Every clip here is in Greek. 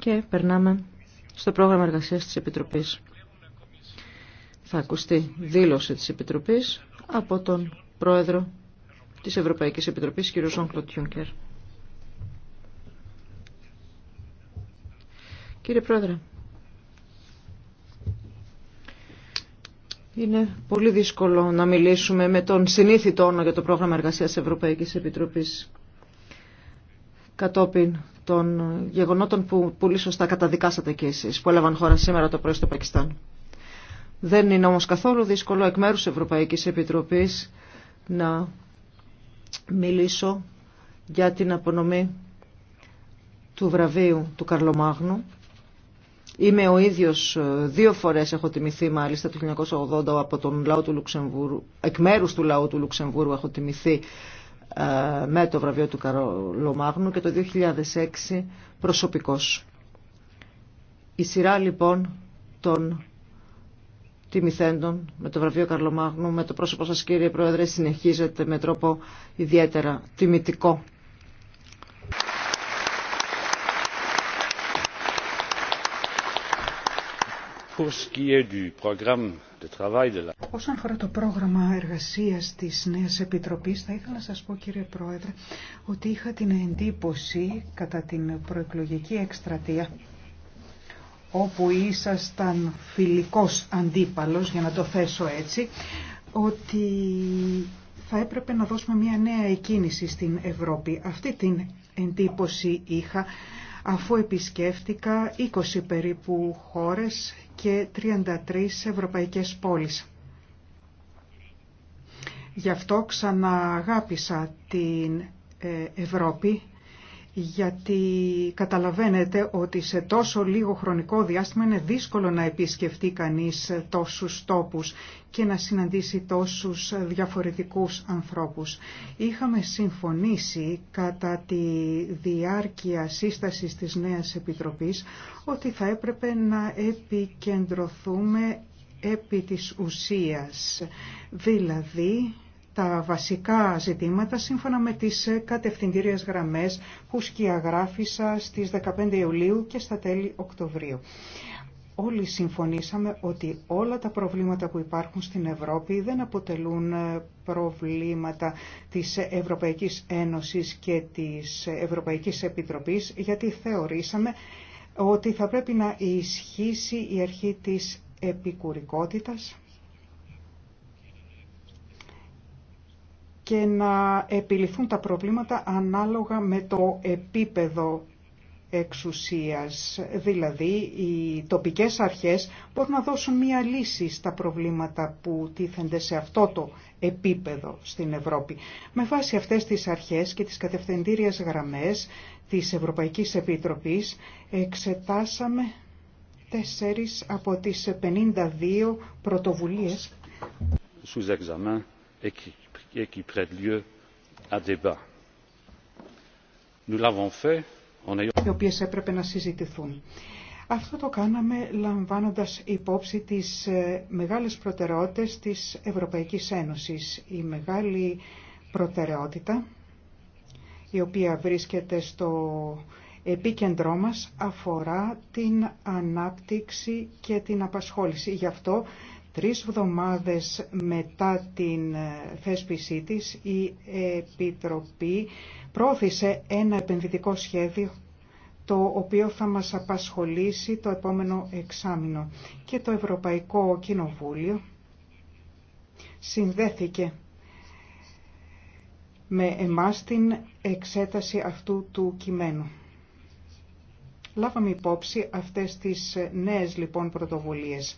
και περνάμε στο πρόγραμμα εργασίας της Επιτροπής. Θα ακουστεί δήλωση της Επιτροπής από τον Πρόεδρο της Ευρωπαϊκής Επιτροπής, κ. Ζων Κλωτιούνκερ. Κύριε Πρόεδρε, είναι πολύ δύσκολο να μιλήσουμε με τον συνήθι τόνο για το πρόγραμμα εργασίας της Ευρωπαϊκής Επιτροπής κατόπιν των γεγονότων που πολύ σωστά καταδικάσατε κι εσείς, που έλαβαν χώρα σήμερα το πρωί στο Πακιστάν. Δεν είναι όμως καθόλου δύσκολο εκ μέρους Ευρωπαϊκής Επιτροπής να μιλήσω για την απονομή του βραβείου του Καρλομάγνου. Είμαι ο ίδιος ε, δύο φορές έχω τιμηθεί μάλιστα το 1980 από τον λαό του Λουξεμβούρου, εκ μέρους του λαού του Λουξεμβούρου έχω τιμηθεί ε, με το βραβείο του Καρολομάγνου και το 2006 προσωπικός. Η σειρά λοιπόν των τιμηθέντων με το βραβείο Καρλομάγνου, με το πρόσωπό σας κύριε Πρόεδρε, συνεχίζεται με τρόπο ιδιαίτερα τιμητικό. Όσον αφορά το πρόγραμμα εργασία της Νέα Επιτροπής, θα ήθελα να σας πω κύριε Πρόεδρε ότι είχα την εντύπωση κατά την προεκλογική εκστρατεία όπου ήσασταν φιλικός αντίπαλος, για να το θέσω έτσι, ότι θα έπρεπε να δώσουμε μια νέα εκκίνηση στην Ευρώπη. Αυτή την εντύπωση είχα αφού επισκέφτηκα 20 περίπου χώρες και 33 ευρωπαϊκές πόλεις. Γι' αυτό ξαναγάπησα την ε, Ευρώπη γιατί καταλαβαίνετε ότι σε τόσο λίγο χρονικό διάστημα είναι δύσκολο να επισκεφτεί κανείς τόσους τόπους και να συναντήσει τόσους διαφορετικούς ανθρώπους. Είχαμε συμφωνήσει κατά τη διάρκεια σύστασης της νέας Επιτροπής ότι θα έπρεπε να επικεντρωθούμε επί της ουσίας, δηλαδή τα βασικά ζητήματα σύμφωνα με τις κατευθυντήριες γραμμές που σκιαγράφησα στις 15 Ιουλίου και στα τέλη Οκτωβρίου. Όλοι συμφωνήσαμε ότι όλα τα προβλήματα που υπάρχουν στην Ευρώπη δεν αποτελούν ε, προβλήματα της Ευρωπαϊκής Ένωσης και της Ευρωπαϊκής Επιτροπής, γιατί θεωρήσαμε ότι θα πρέπει να ισχύσει η αρχή της επικουρικότητας και να επιληθούν τα προβλήματα ανάλογα με το επίπεδο εξουσίας. Δηλαδή, οι τοπικές αρχές μπορούν να δώσουν μία λύση στα προβλήματα που τίθενται σε αυτό το επίπεδο στην Ευρώπη. Με βάση αυτές τις αρχές και τις κατευθυντήριες γραμμές της Ευρωπαϊκής Επιτροπής εξετάσαμε τέσσερις από τις 52 πρωτοβουλίες et qui οι οποίες έπρεπε να συζητηθούν. Αυτό το κάναμε λαμβάνοντας υπόψη τις ε, μεγάλες προτεραιότητες της Ευρωπαϊκής Ένωσης. Η μεγάλη προτεραιότητα, η οποία βρίσκεται στο επίκεντρό μας, αφορά την ανάπτυξη και την απασχόληση. Γι' αυτό Τρεις εβδομάδες μετά την ε, θέσπισή της, η Επιτροπή πρόθεσε ένα επενδυτικό σχέδιο το οποίο θα μας απασχολήσει το επόμενο εξάμεινο. Και το Ευρωπαϊκό Κοινοβούλιο συνδέθηκε με εμάς την εξέταση αυτού του κειμένου. Λάβαμε υπόψη αυτές τις νέες λοιπόν πρωτοβουλίες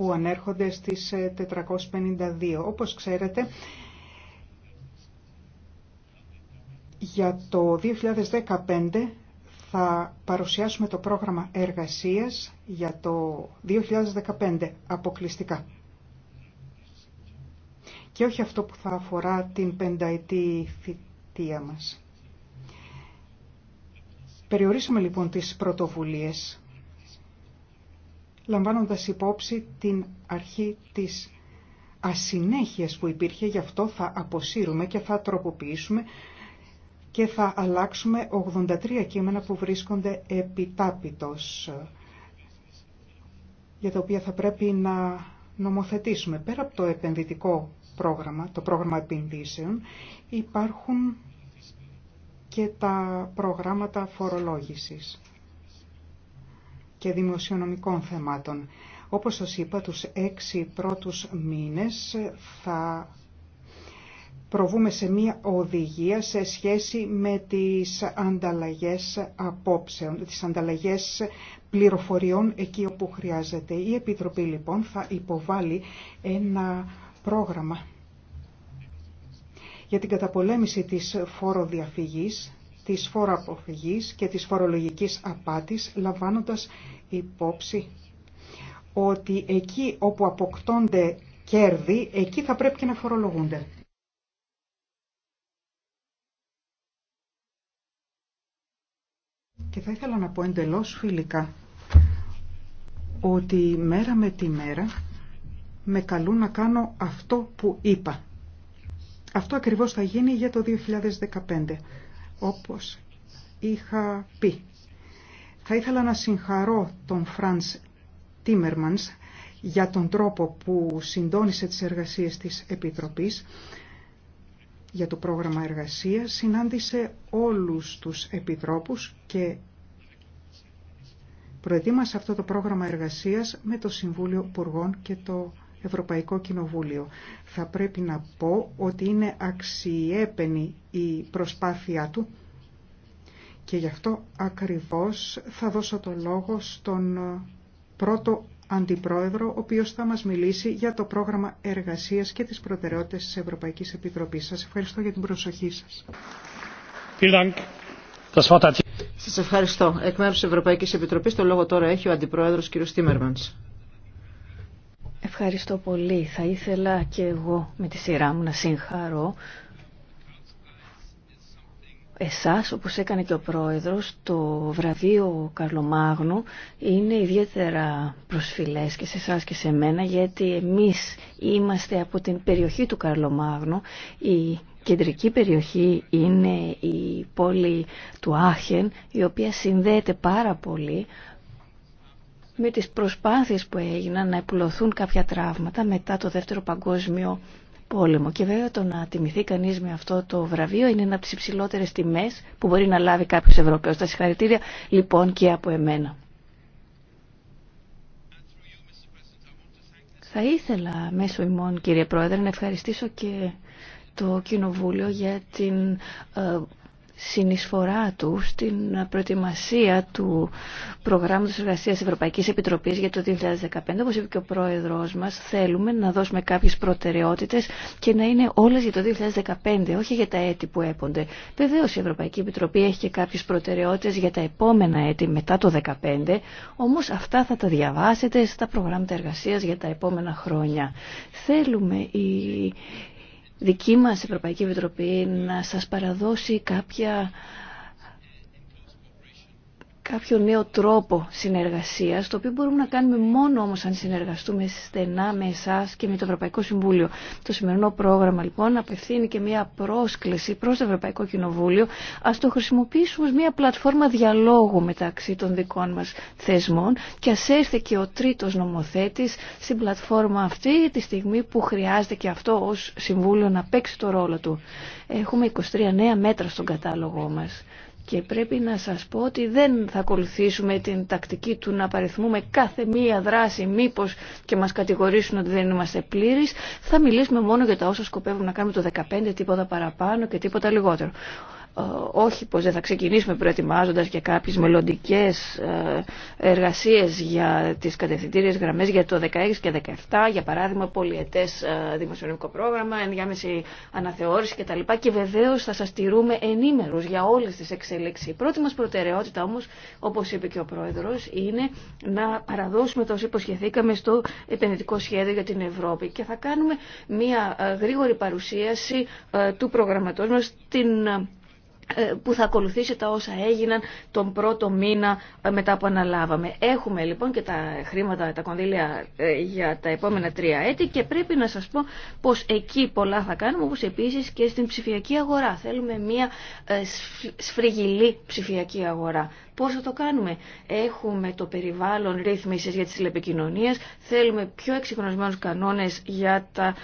που ανέρχονται στις 452. Ε, Όπως ξέρετε, για το 2015 θα παρουσιάσουμε το πρόγραμμα εργασίας για το 2015 αποκλειστικά. Και όχι αυτό που θα αφορά την πενταετή θητεία μας. Περιορίσαμε λοιπόν τις πρωτοβουλίες λαμβάνοντας υπόψη την αρχή της ασυνέχειας που υπήρχε, γι' αυτό θα αποσύρουμε και θα τροποποιήσουμε και θα αλλάξουμε 83 κείμενα που βρίσκονται επιτάπητος, για τα οποία θα πρέπει να νομοθετήσουμε. Πέρα από το επενδυτικό πρόγραμμα, το πρόγραμμα επενδύσεων, υπάρχουν και τα προγράμματα φορολόγησης και δημοσιονομικών θεμάτων. Όπως σας είπα, τους έξι πρώτους μήνες θα προβούμε σε μία οδηγία σε σχέση με τις ανταλλαγές απόψεων, τις ανταλλαγές πληροφοριών εκεί όπου χρειάζεται. Η Επιτροπή λοιπόν θα υποβάλει ένα πρόγραμμα για την καταπολέμηση της φοροδιαφυγής της φοροαποφυγής και της φορολογικής απάτης, λαμβάνοντας υπόψη ότι εκεί όπου αποκτώνται κέρδη, εκεί θα πρέπει και να φορολογούνται. Και θα ήθελα να πω εντελώς φιλικά ότι μέρα με τη μέρα με καλούν να κάνω αυτό που είπα. Αυτό ακριβώς θα γίνει για το 2015. Όπως είχα πει, θα ήθελα να συγχαρώ τον Φρανς Τίμερμανς για τον τρόπο που συντόνισε τις εργασίες της Επιτροπής για το πρόγραμμα εργασίας, συνάντησε όλους τους επιτρόπους και προετοίμασε αυτό το πρόγραμμα εργασίας με το Συμβούλιο Υπουργών και το Ευρωπαϊκό Κοινοβούλιο. Θα πρέπει να πω ότι είναι αξιέπαινη η προσπάθειά του και γι' αυτό ακριβώς θα δώσω το λόγο στον πρώτο Αντιπρόεδρο, ο οποίος θα μας μιλήσει για το πρόγραμμα εργασίας και τις προτεραιότητες της Ευρωπαϊκής Επιτροπής. Σας ευχαριστώ για την προσοχή σας. Σας ευχαριστώ. Εκ μέρους της Ευρωπαϊκής Επιτροπής το λόγο τώρα έχει ο Αντιπρόεδρος κ. Τίμερμαντς. Ευχαριστώ πολύ. Θα ήθελα και εγώ με τη σειρά μου να συγχαρώ εσάς, όπως έκανε και ο πρόεδρος, το βραβείο Καρλομάγνου είναι ιδιαίτερα προσφυλές και σε εσά και σε μένα, γιατί εμείς είμαστε από την περιοχή του Καρλομάγνου. Η κεντρική περιοχή είναι η πόλη του Άχεν, η οποία συνδέεται πάρα πολύ με τις προσπάθειες που έγιναν να επουλωθούν κάποια τραύματα μετά το Δεύτερο Παγκόσμιο Πόλεμο. Και βέβαια το να τιμηθεί κανείς με αυτό το βραβείο είναι ένα από τις υψηλότερες τιμές που μπορεί να λάβει κάποιος Ευρωπαίος. Τα συγχαρητήρια λοιπόν και από εμένα. Θα ήθελα μέσω ημών κύριε Πρόεδρε να ευχαριστήσω και το Κοινοβούλιο για την ε, συνεισφορά του στην προετοιμασία του προγράμματος εργασίας Ευρωπαϊκής Επιτροπής για το 2015. Όπως είπε και ο πρόεδρος μας, θέλουμε να δώσουμε κάποιες προτεραιότητες και να είναι όλες για το 2015, όχι για τα έτη που έπονται. Βεβαίω η Ευρωπαϊκή Επιτροπή έχει και κάποιες προτεραιότητες για τα επόμενα έτη μετά το 2015, όμως αυτά θα τα διαβάσετε στα προγράμματα εργασίας για τα επόμενα χρόνια. Θέλουμε η δική μας Ευρωπαϊκή Επιτροπή να σας παραδώσει κάποια κάποιο νέο τρόπο συνεργασίας, το οποίο μπορούμε να κάνουμε μόνο όμως αν συνεργαστούμε στενά με εσά και με το Ευρωπαϊκό Συμβούλιο. Το σημερινό πρόγραμμα λοιπόν απευθύνει και μια πρόσκληση προς το Ευρωπαϊκό Κοινοβούλιο. Ας το χρησιμοποιήσουμε ως μια πλατφόρμα διαλόγου μεταξύ των δικών μας θεσμών και ας έρθει και ο τρίτος νομοθέτης στην πλατφόρμα αυτή τη στιγμή που χρειάζεται και αυτό ως Συμβούλιο να παίξει το ρόλο του. Έχουμε 23 νέα μέτρα στον κατάλογό μας. Και πρέπει να σας πω ότι δεν θα ακολουθήσουμε την τακτική του να παριθμούμε κάθε μία δράση μήπως και μας κατηγορήσουν ότι δεν είμαστε πλήρεις. Θα μιλήσουμε μόνο για τα όσα σκοπεύουμε να κάνουμε το 15 τίποτα παραπάνω και τίποτα λιγότερο. Ε, όχι πως δεν θα ξεκινήσουμε προετοιμάζοντας και κάποιες ναι. μελλοντικέ ε, εργασίες για τις κατευθυντήριες γραμμές για το 16 και 17, για παράδειγμα πολιετές ε, δημοσιονομικό πρόγραμμα, ενδιάμεση αναθεώρηση κτλ. Και βεβαίως θα σας τηρούμε ενήμερους για όλες τις εξελίξεις. Η πρώτη μας προτεραιότητα όμως, όπως είπε και ο Πρόεδρος, είναι να παραδώσουμε το όσο υποσχεθήκαμε στο επενδυτικό σχέδιο για την Ευρώπη και θα κάνουμε μια γρήγορη παρουσίαση του προγραμματός μας ε, που θα ακολουθήσει τα όσα έγιναν τον πρώτο μήνα ε, μετά που αναλάβαμε. Έχουμε λοιπόν και τα χρήματα, τα κονδύλια ε, για τα επόμενα τρία έτη και πρέπει να σας πω πως εκεί πολλά θα κάνουμε όπως επίσης και στην ψηφιακή αγορά. Θέλουμε μια σφριγιλή ψηφιακή αγορά. Πώς θα το κάνουμε. Έχουμε το περιβάλλον ρύθμισης για τις τηλεπικοινωνίες, θέλουμε πιο εξυγχρονισμένους κανόνες για τα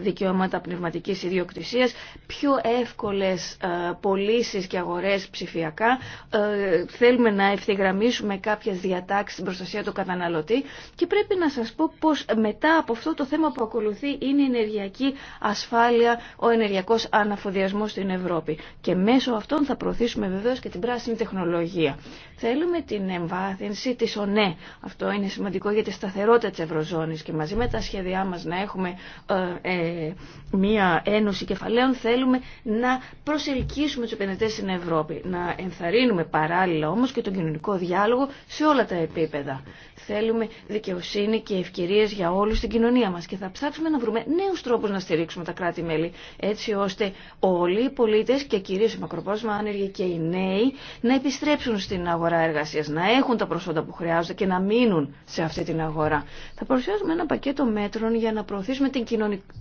δικαιώματα πνευματικής ιδιοκτησίας, πιο εύκολες πωλήσει και αγορές ψηφιακά, ε, θέλουμε να ευθυγραμμίσουμε κάποιες διατάξεις στην προστασία του καταναλωτή και πρέπει να σας πω πως μετά από αυτό το θέμα που ακολουθεί είναι η ενεργειακή ασφάλεια, ο ενεργειακός αναφοδιασμός στην Ευρώπη. Και μέσω αυτών θα προωθήσουμε βεβαίως και την πράσινη τεχνολογία. Θέλουμε την εμβάθυνση της ΟΝΕ. Αυτό είναι σημαντικό για τη σταθερότητα της Ευρωζώνης και μαζί με τα σχέδιά μας να έχουμε ε, ε, μία ένωση κεφαλαίων θέλουμε να προσελκύσουμε τους επενδυτές στην Ευρώπη. Να ενθαρρύνουμε παράλληλα όμως και τον κοινωνικό διάλογο σε όλα τα επίπεδα. Θέλουμε δικαιοσύνη και ευκαιρίες για όλους στην κοινωνία μας και θα ψάξουμε να βρούμε νέους τρόπους να στηρίξουμε τα κράτη-μέλη έτσι ώστε όλοι οι πολίτες και κυρίως οι μακροπρόσωμα άνεργοι και οι νέοι να επιστρέψουν στην αγορά εργασίας, να έχουν τα προσόντα που χρειάζονται και να μείνουν σε αυτή την αγορά. Θα παρουσιάζουμε ένα πακέτο μέτρων για να προωθήσουμε την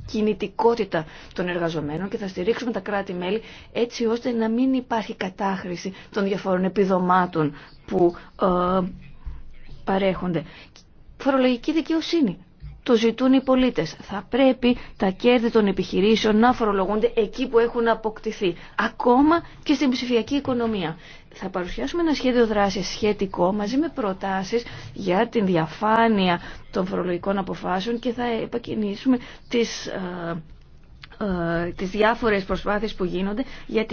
κινητικότητα των εργαζομένων και θα στηρίξουμε τα κράτη-μέλη έτσι ώστε να μην υπάρχει κατάχρηση των διαφορών επιδομάτων που ε, παρέχονται. Φορολογική δικαιοσύνη. Το ζητούν οι πολίτες. Θα πρέπει τα κέρδη των επιχειρήσεων να φορολογούνται εκεί που έχουν αποκτηθεί. Ακόμα και στην ψηφιακή οικονομία. Θα παρουσιάσουμε ένα σχέδιο δράσης σχετικό μαζί με προτάσεις για την διαφάνεια των φορολογικών αποφάσεων και θα επακινήσουμε τις ε, ε, τις διάφορες προσπάθειες που γίνονται για,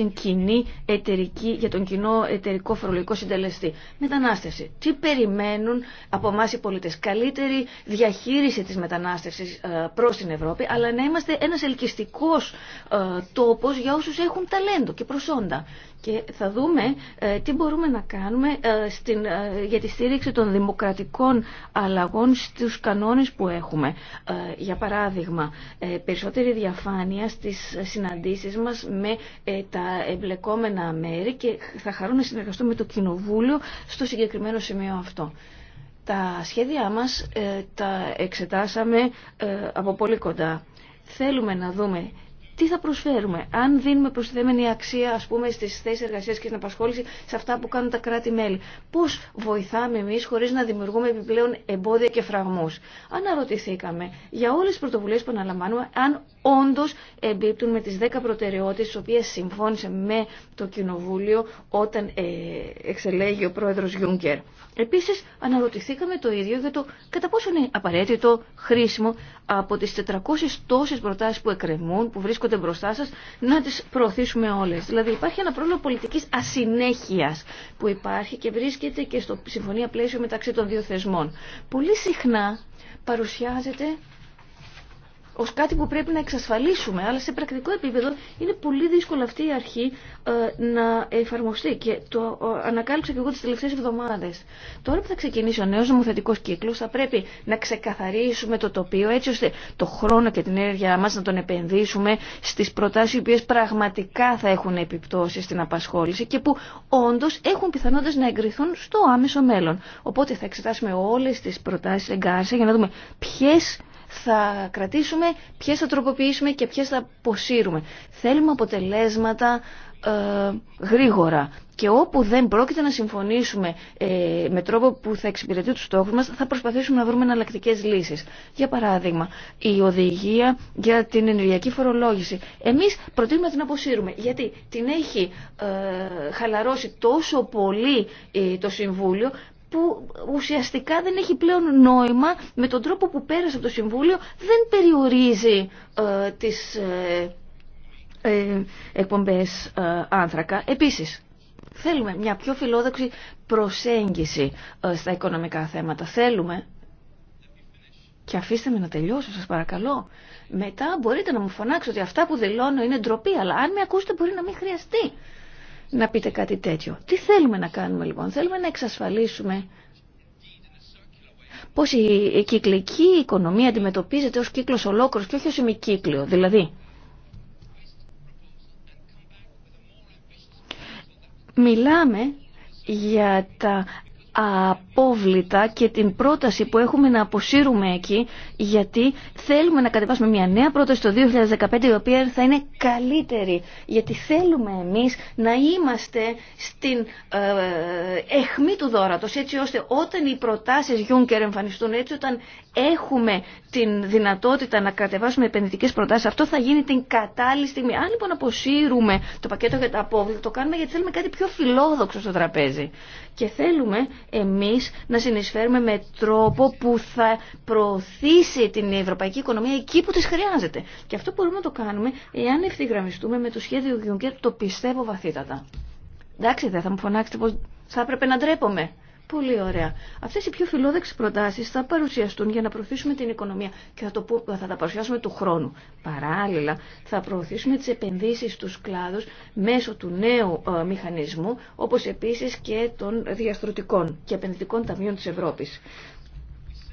τον κοινό εταιρικό φορολογικό συντελεστή. Μετανάστευση. Τι περιμένουν από εμά οι πολίτες. Καλύτερη διαχείριση της μετανάστευσης ε, προς την Ευρώπη, αλλά να είμαστε ένας ελκυστικός ε, τόπος για όσους έχουν ταλέντο και προσόντα και θα δούμε ε, τι μπορούμε να κάνουμε ε, στην, ε, για τη στήριξη των δημοκρατικών αλλαγών στους κανόνες που έχουμε. για παράδειγμα, περισσότερη διαφάνεια στις συναντήσεις μας με τα εμπλεκόμενα μέρη και θα χαρώ να συνεργαστούμε με το Κοινοβούλιο στο συγκεκριμένο σημείο αυτό. Τα σχέδιά μας τα εξετάσαμε από πολύ κοντά. Θέλουμε να δούμε τι θα προσφέρουμε. Αν δίνουμε προσθέμενη αξία, ας πούμε, στις θέσεις εργασίας και στην απασχόληση σε αυτά που κάνουν τα κράτη-μέλη. Πώς βοηθάμε εμείς χωρίς να δημιουργούμε επιπλέον εμπόδια και φραγμούς. Αναρωτηθήκαμε για όλες τις πρωτοβουλίες που αναλαμβάνουμε, αν όντως εμπίπτουν με τις 10 προτεραιότητες, τις οποίες συμφώνησε με το Κοινοβούλιο όταν ε, εξελέγει ο πρόεδρος Γιούγκερ. Επίσης αναρωτηθήκαμε το ίδιο για το κατά πόσο είναι απαραίτητο, χρήσιμο από τις 400 τόσες προτάσεις που εκκρεμούν, που βρίσκονται μπροστά σας, να τις προωθήσουμε όλες. Δηλαδή υπάρχει ένα πρόβλημα πολιτικής ασυνέχειας που υπάρχει και βρίσκεται και στο συμφωνία πλαίσιο μεταξύ των δύο θεσμών. Πολύ συχνά παρουσιάζεται ως κάτι που πρέπει να εξασφαλίσουμε, αλλά σε πρακτικό επίπεδο είναι πολύ δύσκολο αυτή η αρχή ε, να εφαρμοστεί και το ε, ανακάλυψα και εγώ τις τελευταίες εβδομάδες. Τώρα που θα ξεκινήσει ο νέος νομοθετικός κύκλος θα πρέπει να ξεκαθαρίσουμε το τοπίο έτσι ώστε το χρόνο και την ενέργειά μας να τον επενδύσουμε στις προτάσεις οι οποίες πραγματικά θα έχουν επιπτώσεις στην απασχόληση και που όντως έχουν πιθανότητες να εγκριθούν στο άμεσο μέλλον. Οπότε θα εξετάσουμε όλες τις προτάσεις εγκάρσια για να δούμε ποιες θα κρατήσουμε, ποιες θα τροποποιήσουμε και ποιες θα αποσύρουμε. Θέλουμε αποτελέσματα ε, γρήγορα και όπου δεν πρόκειται να συμφωνήσουμε ε, με τρόπο που θα εξυπηρετεί τους στόχους μας θα προσπαθήσουμε να βρούμε εναλλακτικέ λύσεις. Για παράδειγμα, η οδηγία για την ενεργειακή φορολόγηση. Εμείς προτείνουμε να την αποσύρουμε γιατί την έχει ε, χαλαρώσει τόσο πολύ ε, το Συμβούλιο που ουσιαστικά δεν έχει πλέον νόημα με τον τρόπο που πέρασε από το Συμβούλιο δεν περιορίζει ε, τις ε, ε, εκπομπές ε, άνθρακα. Επίσης, θέλουμε μια πιο φιλόδοξη προσέγγιση ε, στα οικονομικά θέματα. Θέλουμε και αφήστε με να τελειώσω, σας παρακαλώ. Μετά μπορείτε να μου φωνάξετε ότι αυτά που δηλώνω είναι ντροπή, αλλά αν με ακούσετε μπορεί να μην χρειαστεί να πείτε κάτι τέτοιο. Τι θέλουμε να κάνουμε λοιπόν. Θέλουμε να εξασφαλίσουμε πως η κυκλική οικονομία αντιμετωπίζεται ως κύκλος ολόκληρος και όχι ως ημικύκλιο. Δηλαδή, μιλάμε για τα απόβλητα και την πρόταση που έχουμε να αποσύρουμε εκεί γιατί θέλουμε να κατεβάσουμε μια νέα πρόταση το 2015 η οποία θα είναι καλύτερη γιατί θέλουμε εμείς να είμαστε στην εχμή ε, του δόρατος έτσι ώστε όταν οι προτάσεις και εμφανιστούν έτσι όταν έχουμε την δυνατότητα να κατεβάσουμε επενδυτικέ προτάσει, αυτό θα γίνει την κατάλληλη στιγμή. Αν λοιπόν αποσύρουμε το πακέτο για τα απόβλητα, το κάνουμε γιατί θέλουμε κάτι πιο φιλόδοξο στο τραπέζι. Και θέλουμε εμεί να συνεισφέρουμε με τρόπο που θα προωθήσει την ευρωπαϊκή οικονομία εκεί που τη χρειάζεται. Και αυτό μπορούμε να το κάνουμε εάν ευθυγραμμιστούμε με το σχέδιο Γιουγκέρ, το πιστεύω βαθύτατα. Εντάξει, δεν θα μου φωνάξετε πω θα έπρεπε να ντρέπομαι. Πολύ ωραία. Αυτέ οι πιο φιλόδεξε προτάσει θα παρουσιαστούν για να προωθήσουμε την οικονομία και θα, θα τα παρουσιάσουμε του χρόνου. Παράλληλα, θα προωθήσουμε τι επενδύσει στου κλάδου μέσω του νέου ε, μηχανισμού, όπω επίση και των διαστρωτικών και επενδυτικών ταμείων τη Ευρώπη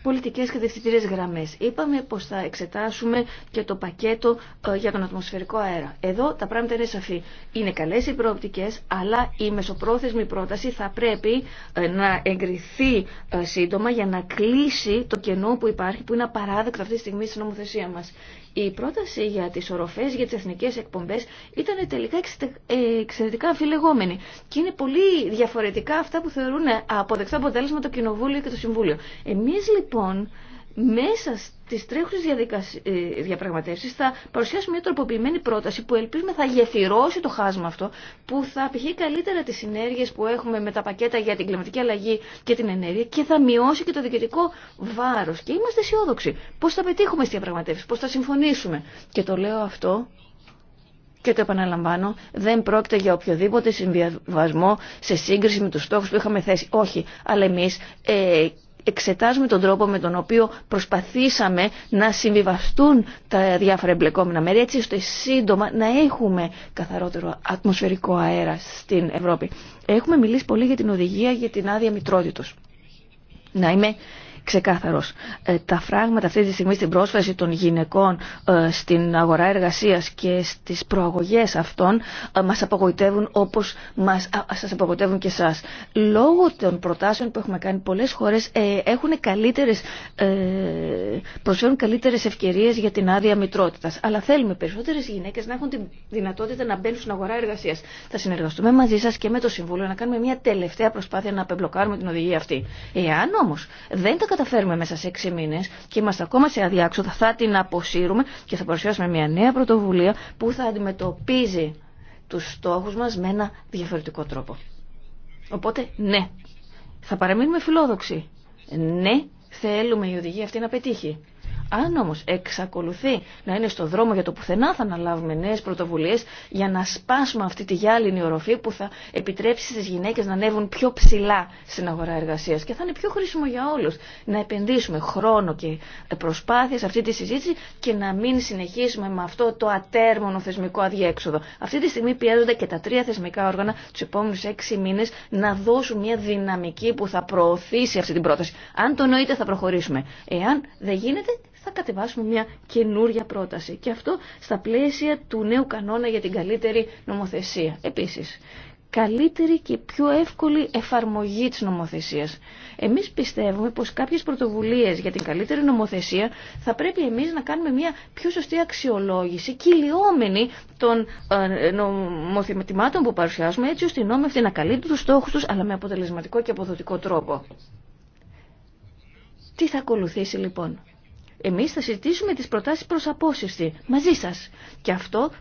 πολιτικές και διευθυντήριες γραμμές. Είπαμε πως θα εξετάσουμε και το πακέτο ε, για τον ατμοσφαιρικό αέρα. Εδώ τα πράγματα είναι σαφή. Είναι καλές οι προοπτικές, αλλά η μεσοπρόθεσμη πρόταση θα πρέπει ε, να εγκριθεί ε, σύντομα για να κλείσει το κενό που υπάρχει, που είναι απαράδεκτο αυτή τη στιγμή στην νομοθεσία μας. Η πρόταση για τις οροφές, για τις εθνικές εκπομπές ήταν τελικά ε, εξαιρετικά αμφιλεγόμενη και είναι πολύ διαφορετικά αυτά που θεωρούν αποδεκτό αποτέλεσμα το Κοινοβούλιο και το Συμβούλιο. Εμείς λοιπόν μέσα στις τρέχουσες ε, διαπραγματεύσεις θα παρουσιάσουμε μια τροποποιημένη πρόταση που ελπίζουμε θα γεφυρώσει το χάσμα αυτό, που θα απηχεί καλύτερα τις συνέργειες που έχουμε με τα πακέτα για την κλιματική αλλαγή και την ενέργεια και θα μειώσει και το διοικητικό βάρος. Και είμαστε αισιόδοξοι. Πώς θα πετύχουμε στις διαπραγματεύσεις, πώς θα συμφωνήσουμε. Και το λέω αυτό και το επαναλαμβάνω, δεν πρόκειται για οποιοδήποτε συμβιβασμό σε σύγκριση με τους στόχους που είχαμε θέσει. Όχι, αλλά εμείς ε, εξετάζουμε τον τρόπο με τον οποίο προσπαθήσαμε να συμβιβαστούν τα διάφορα εμπλεκόμενα μέρη έτσι ώστε σύντομα να έχουμε καθαρότερο ατμοσφαιρικό αέρα στην Ευρώπη. Έχουμε μιλήσει πολύ για την οδηγία για την άδεια μητρότητος. Να είμαι ξεκάθαρος. Ε, τα φράγματα αυτή τη στιγμή στην πρόσφαση των γυναικών ε, στην αγορά εργασία και στι προαγωγέ αυτών ε, μα απογοητεύουν όπω σα απογοητεύουν και εσά. Λόγω των προτάσεων που έχουμε κάνει πολλές χώρες έχουν καλύτερες, προσφέρουν καλύτερες ευκαιρίες για την άδεια μητρότητα. Αλλά θέλουμε περισσότερε γυναίκε να έχουν τη δυνατότητα να μπαίνουν στην αγορά εργασία. Θα συνεργαστούμε μαζί σα και με το Συμβούλιο να κάνουμε μια τελευταία προσπάθεια να απεμπλοκάρουμε την οδηγία αυτή. Εάν όμω. δεν καταφέρουμε μέσα σε έξι μήνες και είμαστε ακόμα σε αδιάξοδα, θα την αποσύρουμε και θα παρουσιάσουμε μια νέα πρωτοβουλία που θα αντιμετωπίζει τους στόχους μας με ένα διαφορετικό τρόπο. Οπότε, ναι, θα παραμείνουμε φιλόδοξοι. Ναι, θέλουμε η οδηγία αυτή να πετύχει. Αν όμω εξακολουθεί να είναι στο δρόμο για το πουθενά θα αναλάβουμε νέε πρωτοβουλίε για να σπάσουμε αυτή τη γυάλινη οροφή που θα επιτρέψει στι γυναίκε να ανέβουν πιο ψηλά στην αγορά εργασία. και θα είναι πιο χρήσιμο για όλου. να επενδύσουμε χρόνο και προσπάθεια σε αυτή τη συζήτηση και να μην συνεχίσουμε με αυτό το ατέρμονο θεσμικό αδιέξοδο. Αυτή τη στιγμή πιέζονται και τα τρία θεσμικά όργανα του επόμενου έξι μήνε να δώσουν μια δυναμική που θα προωθήσει αυτή την πρόταση. Αν το νοείτε θα προχωρήσουμε. Εάν δεν γίνεται θα κατεβάσουμε μια καινούρια πρόταση. Και αυτό στα πλαίσια του νέου κανόνα για την καλύτερη νομοθεσία. Επίσης, καλύτερη και πιο εύκολη εφαρμογή της νομοθεσίας. Εμείς πιστεύουμε πως κάποιες πρωτοβουλίες για την καλύτερη νομοθεσία θα πρέπει εμείς να κάνουμε μια πιο σωστή αξιολόγηση κυλιόμενη των ε, νομοθετημάτων που παρουσιάζουμε έτσι ώστε οι νόμοι αυτοί να καλύπτουν τους στόχους τους αλλά με αποτελεσματικό και αποδοτικό τρόπο. Τι θα ακολουθήσει λοιπόν. Εμείς θα συζητήσουμε τις προτάσεις προς απόσυρση μαζί σας. Και αυτό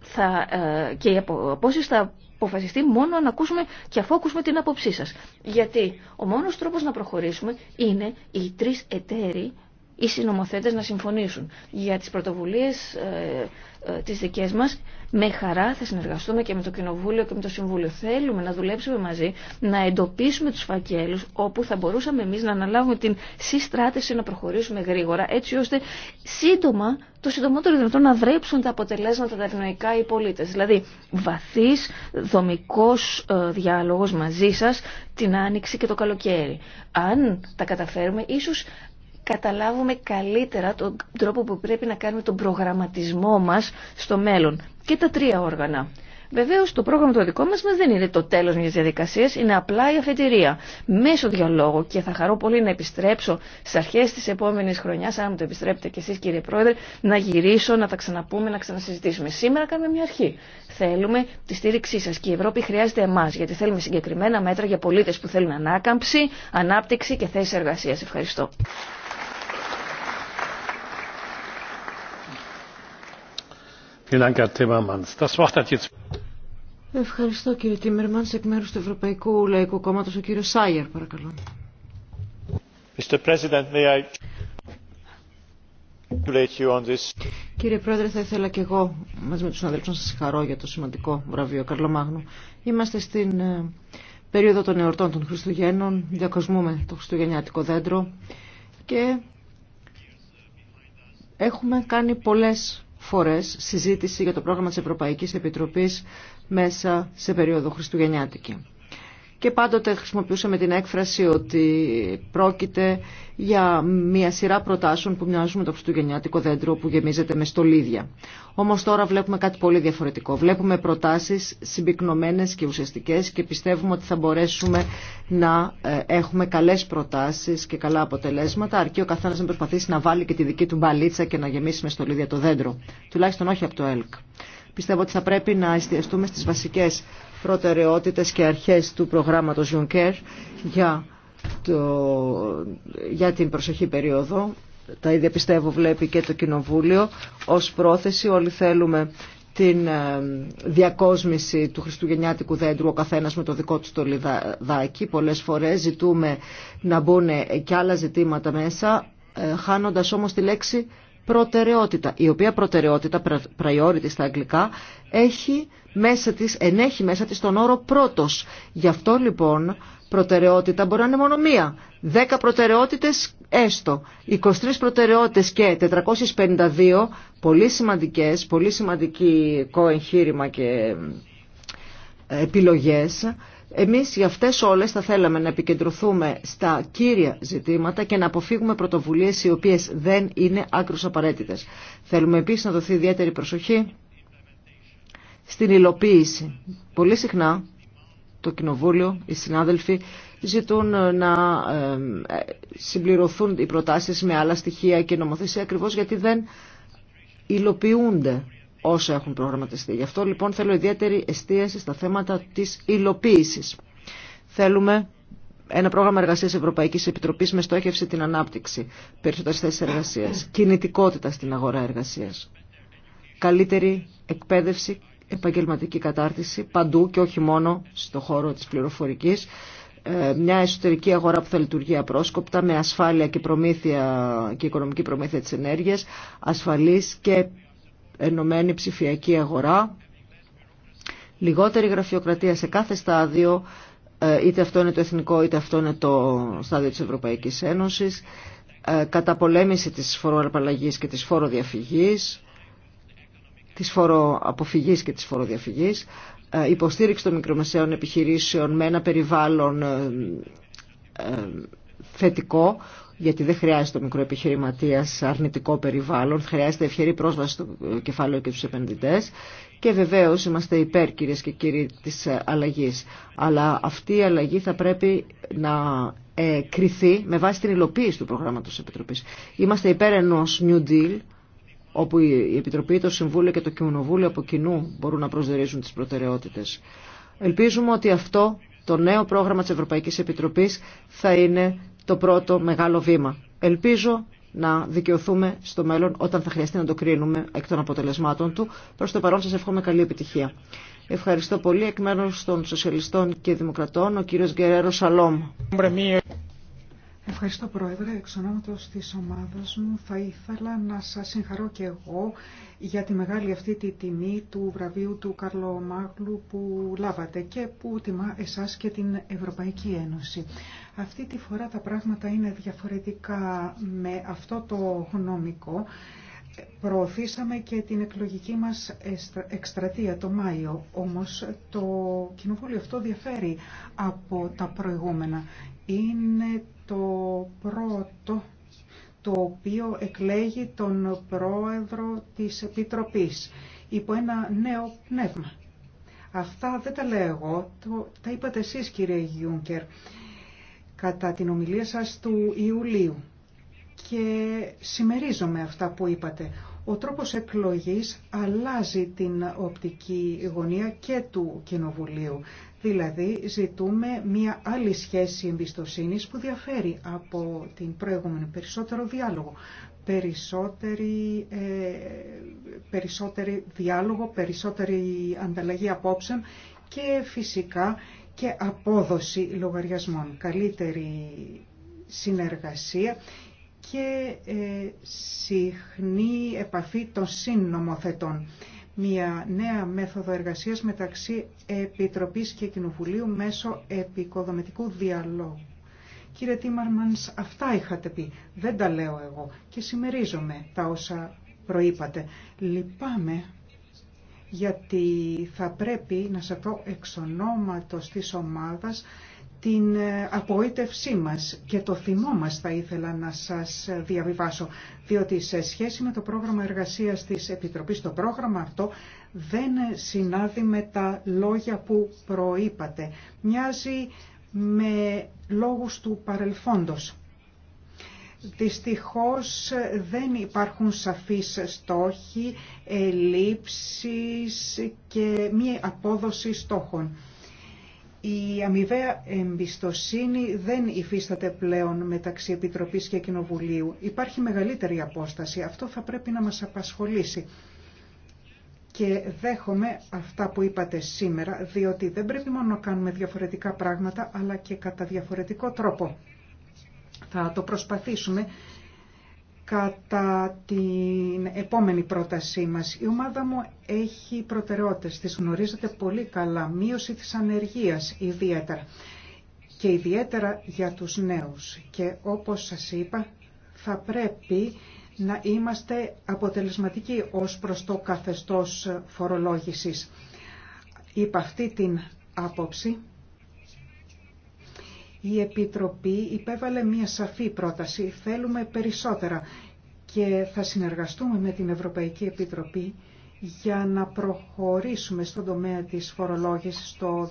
θα, ε, και η απόσυρση θα αποφασιστεί μόνο αν ακούσουμε και αφού ακούσουμε την άποψή σας. Γιατί ο μόνος τρόπος να προχωρήσουμε είναι οι τρεις εταίροι οι συνομοθέτες να συμφωνήσουν για τις πρωτοβουλίες ε, ε, τις δικές μας. Με χαρά θα συνεργαστούμε και με το Κοινοβούλιο και με το Συμβούλιο. Θέλουμε να δουλέψουμε μαζί, να εντοπίσουμε τους φακέλους όπου θα μπορούσαμε εμείς να αναλάβουμε την συστράτηση, να προχωρήσουμε γρήγορα, έτσι ώστε σύντομα, το συντομότερο δυνατό να βρέψουν τα αποτελέσματα τα ευνοϊκά οι πολίτες. Δηλαδή, βαθύς, δομικός ε, διάλογος μαζί σας την Άνοιξη και το καλοκαίρι. Αν τα καταφέρουμε, ίσως καταλάβουμε καλύτερα τον τρόπο που πρέπει να κάνουμε τον προγραμματισμό μας στο μέλλον. Και τα τρία όργανα. Βεβαίως το πρόγραμμα το δικό μας, δεν είναι το τέλος μιας διαδικασίας, είναι απλά η αφετηρία. Μέσω διαλόγου και θα χαρώ πολύ να επιστρέψω στις αρχές της επόμενης χρονιάς, αν μου το επιστρέπετε και εσείς κύριε Πρόεδρε, να γυρίσω, να τα ξαναπούμε, να ξανασυζητήσουμε. Σήμερα κάνουμε μια αρχή. Θέλουμε τη στήριξή σας και η Ευρώπη χρειάζεται εμάς, γιατί θέλουμε συγκεκριμένα μέτρα για πολίτες που θέλουν ανάκαμψη, ανάπτυξη και θέσεις εργασίας. Ευχαριστώ. Ευχαριστώ κύριε Τίμερμαν. Εκ μέρου του Ευρωπαϊκού Λαϊκού Κόμματο ο κύριο Σάιερ παρακαλώ. Κύριε Πρόεδρε, θα ήθελα και εγώ μαζί με του συναδέλφου να σα συγχαρώ για το σημαντικό βραβείο Καρλομάγνου. Είμαστε στην ε, περίοδο των εορτών των Χριστουγέννων, διακοσμούμε το χριστουγεννιάτικο δέντρο και έχουμε κάνει πολλές φορές συζήτηση για το πρόγραμμα της Ευρωπαϊκής Επιτροπής μέσα σε περίοδο χριστουγεννιάτικη. Και πάντοτε χρησιμοποιούσαμε την έκφραση ότι πρόκειται για μια σειρά προτάσεων που μοιάζουν με το χριστουγεννιάτικο δέντρο που γεμίζεται με στολίδια. Όμως τώρα βλέπουμε κάτι πολύ διαφορετικό. Βλέπουμε προτάσεις συμπυκνωμένες και ουσιαστικές και πιστεύουμε ότι θα μπορέσουμε να ε, έχουμε καλές προτάσεις και καλά αποτελέσματα αρκεί ο καθένας να προσπαθήσει να βάλει και τη δική του μπαλίτσα και να γεμίσει με στολίδια το δέντρο. Τουλάχιστον όχι από το ΕΛΚ. Πιστεύω ότι θα πρέπει να εστιαστούμε στις βασικές προτεραιότητες και αρχές του προγράμματος Juncker για, το, για την προσεχή περίοδο τα ίδια πιστεύω βλέπει και το Κοινοβούλιο ως πρόθεση. Όλοι θέλουμε την ε, διακόσμηση του χριστουγεννιάτικου δέντρου ο καθένας με το δικό του το λιδάκι. Πολλές φορές ζητούμε να μπουν και άλλα ζητήματα μέσα, ε, χάνοντας όμως τη λέξη προτεραιότητα, η οποία προτεραιότητα, priority στα αγγλικά, έχει μέσα της, ενέχει μέσα της τον όρο πρώτος. Γι' αυτό λοιπόν προτεραιότητα μπορεί να είναι μόνο μία. Δέκα προτεραιότητες έστω 23 προτεραιότητες και 452 πολύ σημαντικές, πολύ σημαντικό εγχείρημα και ε, επιλογές. Εμείς για αυτές όλες θα θέλαμε να επικεντρωθούμε στα κύρια ζητήματα και να αποφύγουμε πρωτοβουλίες οι οποίες δεν είναι άκρως απαραίτητες. Θέλουμε επίσης να δοθεί ιδιαίτερη προσοχή στην υλοποίηση. Πολύ συχνά το Κοινοβούλιο, οι συνάδελφοι ζητούν να ε, συμπληρωθούν οι προτάσεις με άλλα στοιχεία και νομοθεσία ακριβώς γιατί δεν υλοποιούνται όσα έχουν προγραμματιστεί. Γι' αυτό λοιπόν θέλω ιδιαίτερη εστίαση στα θέματα της υλοποίησης. Θέλουμε ένα πρόγραμμα εργασία Ευρωπαϊκή Επιτροπή με στόχευση την ανάπτυξη, περισσότερε θέσει εργασία, κινητικότητα στην αγορά εργασία, καλύτερη εκπαίδευση, επαγγελματική κατάρτιση παντού και όχι μόνο στο χώρο τη πληροφορική, ε, μια εσωτερική αγορά που θα λειτουργεί απρόσκοπτα με ασφάλεια και, προμήθεια, και οικονομική προμήθεια της ενέργειας, ασφαλής και ενωμένη ψηφιακή αγορά, λιγότερη γραφειοκρατία σε κάθε στάδιο, ε, είτε αυτό είναι το εθνικό είτε αυτό είναι το στάδιο της Ευρωπαϊκής Ένωσης, ε, καταπολέμηση της φοροαρπαλλαγής και της φοροδιαφυγής, της φοροαποφυγής και της φοροδιαφυγής, υποστήριξη των μικρομεσαίων επιχειρήσεων με ένα περιβάλλον ε, ε, θετικό, γιατί δεν χρειάζεται ο μικροεπιχειρηματία αρνητικό περιβάλλον, χρειάζεται ευχερή πρόσβαση στο κεφάλαιο και του επενδυτές Και βεβαίω είμαστε υπέρ, κυρίες και κύριοι, τη αλλαγή. Αλλά αυτή η αλλαγή θα πρέπει να ε, κριθεί με βάση την υλοποίηση του Προγράμματος τη Είμαστε υπέρ ενός New Deal, όπου η Επιτροπή, το Συμβούλιο και το Κοινοβούλιο από κοινού μπορούν να προσδιορίζουν τις προτεραιότητες. Ελπίζουμε ότι αυτό το νέο πρόγραμμα της Ευρωπαϊκής Επιτροπής θα είναι το πρώτο μεγάλο βήμα. Ελπίζω να δικαιωθούμε στο μέλλον όταν θα χρειαστεί να το κρίνουμε εκ των αποτελεσμάτων του. Προς το παρόν σας εύχομαι καλή επιτυχία. Ευχαριστώ πολύ εκ μέρους των Σοσιαλιστών και Δημοκρατών, ο κύριος Γκερέρο Σαλόμ. Ευχαριστώ Πρόεδρε. Εξ ονόματος της ομάδας μου θα ήθελα να σας συγχαρώ και εγώ για τη μεγάλη αυτή τη τιμή του βραβείου του Καρλο που λάβατε και που τιμά εσάς και την Ευρωπαϊκή Ένωση. Αυτή τη φορά τα πράγματα είναι διαφορετικά με αυτό το γνωμικό Προωθήσαμε και την εκλογική μας εκστρατεία το Μάιο, όμως το κοινοβούλιο αυτό διαφέρει από τα προηγούμενα. Είναι το πρώτο το οποίο εκλέγει τον πρόεδρο της Επιτροπής υπό ένα νέο πνεύμα. Αυτά δεν τα λέω εγώ, το, τα είπατε εσείς κύριε Γιούνκερ κατά την ομιλία σας του Ιουλίου και συμμερίζομαι αυτά που είπατε. Ο τρόπος εκλογής αλλάζει την οπτική γωνία και του Κοινοβουλίου. Δηλαδή ζητούμε μια άλλη σχέση εμπιστοσύνης που διαφέρει από την προηγούμενη. Περισσότερο διάλογο, περισσότερη, ε, περισσότερη διάλογο, περισσότερη ανταλλαγή απόψεων και φυσικά και απόδοση λογαριασμών. Καλύτερη συνεργασία και ε, συχνή επαφή των συννομοθετών. Μια νέα μέθοδο εργασίας μεταξύ Επιτροπής και Κοινοβουλίου μέσω επικοδομητικού διαλόγου. Κύριε Τίμαρμανς, αυτά είχατε πει. Δεν τα λέω εγώ και συμμερίζομαι τα όσα προείπατε. Λυπάμαι γιατί θα πρέπει να σε πω εξ ονόματος της ομάδας την ε, απογοήτευσή μας και το θυμό μας θα ήθελα να σας ε, διαβιβάσω, διότι σε σχέση με το πρόγραμμα εργασίας της Επιτροπής, το πρόγραμμα αυτό δεν ε, συνάδει με τα λόγια που προείπατε. Μοιάζει με λόγους του παρελθόντος. Δυστυχώς δεν υπάρχουν σαφείς στόχοι, ελλείψεις και μία απόδοση στόχων. Η αμοιβαία εμπιστοσύνη δεν υφίσταται πλέον μεταξύ Επιτροπής και Κοινοβουλίου. Υπάρχει μεγαλύτερη απόσταση. Αυτό θα πρέπει να μας απασχολήσει. Και δέχομαι αυτά που είπατε σήμερα, διότι δεν πρέπει μόνο να κάνουμε διαφορετικά πράγματα, αλλά και κατά διαφορετικό τρόπο. Θα το προσπαθήσουμε κατά την επόμενη πρότασή μας. Η ομάδα μου έχει προτεραιότητες, τις γνωρίζετε πολύ καλά, μείωση της ανεργίας ιδιαίτερα και ιδιαίτερα για τους νέους. Και όπως σας είπα, θα πρέπει να είμαστε αποτελεσματικοί ως προς το καθεστώς φορολόγησης. Είπα αυτή την άποψη η Επιτροπή υπέβαλε μια σαφή πρόταση. Θέλουμε περισσότερα και θα συνεργαστούμε με την Ευρωπαϊκή Επιτροπή για να προχωρήσουμε στον τομέα της φορολόγησης το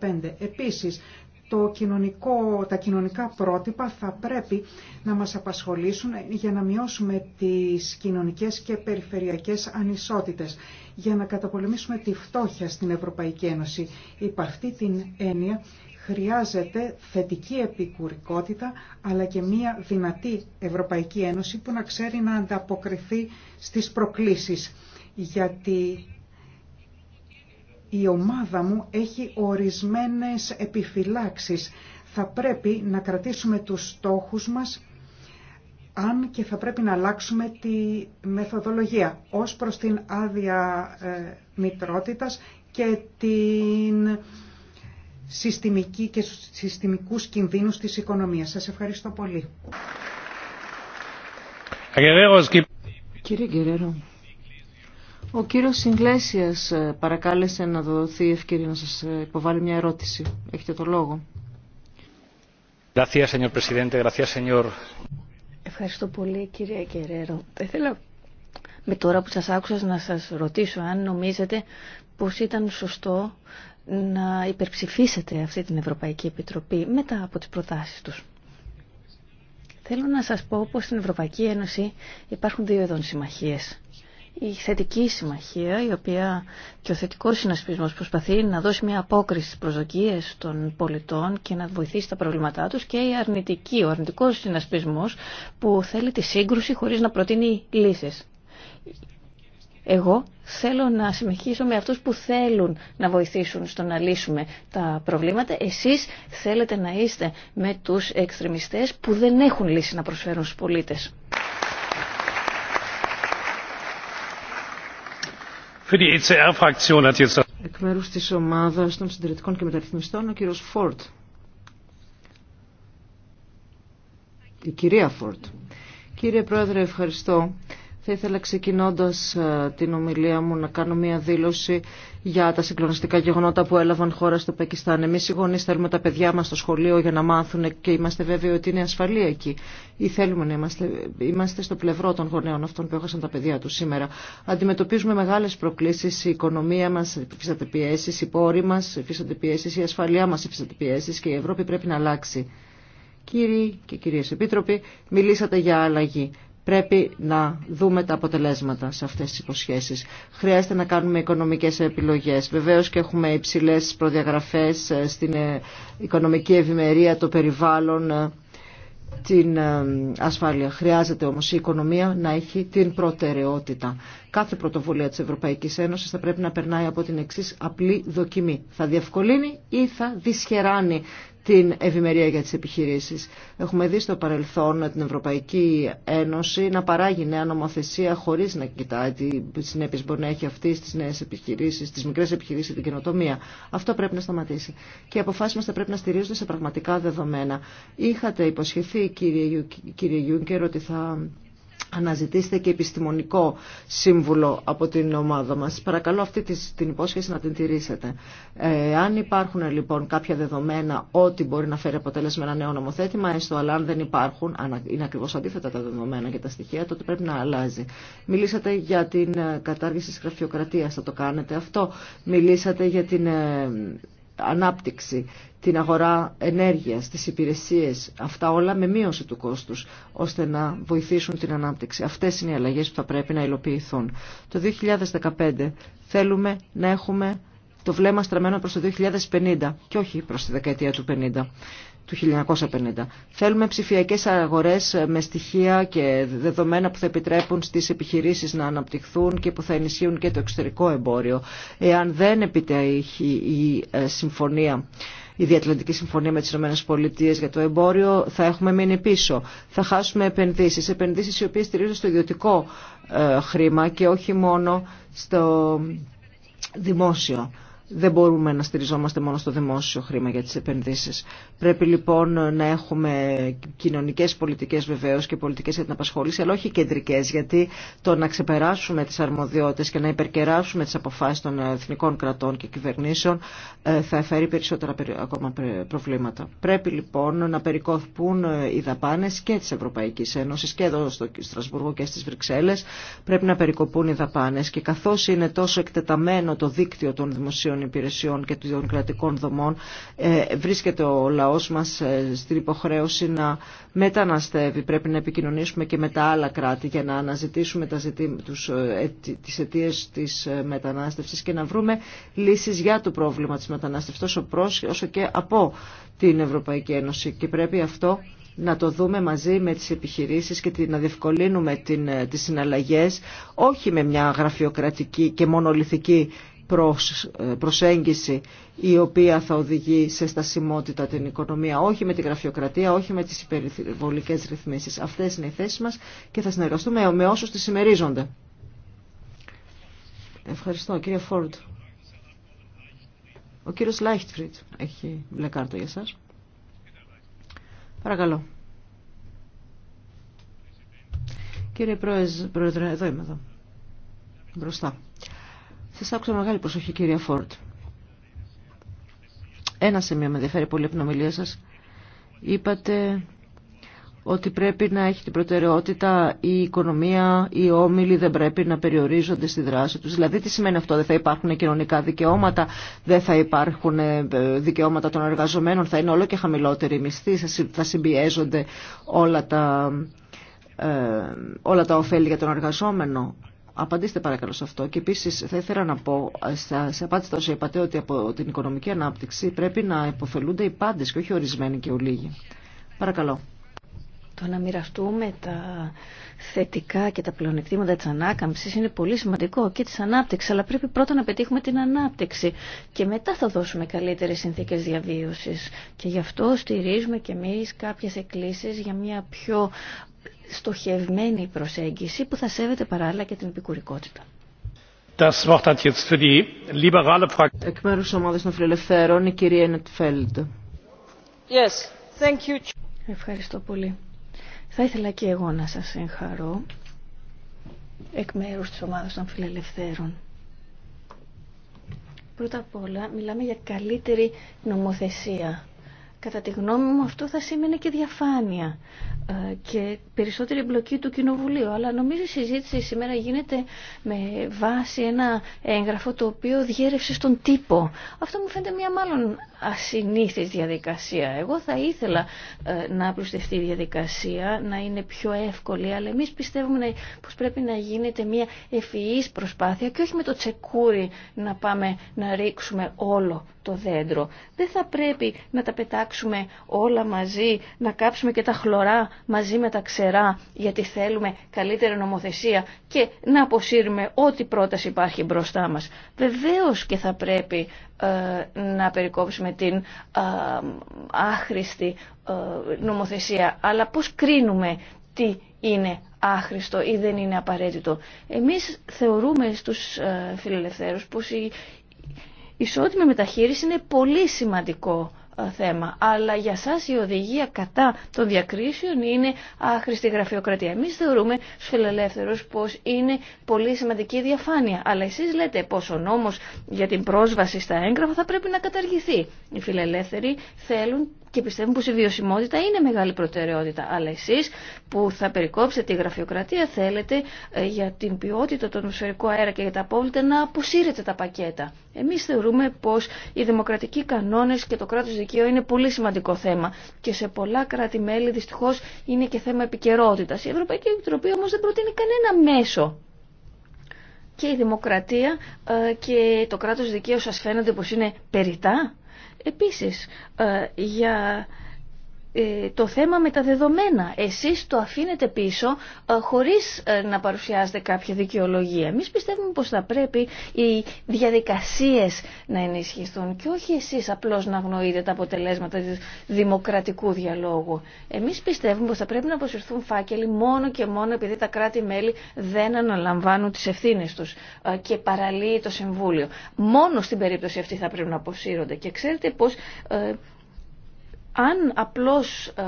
2015. Επίσης, το κοινωνικό, τα κοινωνικά πρότυπα θα πρέπει να μας απασχολήσουν για να μειώσουμε τις κοινωνικές και περιφερειακές ανισότητες, για να καταπολεμήσουμε τη φτώχεια στην Ευρωπαϊκή Ένωση. Υπ' αυτή την έννοια Χρειάζεται θετική επικουρικότητα αλλά και μια δυνατή Ευρωπαϊκή Ένωση που να ξέρει να ανταποκριθεί στις προκλήσεις. Γιατί η ομάδα μου έχει ορισμένες επιφυλάξεις. Θα πρέπει να κρατήσουμε τους στόχους μας αν και θα πρέπει να αλλάξουμε τη μεθοδολογία ως προς την άδεια ε, μητρότητας και την συστημική και συστημικούς κινδύνους της οικονομίας. Σας ευχαριστώ πολύ. Κύριε Γκερέρο, ο κύριος Συγκλέσιας ε, παρακάλεσε να δοθεί ευκαιρία να σας ε, υποβάλει μια ερώτηση. Έχετε το λόγο. Ευχαριστώ πολύ κύριε Γκερέρο. Θα ήθελα με τώρα που σας άκουσα να σας ρωτήσω αν νομίζετε πως ήταν σωστό να υπερψηφίσετε αυτή την Ευρωπαϊκή Επιτροπή μετά από τις προτάσεις τους. Θέλω να σας πω πως στην Ευρωπαϊκή Ένωση υπάρχουν δύο ειδών συμμαχίες. Η θετική συμμαχία, η οποία και ο θετικό συνασπισμό προσπαθεί να δώσει μια απόκριση στις προσδοκίε των πολιτών και να βοηθήσει τα προβλήματά τους και η αρνητική, ο αρνητικό συνασπισμό που θέλει τη σύγκρουση χωρί να προτείνει λύσει. Εγώ θέλω να συνεχίσω με αυτούς που θέλουν να βοηθήσουν στο να λύσουμε τα προβλήματα. Εσείς θέλετε να είστε με τους εξτρεμιστές που δεν έχουν λύση να προσφέρουν στους πολίτες. E Εκ μέρους της ομάδας των συντηρητικών και μεταρρυθμιστών, ο κύριος Φόρτ. Η κυρία Φόρτ. Κύριε Πρόεδρε, ευχαριστώ. Θα ήθελα ξεκινώντας ε, την ομιλία μου να κάνω μια δήλωση για τα συγκλονιστικά γεγονότα που έλαβαν χώρα στο Πακιστάν. Εμεί οι γονεί θέλουμε τα παιδιά μα στο σχολείο για να μάθουν και είμαστε βέβαιοι ότι είναι ασφαλή εκεί. Ή θέλουμε να είμαστε, είμαστε στο πλευρό των γονέων αυτών που έχασαν τα παιδιά τους σήμερα. Αντιμετωπίζουμε μεγάλες προκλήσεις, η οικονομία μας υφίσταται πιέσεις, οι πόροι παιδια του υφίσταται μεγάλε προκλήσει, η ασφαλεία μα υφισταται πιέσει, οι ποροι μα υφισταται πιέσει, η ασφαλεια μα υφισταται πιέσει και η Ευρώπη πρέπει να αλλάξει. Κύριοι και κυρίες Επίτροποι, μιλήσατε για αλλαγή. Πρέπει να δούμε τα αποτελέσματα σε αυτές τις υποσχέσεις. Χρειάζεται να κάνουμε οικονομικές επιλογές. Βεβαίως και έχουμε υψηλές προδιαγραφές ε, στην ε, οικονομική ευημερία, το περιβάλλον, ε, την ασφάλεια. Χρειάζεται όμως η οικονομία να έχει την προτεραιότητα. Κάθε πρωτοβουλία της Ευρωπαϊκής Ένωσης θα πρέπει να περνάει από την εξή απλή δοκιμή. Θα διευκολύνει ή θα δυσχεράνει την ευημερία για τις επιχειρήσεις. Έχουμε δει στο παρελθόν την Ευρωπαϊκή Ένωση να παράγει νέα νομοθεσία χωρίς να κοιτάει τι συνέπειες μπορεί να έχει αυτή στις νέες επιχειρήσεις, στις μικρές επιχειρήσεις, την καινοτομία. Αυτό πρέπει να σταματήσει. Και οι αποφάσεις θα πρέπει να στηρίζονται σε πραγματικά δεδομένα. Είχατε υποσχεθεί κύριε, κύριε Γιούγκερ ότι θα αναζητήστε και επιστημονικό σύμβουλο από την ομάδα μας. Παρακαλώ αυτή την υπόσχεση να την τηρήσετε. Ε, αν υπάρχουν λοιπόν κάποια δεδομένα ότι μπορεί να φέρει αποτέλεσμα ένα νέο νομοθέτημα, έστω αλλά αν δεν υπάρχουν, αν είναι ακριβώς αντίθετα τα δεδομένα και τα στοιχεία, τότε πρέπει να αλλάζει. Μιλήσατε για την ε, κατάργηση της γραφειοκρατίας, θα το κάνετε αυτό. Μιλήσατε για την ε, ανάπτυξη, την αγορά ενέργειας, τις υπηρεσίες, αυτά όλα με μείωση του κόστους, ώστε να βοηθήσουν την ανάπτυξη. Αυτές είναι οι αλλαγές που θα πρέπει να υλοποιηθούν. Το 2015 θέλουμε να έχουμε το βλέμμα στραμμένο προς το 2050 και όχι προς τη δεκαετία του 50 του 1950. Θέλουμε ψηφιακές αγορές με στοιχεία και δεδομένα που θα επιτρέπουν στις επιχειρήσεις να αναπτυχθούν και που θα ενισχύουν και το εξωτερικό εμπόριο. Εάν δεν επιτέχει η ε, συμφωνία η Διατλαντική Συμφωνία με τις ΗΠΑ για το εμπόριο θα έχουμε μείνει πίσω. Θα χάσουμε επενδύσεις, επενδύσεις οι οποίες στηρίζονται στο ιδιωτικό ε, χρήμα και όχι μόνο στο δημόσιο. Δεν μπορούμε να στηριζόμαστε μόνο στο δημόσιο χρήμα για τις επενδύσεις. Πρέπει λοιπόν να έχουμε κοινωνικές πολιτικές βεβαίως και πολιτικές για την απασχόληση, αλλά όχι κεντρικές, γιατί το να ξεπεράσουμε τις αρμοδιότητες και να υπερκεράσουμε τις αποφάσεις των εθνικών κρατών και κυβερνήσεων ε, θα φέρει περισσότερα ακόμα προβλήματα. Πρέπει λοιπόν να περικόθουν ε, οι δαπάνες και της Ευρωπαϊκής Ένωσης και εδώ στο Στρασβούργο και στις Βρυξέλλες. Πρέπει να περικοπούν οι δαπάνες και καθώς είναι τόσο εκτεταμένο το δίκτυο των δημοσίων δημοσίων υπηρεσιών και των κρατικών δομών ε, βρίσκεται ο λαός μας ε, στην υποχρέωση να μεταναστεύει. Πρέπει να επικοινωνήσουμε και με τα άλλα κράτη για να αναζητήσουμε τα ζητή, τους, ε, τις αιτίες της μετανάστευσης και να βρούμε λύσεις για το πρόβλημα της μετανάστευσης τόσο προς όσο και από την Ευρωπαϊκή Ένωση και πρέπει αυτό να το δούμε μαζί με τις επιχειρήσεις και να διευκολύνουμε την, τις συναλλαγές όχι με μια γραφειοκρατική και μονολυθική προς, προσέγγιση η οποία θα οδηγεί σε στασιμότητα την οικονομία, όχι με τη γραφειοκρατία, όχι με τις υπερβολικές ρυθμίσεις. Αυτές είναι οι θέσεις μας και θα συνεργαστούμε με όσους τις συμμερίζονται. Ευχαριστώ, κύριε Φόρντ. Ο κύριος Λάιχτφριτ έχει μπλε κάρτα για σας. Παρακαλώ. Κύριε Πρόεδρε, εδώ είμαι εδώ. Μπροστά. Σας άκουσα μεγάλη προσοχή κυρία Φόρτ. Ένα σημείο με ενδιαφέρει πολύ από την ομιλία σας. Είπατε ότι πρέπει να έχει την προτεραιότητα η οικονομία, οι όμιλοι δεν πρέπει να περιορίζονται στη δράση τους. Δηλαδή τι σημαίνει αυτό, δεν θα υπάρχουν κοινωνικά δικαιώματα, δεν θα υπάρχουν ε, δικαιώματα των εργαζομένων, θα είναι όλο και χαμηλότεροι οι μισθοί, θα συμπιέζονται όλα τα, ε, όλα τα ωφέλη για τον εργαζόμενο. Απαντήστε παρακαλώ σε αυτό. Και επίση θα ήθελα να πω, σε απάντηση τόσο είπατε ότι από την οικονομική ανάπτυξη πρέπει να υποφελούνται οι πάντε και όχι ορισμένοι και ολίγοι. Παρακαλώ. Το να μοιραστούμε τα θετικά και τα πλεονεκτήματα τη ανάκαμψη είναι πολύ σημαντικό και τη ανάπτυξη, αλλά πρέπει πρώτα να πετύχουμε την ανάπτυξη και μετά θα δώσουμε καλύτερε συνθήκε διαβίωση. Και γι' αυτό στηρίζουμε και εμεί κάποιε εκκλήσει για μια πιο στοχευμένη προσέγγιση που θα σέβεται παράλληλα και την επικουρικότητα. Das Wort hat jetzt für die liberale Fraktion. η κυρία Yes, thank you. Ευχαριστώ πολύ. Θα ήθελα και εγώ να σας εγχαρώ εκ μέρους της ομάδας των φιλελευθέρων. Πρώτα απ' όλα μιλάμε για καλύτερη νομοθεσία. Κατά τη γνώμη μου αυτό θα σήμαινε και διαφάνεια. Ε, και περισσότερη εμπλοκή του Κοινοβουλίου. Αλλά νομίζω η συζήτηση σήμερα γίνεται με βάση ένα έγγραφο το οποίο διέρευσε στον τύπο. Αυτό μου φαίνεται μια μάλλον ασυνήθις διαδικασία. Εγώ θα ήθελα ε, να απλουστευτεί η διαδικασία, να είναι πιο εύκολη, αλλά εμείς πιστεύουμε πως πρέπει να γίνεται μια ευφυής προσπάθεια και όχι με το τσεκούρι να πάμε να ρίξουμε όλο το δέντρο. Δεν θα πρέπει να τα πετάξουμε όλα μαζί, να κάψουμε και τα χλωρά μαζί με τα ξερά γιατί θέλουμε καλύτερη νομοθεσία και να αποσύρουμε ό,τι πρόταση υπάρχει μπροστά μας. Βεβαίως και θα πρέπει ε, να περικόψουμε την ε, άχρηστη ε, νομοθεσία, αλλά πώς κρίνουμε τι είναι άχρηστο ή δεν είναι απαραίτητο. Εμείς θεωρούμε στους φιλελευθέρους πως η ισότιμη μεταχείριση είναι πολύ σημαντικό ε, θέμα. Αλλά για εσά η οδηγία κατά των διακρίσεων είναι άχρηστη γραφειοκρατία. Εμείς θεωρούμε στου φιλελεύθερου πω είναι πολύ σημαντική διαφάνεια. Αλλά εσεί λέτε πω ο νόμος για την πρόσβαση στα έγγραφα θα πρέπει να καταργηθεί. Οι φιλελεύθεροι θέλουν και πιστεύουν πω η βιωσιμότητα είναι μεγάλη προτεραιότητα. Αλλά εσεί που θα περικόψετε τη γραφειοκρατία θέλετε ε, για την ποιότητα του ατμοσφαιρικού αέρα και για τα απόβλητα να αποσύρετε τα πακέτα. Εμεί θεωρούμε πω οι δημοκρατικοί κανόνε και το κράτος δικαίου είναι πολύ σημαντικό θέμα και σε πολλά κράτη-μέλη δυστυχώς είναι και θέμα επικαιρότητα. Η Ευρωπαϊκή Επιτροπή όμω δεν προτείνει κανένα μέσο. Και η δημοκρατία ε, και το κράτος δικαίου σας φαίνονται πως είναι περιτά. Επίσης, ε, για ε, το θέμα με τα δεδομένα. Εσείς το αφήνετε πίσω ε, χωρίς ε, να παρουσιάζετε κάποια δικαιολογία. Εμείς πιστεύουμε πως θα πρέπει οι διαδικασίες να ενισχυθούν και όχι εσείς απλώς να γνωρίζετε τα αποτελέσματα του δημοκρατικού διαλόγου. Εμείς πιστεύουμε πως θα πρέπει να αποσυρθούν φάκελοι μόνο και μόνο επειδή τα κράτη-μέλη δεν αναλαμβάνουν τις ευθύνες τους και παραλύει το Συμβούλιο. Μόνο στην περίπτωση αυτή θα πρέπει να αποσύρονται. Και ξέρετε πως αν απλώς ε,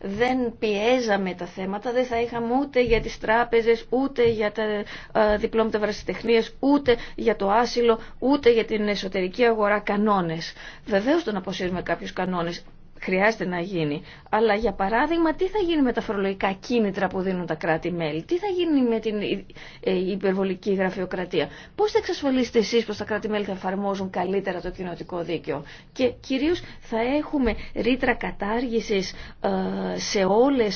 δεν πιέζαμε τα θέματα, δεν θα είχαμε ούτε για τις τράπεζες, ούτε για τα ε, διπλώματα βρασιτεχνίας, ούτε για το άσυλο, ούτε για την εσωτερική αγορά κανόνες. Βεβαίως τον αποσύρουμε κάποιους κανόνες χρειάζεται να γίνει. Αλλά για παράδειγμα, τι θα γίνει με τα φορολογικά κίνητρα που δίνουν τα κράτη-μέλη, τι θα γίνει με την ε, ε, υπερβολική γραφειοκρατία, πώ θα εξασφαλίσετε εσεί πω τα κράτη-μέλη θα εφαρμόζουν καλύτερα το κοινοτικό δίκαιο. Και κυρίω θα έχουμε ρήτρα κατάργηση ε, σε όλε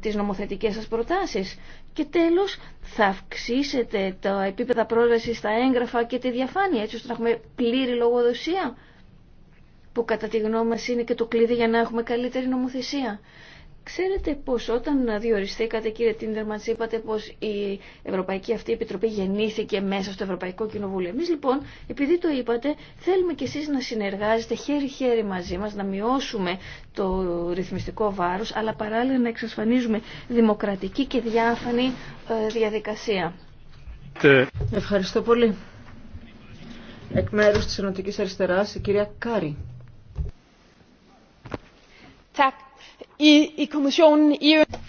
τι νομοθετικέ σα προτάσει. Και τέλο, θα αυξήσετε τα επίπεδα πρόσβαση στα έγγραφα και τη διαφάνεια, έτσι ώστε να έχουμε πλήρη λογοδοσία που κατά τη γνώμη μας είναι και το κλειδί για να έχουμε καλύτερη νομοθεσία. Ξέρετε πως όταν διοριστήκατε κύριε Τίντερμαντς είπατε πως η Ευρωπαϊκή αυτή Επιτροπή γεννήθηκε μέσα στο Ευρωπαϊκό Κοινοβούλιο. Εμείς λοιπόν επειδή το είπατε θέλουμε κι εσείς να συνεργάζεστε χέρι-χέρι μαζί μας, να μειώσουμε το ρυθμιστικό βάρος αλλά παράλληλα να εξασφανίζουμε δημοκρατική και διάφανη ε, διαδικασία. Ευχαριστώ πολύ. Εκ μέρους τη Ενωτικής Αριστεράς η κυρία Κάρη.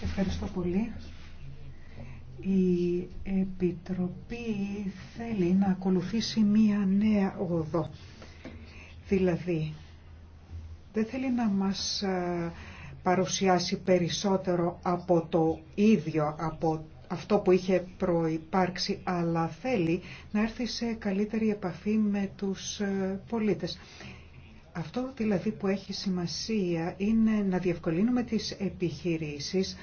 Ευχαριστώ πολύ. Η Επιτροπή θέλει να ακολουθήσει μία νέα οδό. Δηλαδή, δεν θέλει να μας παρουσιάσει περισσότερο από το ίδιο, από αυτό που είχε προϋπάρξει, αλλά θέλει να έρθει σε καλύτερη επαφή με τους πολίτες. Αυτό δηλαδή που έχει σημασία είναι να διευκολύνουμε τις επιχειρήσεις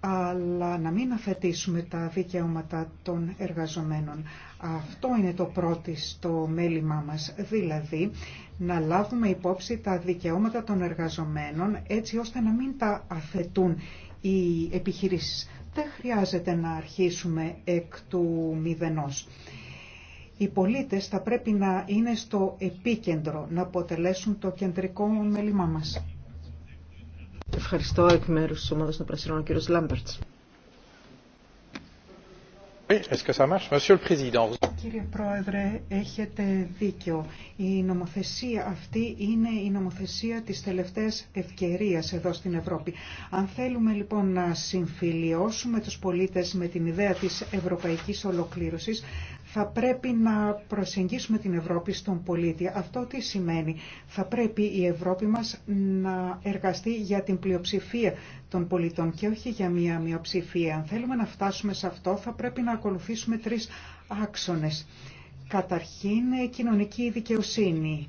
αλλά να μην αφαιτήσουμε τα δικαιώματα των εργαζομένων. Αυτό είναι το πρώτο στο μέλημά μας, δηλαδή να λάβουμε υπόψη τα δικαιώματα των εργαζομένων έτσι ώστε να μην τα αφαιτούν οι επιχειρήσεις. Δεν χρειάζεται να αρχίσουμε εκ του μηδενός οι πολίτες θα πρέπει να είναι στο επίκεντρο, να αποτελέσουν το κεντρικό μέλημά μας. Ευχαριστώ εκ μέρους της ομάδας των Πρασινών, ο κύριος Λάμπερτς. Κύριε Πρόεδρε, έχετε δίκιο. Η νομοθεσία αυτή είναι η νομοθεσία της τελευταίας ευκαιρίας εδώ στην Ευρώπη. Αν θέλουμε λοιπόν να συμφιλιώσουμε τους πολίτες με την ιδέα της ευρωπαϊκής ολοκλήρωσης, θα πρέπει να προσεγγίσουμε την Ευρώπη στον πολίτη. Αυτό τι σημαίνει. Θα πρέπει η Ευρώπη μας να εργαστεί για την πλειοψηφία των πολιτών και όχι για μία μειοψηφία. Αν θέλουμε να φτάσουμε σε αυτό θα πρέπει να ακολουθήσουμε τρεις άξονες. Καταρχήν κοινωνική δικαιοσύνη.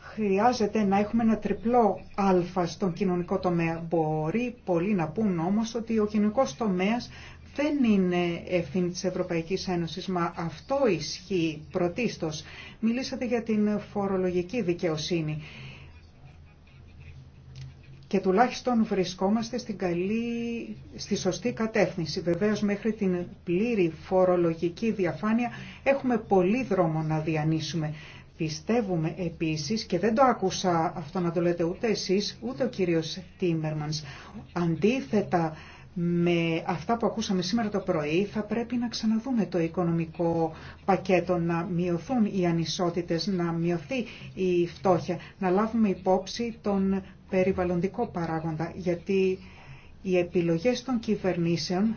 Χρειάζεται να έχουμε ένα τριπλό αλφα στον κοινωνικό τομέα. Μπορεί πολλοί να πούν όμως ότι ο κοινωνικός τομέας δεν είναι ευθύνη της Ευρωπαϊκής Ένωσης, μα αυτό ισχύει πρωτίστως. Μιλήσατε για την φορολογική δικαιοσύνη. Και τουλάχιστον βρισκόμαστε στην καλή, στη σωστή κατεύθυνση. Βεβαίως μέχρι την πλήρη φορολογική διαφάνεια έχουμε πολύ δρόμο να διανύσουμε. Πιστεύουμε επίσης, και δεν το άκουσα αυτό να το λέτε ούτε εσείς, ούτε ο κύριος Τίμερμανς, αντίθετα με αυτά που ακούσαμε σήμερα το πρωί θα πρέπει να ξαναδούμε το οικονομικό πακέτο, να μειωθούν οι ανισότητες, να μειωθεί η φτώχεια, να λάβουμε υπόψη τον περιβαλλοντικό παράγοντα, γιατί οι επιλογές των κυβερνήσεων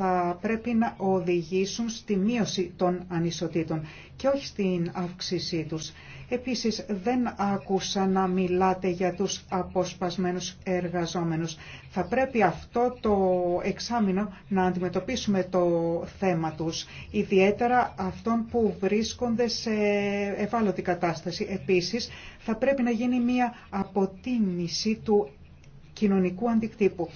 θα πρέπει να οδηγήσουν στη μείωση των ανισοτήτων και όχι στην αύξησή τους. Επίσης δεν άκουσα να μιλάτε για τους αποσπασμένους εργαζόμενους. Θα πρέπει αυτό το εξάμεινο να αντιμετωπίσουμε το θέμα τους, ιδιαίτερα αυτών που βρίσκονται σε ευάλωτη κατάσταση. Επίσης θα πρέπει να γίνει μια αποτίμηση του κοινωνικού αντικτύπου.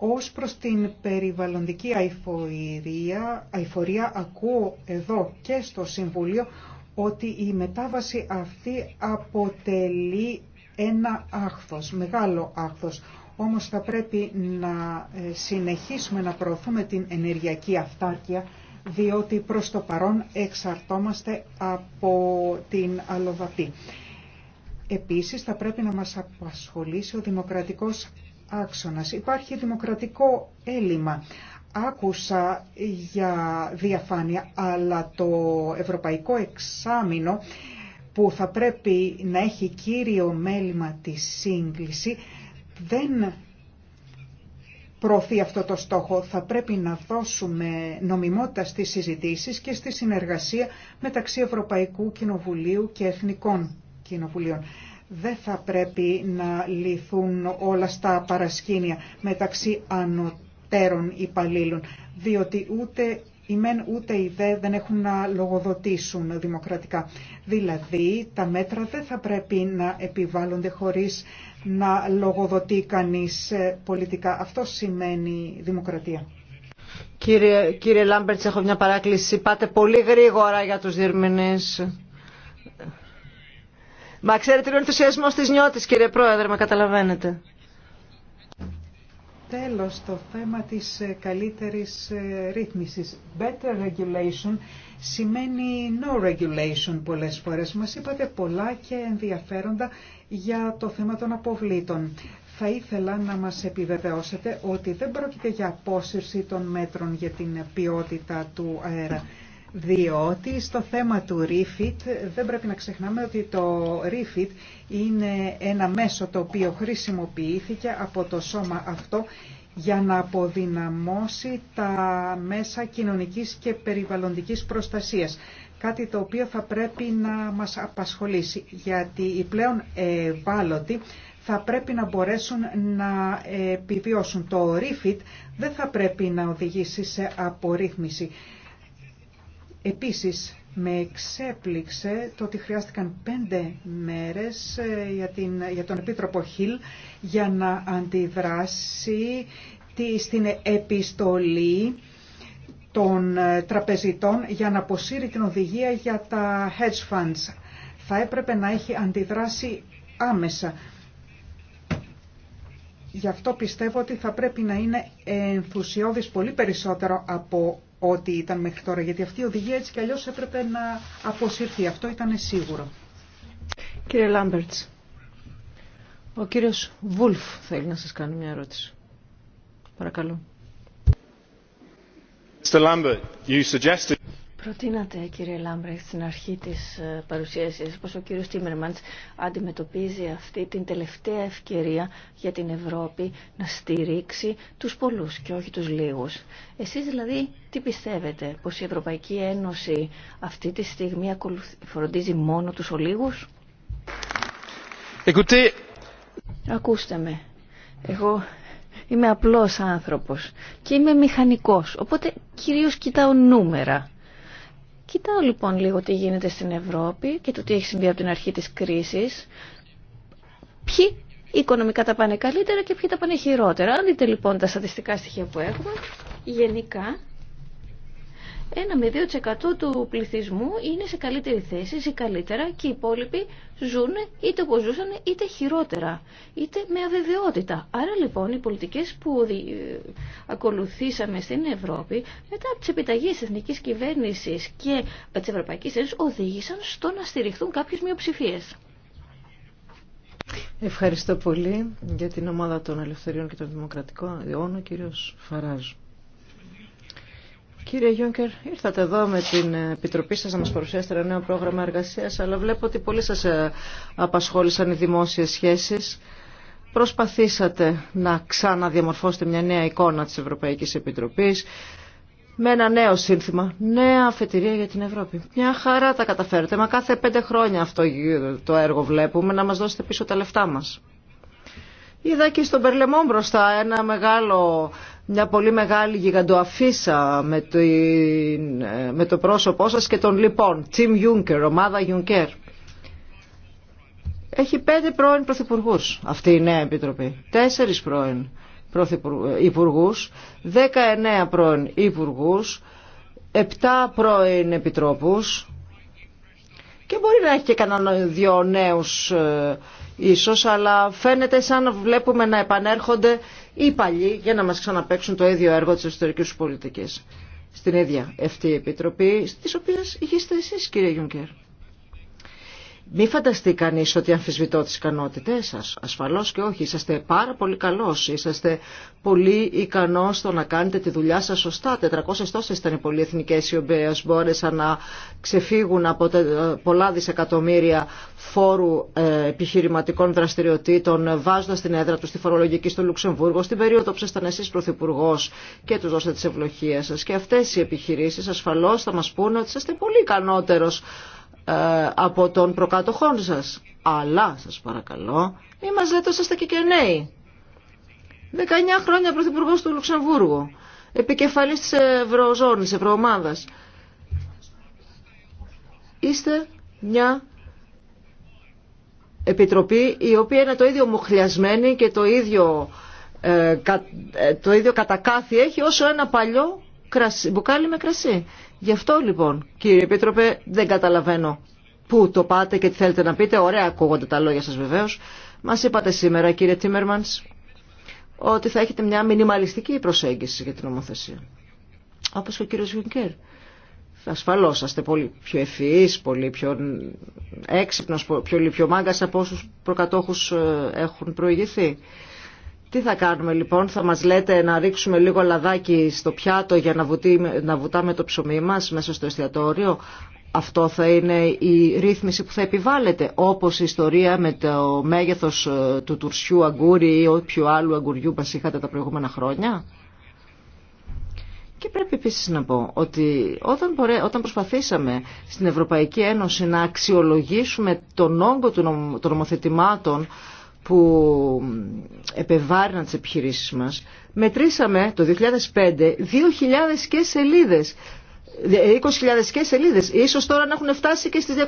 Ως προς την περιβαλλοντική αηφορία, αηφορία ακούω εδώ και στο Συμβουλίο ότι η μετάβαση αυτή αποτελεί ένα άχθος, μεγάλο άχθος. Όμως θα πρέπει να ε, συνεχίσουμε να προωθούμε την ενεργειακή αυτάρκεια, διότι προς το παρόν εξαρτόμαστε από την αλλοδαπή. Επίσης θα πρέπει να μας απασχολήσει ο δημοκρατικός άξονας. Υπάρχει δημοκρατικό έλλειμμα. Άκουσα για διαφάνεια, αλλά το ευρωπαϊκό εξάμεινο που θα πρέπει να έχει κύριο μέλημα τη σύγκληση δεν προωθεί αυτό το στόχο. Θα πρέπει να δώσουμε νομιμότητα στις συζητήσεις και στη συνεργασία μεταξύ Ευρωπαϊκού Κοινοβουλίου και Εθνικών Κοινοβουλίων δεν θα πρέπει να λυθούν όλα στα παρασκήνια μεταξύ ανωτέρων υπαλλήλων, διότι ούτε οι μεν ούτε οι δε δεν έχουν να λογοδοτήσουν δημοκρατικά. Δηλαδή τα μέτρα δεν θα πρέπει να επιβάλλονται χωρίς να λογοδοτεί κανείς ε, πολιτικά. Αυτό σημαίνει δημοκρατία. Κύριε, κύριε Λάμπερτς, έχω μια παράκληση. Πάτε πολύ γρήγορα για τους διερμηνείς. Μα ξέρετε, είναι ο ενθουσιασμός της νιώτης, κύριε Πρόεδρε, με καταλαβαίνετε. Τέλος, το θέμα της ε, καλύτερης ε, ρύθμισης. Better regulation σημαίνει no regulation πολλές φορές. Μας είπατε πολλά και ενδιαφέροντα για το θέμα των αποβλήτων. Θα ήθελα να μας επιβεβαιώσετε ότι δεν πρόκειται για απόσυρση των μέτρων για την ποιότητα του αέρα διότι στο θέμα του REFIT δεν πρέπει να ξεχνάμε ότι το REFIT είναι ένα μέσο το οποίο χρησιμοποιήθηκε από το σώμα αυτό για να αποδυναμώσει τα μέσα κοινωνικής και περιβαλλοντικής προστασίας. Κάτι το οποίο θα πρέπει να μας απασχολήσει, γιατί οι πλέον ευάλωτοι θα πρέπει να μπορέσουν να επιβιώσουν. Το REFIT δεν θα πρέπει να οδηγήσει σε απορρίθμιση Επίσης, με εξέπληξε το ότι χρειάστηκαν πέντε μέρες ε, για, την, για τον Επίτροπο Χιλ για να αντιδράσει τη, στην επιστολή των ε, τραπεζιτών για να αποσύρει την οδηγία για τα hedge funds. Θα έπρεπε να έχει αντιδράσει άμεσα. Γι' αυτό πιστεύω ότι θα πρέπει να είναι ενθουσιώδης πολύ περισσότερο από ό,τι ήταν μέχρι τώρα, γιατί αυτή η οδηγία έτσι κι αλλιώς έπρεπε να αποσύρθει. Αυτό ήταν σίγουρο. Κύριε Λάμπερτς, ο κύριος Βούλφ θέλει να σας κάνει μια ερώτηση. Παρακαλώ. Mr. Lambert, you suggested... Προτείνατε κύριε Λάμπρεχτ στην αρχή της ε, παρουσίασης πως ο κύριος Τίμερμαντς αντιμετωπίζει αυτή την τελευταία ευκαιρία για την Ευρώπη να στηρίξει τους πολλούς και όχι τους λίγους. Εσείς δηλαδή τι πιστεύετε πως η Ευρωπαϊκή Ένωση αυτή τη στιγμή φροντίζει μόνο τους ολίγους. Εκούτε... Ακούστε με. Εγώ είμαι απλός άνθρωπος και είμαι μηχανικός. Οπότε κυρίως κοιτάω νούμερα. Κοιτάω λοιπόν λίγο τι γίνεται στην Ευρώπη και το τι έχει συμβεί από την αρχή της κρίσης. Ποιοι οικονομικά τα πάνε καλύτερα και ποιοι τα πάνε χειρότερα. Αν δείτε λοιπόν τα στατιστικά στοιχεία που έχουμε, γενικά ένα με 2% του πληθυσμού είναι σε καλύτερη θέση ή καλύτερα και οι υπόλοιποι ζουν είτε όπως ζούσαν είτε χειρότερα, είτε με αβεβαιότητα. Άρα λοιπόν οι πολιτικές που ε, ακολουθήσαμε στην Ευρώπη μετά από τις επιταγές της εθνικής κυβέρνησης και της Ευρωπαϊκής Ένωσης οδήγησαν στο να στηριχθούν κάποιες μειοψηφίες. Ευχαριστώ πολύ για την ομάδα των Ελευθεριών και των Δημοκρατικών, ο κύριος Φαράζου. Κύριε Γιούγκερ, ήρθατε εδώ με την επιτροπή σας να μας παρουσιάσετε ένα νέο πρόγραμμα εργασίας, αλλά βλέπω ότι πολύ σας ε, απασχόλησαν οι δημόσιες σχέσεις. Προσπαθήσατε να ξαναδιαμορφώσετε μια νέα εικόνα της Ευρωπαϊκής Επιτροπής με ένα νέο σύνθημα, νέα αφετηρία για την Ευρώπη. Μια χαρά τα καταφέρετε, μα κάθε πέντε χρόνια αυτό το έργο βλέπουμε, να μας δώσετε πίσω τα λεφτά μας. Είδα και στον Περλεμό μπροστά ένα μεγάλο μια πολύ μεγάλη γιγαντοαφίσα με, ε, με το πρόσωπό σας και τον λοιπόν, Team Juncker, ομάδα Juncker. Έχει πέντε πρώην πρωθυπουργού αυτή η νέα επιτροπή. Τέσσερι πρώην ε, υπουργού, δέκα εννέα πρώην υπουργού, επτά πρώην επιτρόπου και μπορεί να έχει και κανέναν δυο νέου ε, ίσω, αλλά φαίνεται σαν να βλέπουμε να επανέρχονται οι παλιοί για να μας ξαναπέξουν το ίδιο έργο της εσωτερικής πολιτικής. Στην ίδια αυτή η επιτροπή, στις οποίες είχεστε εσείς κύριε Γιουνκέρ. Μη φανταστεί κανεί ότι αμφισβητώ τι ικανότητέ σα. Ασφαλώ και όχι. Είσαστε πάρα πολύ καλό. Είσαστε πολύ ικανό στο να κάνετε τη δουλειά σα σωστά. 400 τόσε ήταν οι πολυεθνικέ οι οποίε μπόρεσαν να ξεφύγουν από πολλά δισεκατομμύρια φόρου ε, επιχειρηματικών δραστηριοτήτων, βάζοντα την έδρα του στη φορολογική στο Λουξεμβούργο, στην περίοδο που ήσασταν εσεί πρωθυπουργό και του δώσατε τι ευλογίε σα. Και αυτέ οι επιχειρήσει ασφαλώ θα μα πούνε ότι είσαστε πολύ ικανότερο ε, από των προκάτοχών σας. Αλλά σας παρακαλώ μη μας λέτε σας και και νέοι. 19 χρόνια πρωθυπουργός του Λουξεμβούργου. Επικεφαλής της Ευρωζώνης, Ευρωομάδας. Είστε μια επιτροπή η οποία είναι το ίδιο μοχλιασμένη και το ίδιο, ε, ε το ίδιο κατακάθι έχει όσο ένα παλιό κρασί, μπουκάλι με κρασί. Γι' αυτό λοιπόν, κύριε Επίτροπε, δεν καταλαβαίνω πού το πάτε και τι θέλετε να πείτε. Ωραία ακούγονται τα λόγια σας βεβαίω. Μας είπατε σήμερα, κύριε Τίμερμαν, ότι θα έχετε μια μινιμαλιστική προσέγγιση για την νομοθεσία. Όπως και ο κύριος Γιουνκέρ. Ασφαλώς είστε πολύ πιο ευφυείς, πολύ πιο έξυπνο, πιο μάγκας από όσου προκατόχου ε, έχουν προηγηθεί. Τι θα κάνουμε λοιπόν, θα μας λέτε να ρίξουμε λίγο λαδάκι στο πιάτο για να, να βουτάμε το ψωμί μας μέσα στο εστιατόριο. Αυτό θα είναι η ρύθμιση που θα επιβάλλεται, όπως η ιστορία με το μέγεθος ε, του τουρσιού αγκούρι ή όποιου άλλου αγκουριού μας είχατε τα προηγούμενα χρόνια. Και πρέπει επίσης να πω ότι όταν, όταν προσπαθήσαμε στην Ευρωπαϊκή Ένωση να αξιολογήσουμε τον όγκο των νομοθετημάτων που επεβάρναν τις επιχειρήσεις μας, μετρήσαμε το 2005 2.000 και σελίδες. 20.000 και σελίδες. Ίσως τώρα να έχουν φτάσει και στις 250.000.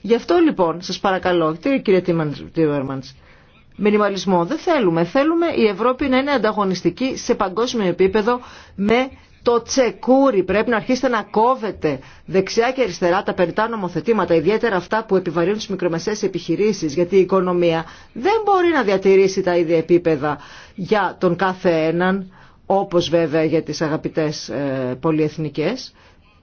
Γι' αυτό λοιπόν σας παρακαλώ, κύριε Τίμερμαντς, μινιμαλισμό δεν θέλουμε. Θέλουμε η Ευρώπη να είναι ανταγωνιστική σε παγκόσμιο επίπεδο με το τσεκούρι πρέπει να αρχίσετε να κόβετε δεξιά και αριστερά τα περιτά νομοθετήματα, ιδιαίτερα αυτά που επιβαρύνουν τι μικρομεσαίες επιχειρήσεις, γιατί η οικονομία δεν μπορεί να διατηρήσει τα ίδια επίπεδα για τον κάθε έναν, όπως βέβαια για τις αγαπητές ε, πολυεθνικές.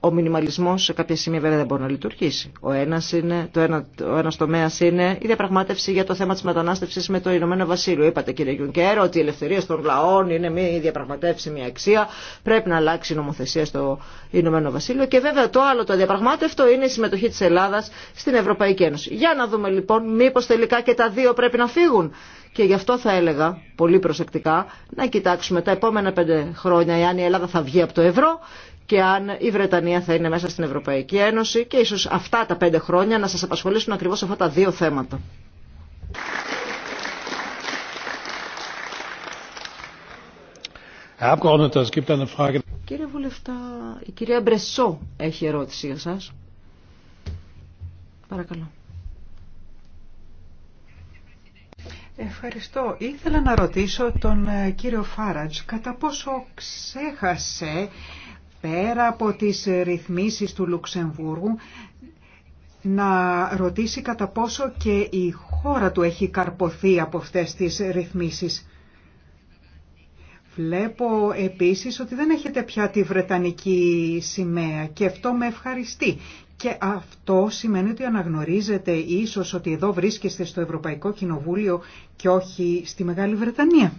Ο μινιμαλισμός σε κάποια σημεία βέβαια δεν μπορεί να λειτουργήσει. Ο ένας, είναι, το ένα, ο τομέας είναι η διαπραγμάτευση για το θέμα της μετανάστευσης με το Ηνωμένο Βασίλειο. Είπατε κύριε Γιουνκέρ ότι η ελευθερία των λαών είναι μια διαπραγματεύση, μια αξία. Πρέπει να αλλάξει η νομοθεσία στο Ηνωμένο Βασίλειο. Και βέβαια το άλλο το αδιαπραγμάτευτο είναι η συμμετοχή της Ελλάδας στην Ευρωπαϊκή Ένωση. Για να δούμε λοιπόν μήπως τελικά και τα δύο πρέπει να φύγουν. Και γι' αυτό θα έλεγα πολύ προσεκτικά να κοιτάξουμε τα επόμενα πέντε χρόνια εάν η Ελλάδα θα βγει από το ευρώ και αν η Βρετανία θα είναι μέσα στην Ευρωπαϊκή Ένωση και ίσως αυτά τα πέντε χρόνια να σας απασχολήσουν ακριβώς αυτά τα δύο θέματα. Κύριε Βουλευτά, η κυρία Μπρεσό έχει ερώτηση για σας. Παρακαλώ. Ευχαριστώ. Ήθελα να ρωτήσω τον ε, κύριο Φάρατζ κατά πόσο ξέχασε πέρα από τις ρυθμίσεις του Λουξεμβούργου να ρωτήσει κατά πόσο και η χώρα του έχει καρποθεί από αυτές τις ρυθμίσεις. Βλέπω επίσης ότι δεν έχετε πια τη Βρετανική σημαία και αυτό με ευχαριστεί. Και αυτό σημαίνει ότι αναγνωρίζετε ίσως ότι εδώ βρίσκεστε στο Ευρωπαϊκό Κοινοβούλιο και όχι στη Μεγάλη Βρετανία.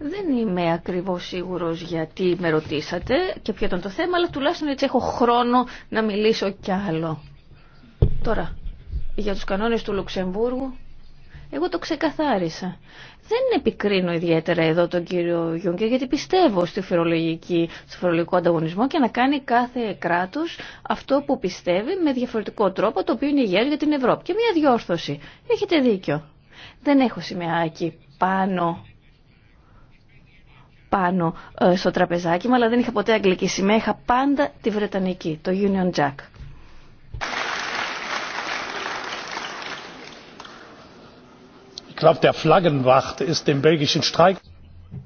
Δεν είμαι ακριβώς σίγουρος γιατί με ρωτήσατε και ποιο ήταν το θέμα, αλλά τουλάχιστον έτσι έχω χρόνο να μιλήσω κι άλλο. Τώρα, για τους κανόνες του Λουξεμβούργου, εγώ το ξεκαθάρισα. Δεν επικρίνω ιδιαίτερα εδώ τον κύριο Γιούγκερ γιατί πιστεύω στη φορολογική, στο φορολογικό ανταγωνισμό και να κάνει κάθε κράτο αυτό που πιστεύει με διαφορετικό τρόπο το οποίο είναι υγιέ για την Ευρώπη. Και μια διόρθωση. Έχετε δίκιο. Δεν έχω σημαίακι πάνω πάνω ε, στο τραπεζάκι μου, αλλά δεν είχα ποτέ αγγλική σημαία, είχα πάντα τη βρετανική, το Union Jack.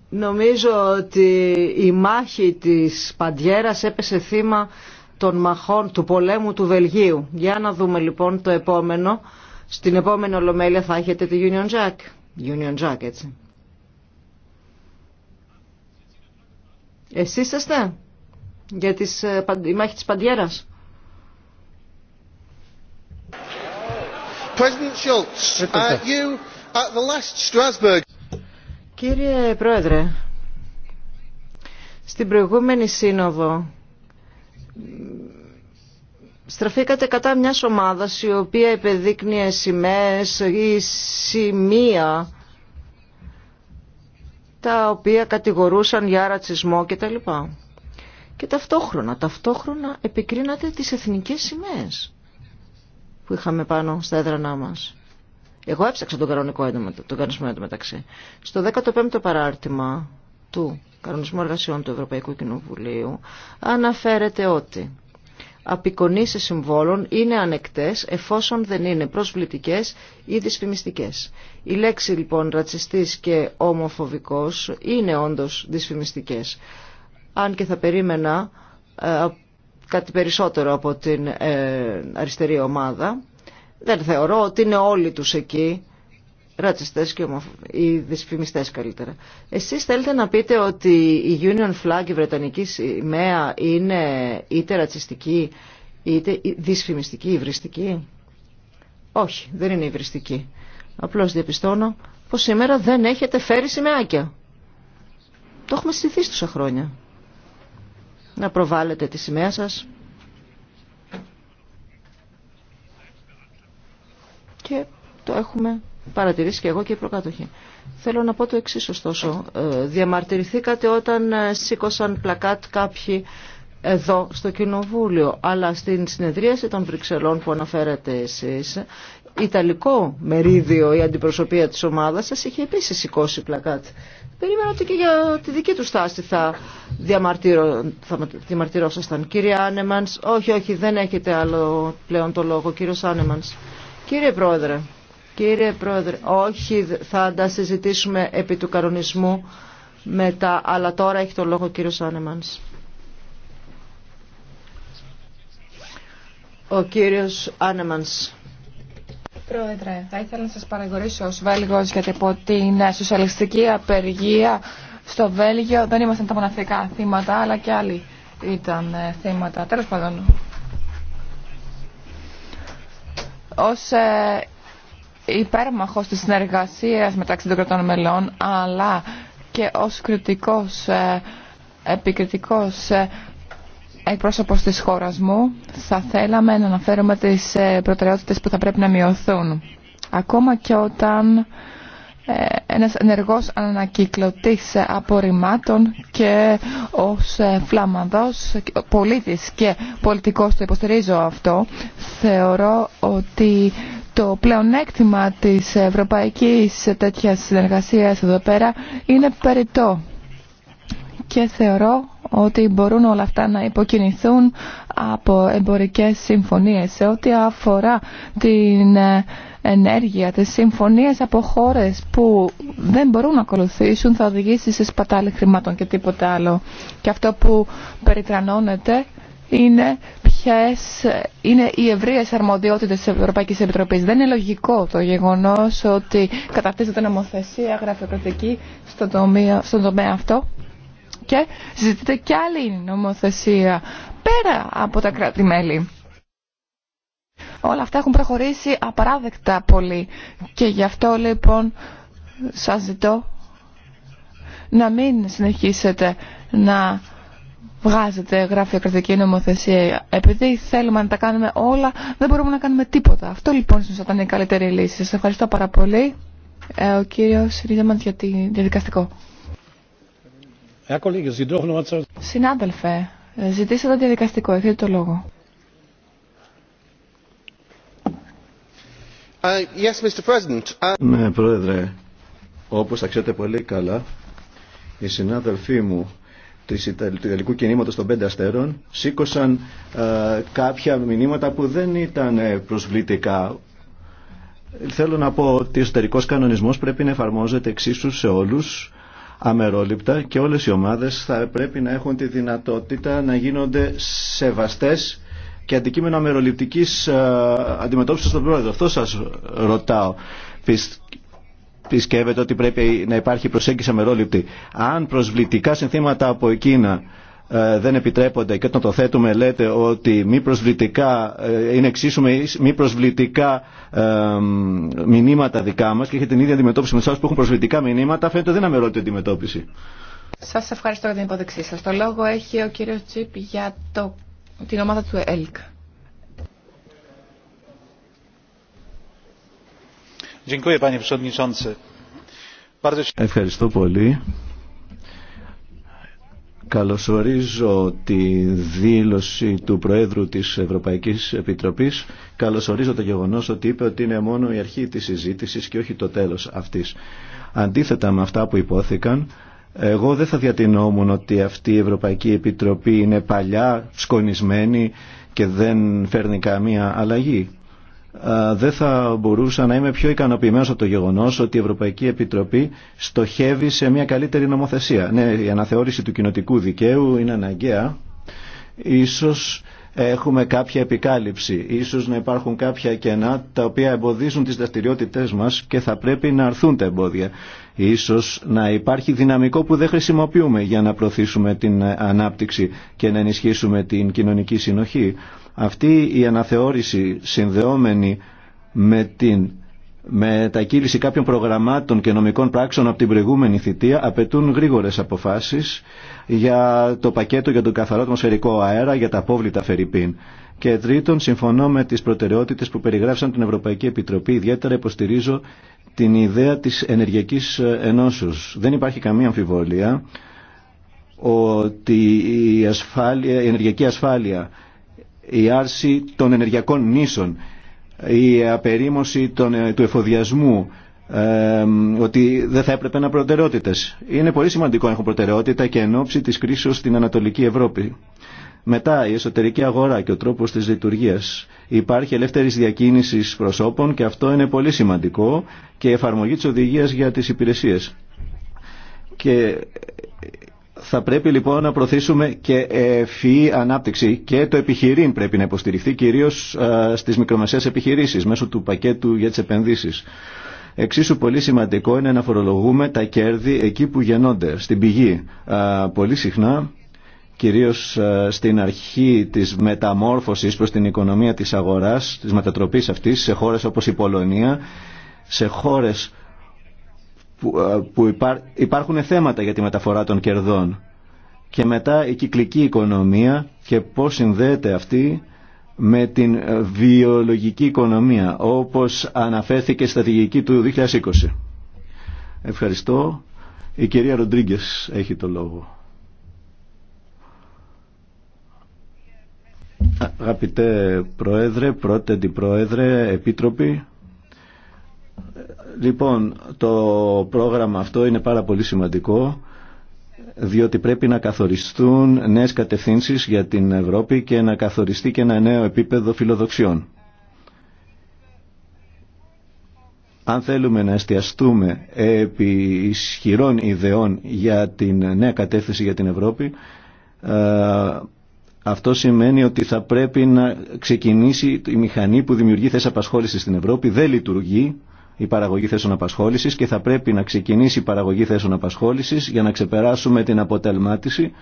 Νομίζω ότι η μάχη της Παντιέρας έπεσε θύμα των μαχών του πολέμου του Βελγίου. Για να δούμε λοιπόν το επόμενο. Στην επόμενη Ολομέλεια θα έχετε τη Union Jack. Union Jack έτσι. Εσείς είσαστε για τις, ε, μάχη της Παντιέρας. Uh, Κύριε Πρόεδρε, στην προηγούμενη σύνοδο στραφήκατε κατά μια ομάδας η οποία επεδείκνυε σημαίες ή σημεία τα οποία κατηγορούσαν για ρατσισμό κτλ. Και ταυτόχρονα, ταυτόχρονα επικρίνατε τις εθνικές σημαίες που είχαμε πάνω στα έδρανά μας. Εγώ έψαξα τον κανονικό τον κανονισμό εντωμεταξύ. Στο 15ο παράρτημα του κανονισμού εργασιών του Ευρωπαϊκού Κοινοβουλίου αναφέρεται ότι απεικονίσει συμβόλων είναι ανεκτές εφόσον δεν είναι προσβλητικές ή δυσφημιστικές. Η λέξη λοιπόν ρατσιστής και ομοφοβικός είναι όντως δυσφημιστικές. Αν και θα περίμενα ε, κάτι περισσότερο από την ε, αριστερή ομάδα, δεν θεωρώ ότι είναι όλοι τους εκεί ρατσιστές και ομοφ... οι δυσφημιστές καλύτερα. Εσείς θέλετε να πείτε ότι η Union Flag, η Βρετανική σημαία είναι είτε ρατσιστική είτε δυσφημιστική, υβριστική. Όχι, δεν είναι υβριστική. Απλώς διαπιστώνω πως σήμερα δεν έχετε φέρει σημαίακια. Το έχουμε συνηθίσει τόσα χρόνια. Να προβάλλετε τη σημαία σας. Και το έχουμε παρατηρήσει και εγώ και οι προκάτοχοι. Θέλω να πω το εξή ωστόσο. Ε, διαμαρτυρηθήκατε όταν ε, σήκωσαν πλακάτ κάποιοι εδώ στο Κοινοβούλιο, αλλά στην συνεδρίαση των Βρυξελών που αναφέρατε εσείς, Ιταλικό μερίδιο η αντιπροσωπεία της ομάδας σας είχε επίσης σηκώσει πλακάτ. Περίμενα ότι και για τη δική του στάση θα, διαμαρτύρω, θα διαμαρτυρώσασταν. Κύριε Άνεμανς, όχι, όχι, δεν έχετε άλλο πλέον το λόγο, κύριος Άνεμανς. Κύριε Πρόεδρε. Κύριε Πρόεδρε, όχι, θα τα συζητήσουμε επί του κανονισμού μετά, αλλά τώρα έχει το λόγο ο κύριος Άνεμανς. Ο κύριος Άνεμανς. Πρόεδρε, θα ήθελα να σας παραγωρήσω ως Βέλγος γιατί από την σοσιαλιστική απεργία στο Βέλγιο δεν ήμασταν τα μοναδικά θύματα, αλλά και άλλοι ήταν ε, θύματα. Τέλος πάντων, ως ε, υπέρμαχος της συνεργασίας μεταξύ των κρατών μελών, αλλά και ως κριτικός, ε, επικριτικός ε, εκπρόσωπος της χώρας μου, θα θέλαμε να αναφέρουμε τις ε, προτεραιότητες που θα πρέπει να μειωθούν. Ακόμα και όταν ένας ενεργός ανακυκλωτής απορριμμάτων και ως φλαμανδός πολίτης και πολιτικός το υποστηρίζω αυτό θεωρώ ότι το πλεονέκτημα της ευρωπαϊκής τέτοιας συνεργασίας εδώ πέρα είναι περιττό και θεωρώ ότι μπορούν όλα αυτά να υποκινηθούν από εμπορικές συμφωνίες σε ό,τι αφορά την ε, ενέργεια, τις συμφωνίες από χώρες που δεν μπορούν να ακολουθήσουν θα οδηγήσει σε σπατάλη χρημάτων και τίποτα άλλο. Και αυτό που περιτρανώνεται είναι είναι οι ευρείες αρμοδιότητες της Ευρωπαϊκής Επιτροπής. Δεν είναι λογικό το γεγονός ότι καταρτίζεται νομοθεσία γραφειοκρατική στον τομέα, στον τομέα αυτό και ζητείται κι άλλη νομοθεσία πέρα από τα κράτη-μέλη. Όλα αυτά έχουν προχωρήσει απαράδεκτα πολύ και γι' αυτό λοιπόν σας ζητώ να μην συνεχίσετε να βγάζεται βγάζετε κρατική νομοθεσία. Επειδή θέλουμε να τα κάνουμε όλα, δεν μπορούμε να κάνουμε τίποτα. Αυτό λοιπόν είναι ήταν η καλύτερη λύση. Σα ευχαριστώ πάρα πολύ. Ε, ο κύριο Ρίδεμαντ για τη διαδικαστικό. Συνάδελφε, ζητήσατε διαδικαστικό. Έχετε το λόγο. Uh, yes, Mr. President. Uh... Ναι, Πρόεδρε, όπως θα ξέρετε πολύ καλά, οι συνάδελφοί μου της, του Ιταλικού κινήματος των πέντε αστέρων σήκωσαν ε, κάποια μηνύματα που δεν ήταν προσβλητικά. Θέλω να πω ότι ο εσωτερικός κανονισμός πρέπει να εφαρμόζεται εξίσου σε όλους αμερόληπτα και όλες οι ομάδες θα πρέπει να έχουν τη δυνατότητα να γίνονται σεβαστές και αντικείμενο αμεροληπτικής ε, αντιμετώπισης στον πρόεδρο. Αυτό σας ρωτάω πιστεύετε ότι πρέπει να υπάρχει προσέγγιση αμερόληπτη. Αν προσβλητικά συνθήματα από εκείνα ε, δεν επιτρέπονται και όταν το θέτουμε λέτε ότι μη προσβλητικά ε, είναι εξίσου με μη προσβλητικά ε, μηνύματα δικά μας και έχετε την ίδια αντιμετώπιση με τους που έχουν προσβλητικά μηνύματα φαίνεται δεν αμερόληπτη αντιμετώπιση. Σας ευχαριστώ για την υποδεξή σας. Το λόγο έχει ο κύριος Τσίπ για το, την ομάδα του ΕΛΚ. Ευχαριστώ πολύ. Καλωσορίζω τη δήλωση του Προέδρου της Ευρωπαϊκής Επιτροπής. Καλωσορίζω το γεγονός ότι είπε ότι είναι μόνο η αρχή της συζήτησης και όχι το τέλος αυτής. Αντίθετα με αυτά που υπόθηκαν, εγώ δεν θα διατηνόμουν ότι αυτή η Ευρωπαϊκή Επιτροπή είναι παλιά, σκονισμένη και δεν φέρνει καμία αλλαγή δεν θα μπορούσα να είμαι πιο ικανοποιημένος από το γεγονός ότι η Ευρωπαϊκή Επιτροπή στοχεύει σε μια καλύτερη νομοθεσία. Ναι, η αναθεώρηση του κοινοτικού δικαίου είναι αναγκαία. Ίσως έχουμε κάποια επικάλυψη, ίσως να υπάρχουν κάποια κενά τα οποία εμποδίζουν τις δραστηριότητε μας και θα πρέπει να αρθούν τα εμπόδια. Ίσως να υπάρχει δυναμικό που δεν χρησιμοποιούμε για να προωθήσουμε την ανάπτυξη και να ενισχύσουμε την κοινωνική συνοχή. Αυτή η αναθεώρηση συνδεόμενη με την μετακύληση κάποιων προγραμμάτων και νομικών πράξεων από την προηγούμενη θητεία απαιτούν γρήγορες αποφάσεις για το πακέτο για τον καθαρό ατμοσφαιρικό αέρα για τα απόβλητα Φερρυπίν. Και τρίτον, συμφωνώ με τις προτεραιότητες που περιγράψαν την Ευρωπαϊκή Επιτροπή. Ιδιαίτερα υποστηρίζω την ιδέα της ενεργειακής ενώσεως. Δεν υπάρχει καμία αμφιβολία ότι η, ασφάλεια, η ενεργειακή ασφάλεια η άρση των ενεργειακών νήσων, η απερίμωση ε, του εφοδιασμού, ε, ότι δεν θα έπρεπε να προτεραιότητες. Είναι πολύ σημαντικό να έχουν προτεραιότητα και εν ώψη της κρίσης στην Ανατολική Ευρώπη. Μετά η εσωτερική αγορά και ο τρόπος της λειτουργίας. Υπάρχει ελεύθερη διακίνηση προσώπων και αυτό είναι πολύ σημαντικό και η εφαρμογή της οδηγίας για τις υπηρεσίες. Και θα πρέπει λοιπόν να προωθήσουμε και ευφυή ανάπτυξη και το επιχειρήν πρέπει να υποστηριχθεί κυρίως ε, στις μικρομεσαίες επιχειρήσεις μέσω του πακέτου για τις επενδύσεις. Εξίσου πολύ σημαντικό είναι να φορολογούμε τα κέρδη εκεί που γεννώνται, στην πηγή. Ε, πολύ συχνά, κυρίως ε, στην αρχή της μεταμόρφωσης προς την οικονομία της αγοράς, της μετατροπής αυτής σε χώρες όπως η Πολωνία, σε χώρες που υπάρχουν θέματα για τη μεταφορά των κερδών και μετά η κυκλική οικονομία και πώς συνδέεται αυτή με την ε, βιολογική οικονομία όπως αναφέρθηκε στα στρατηγική του 2020. Ευχαριστώ. Η κυρία Ροντρίγκε έχει το λόγο. Αγαπητέ Πρόεδρε, Πρώτε Πρόεδρε, Επίτροποι, Λοιπόν, το πρόγραμμα αυτό είναι πάρα πολύ σημαντικό διότι πρέπει να καθοριστούν νέες κατευθύνσεις για την Ευρώπη και να καθοριστεί και ένα νέο επίπεδο φιλοδοξιών. Αν θέλουμε να εστιαστούμε επί ισχυρών ιδεών για την νέα κατεύθυνση για την Ευρώπη, ε, αυτό σημαίνει ότι θα πρέπει να ξεκινήσει η μηχανή που δημιουργεί θέσεις απασχόλησης στην Ευρώπη, δεν λειτουργεί, η παραγωγή θέσεων απασχόληση και θα πρέπει να ξεκινήσει η παραγωγή θέσεων απασχόληση για να ξεπεράσουμε την αποτελμάτιση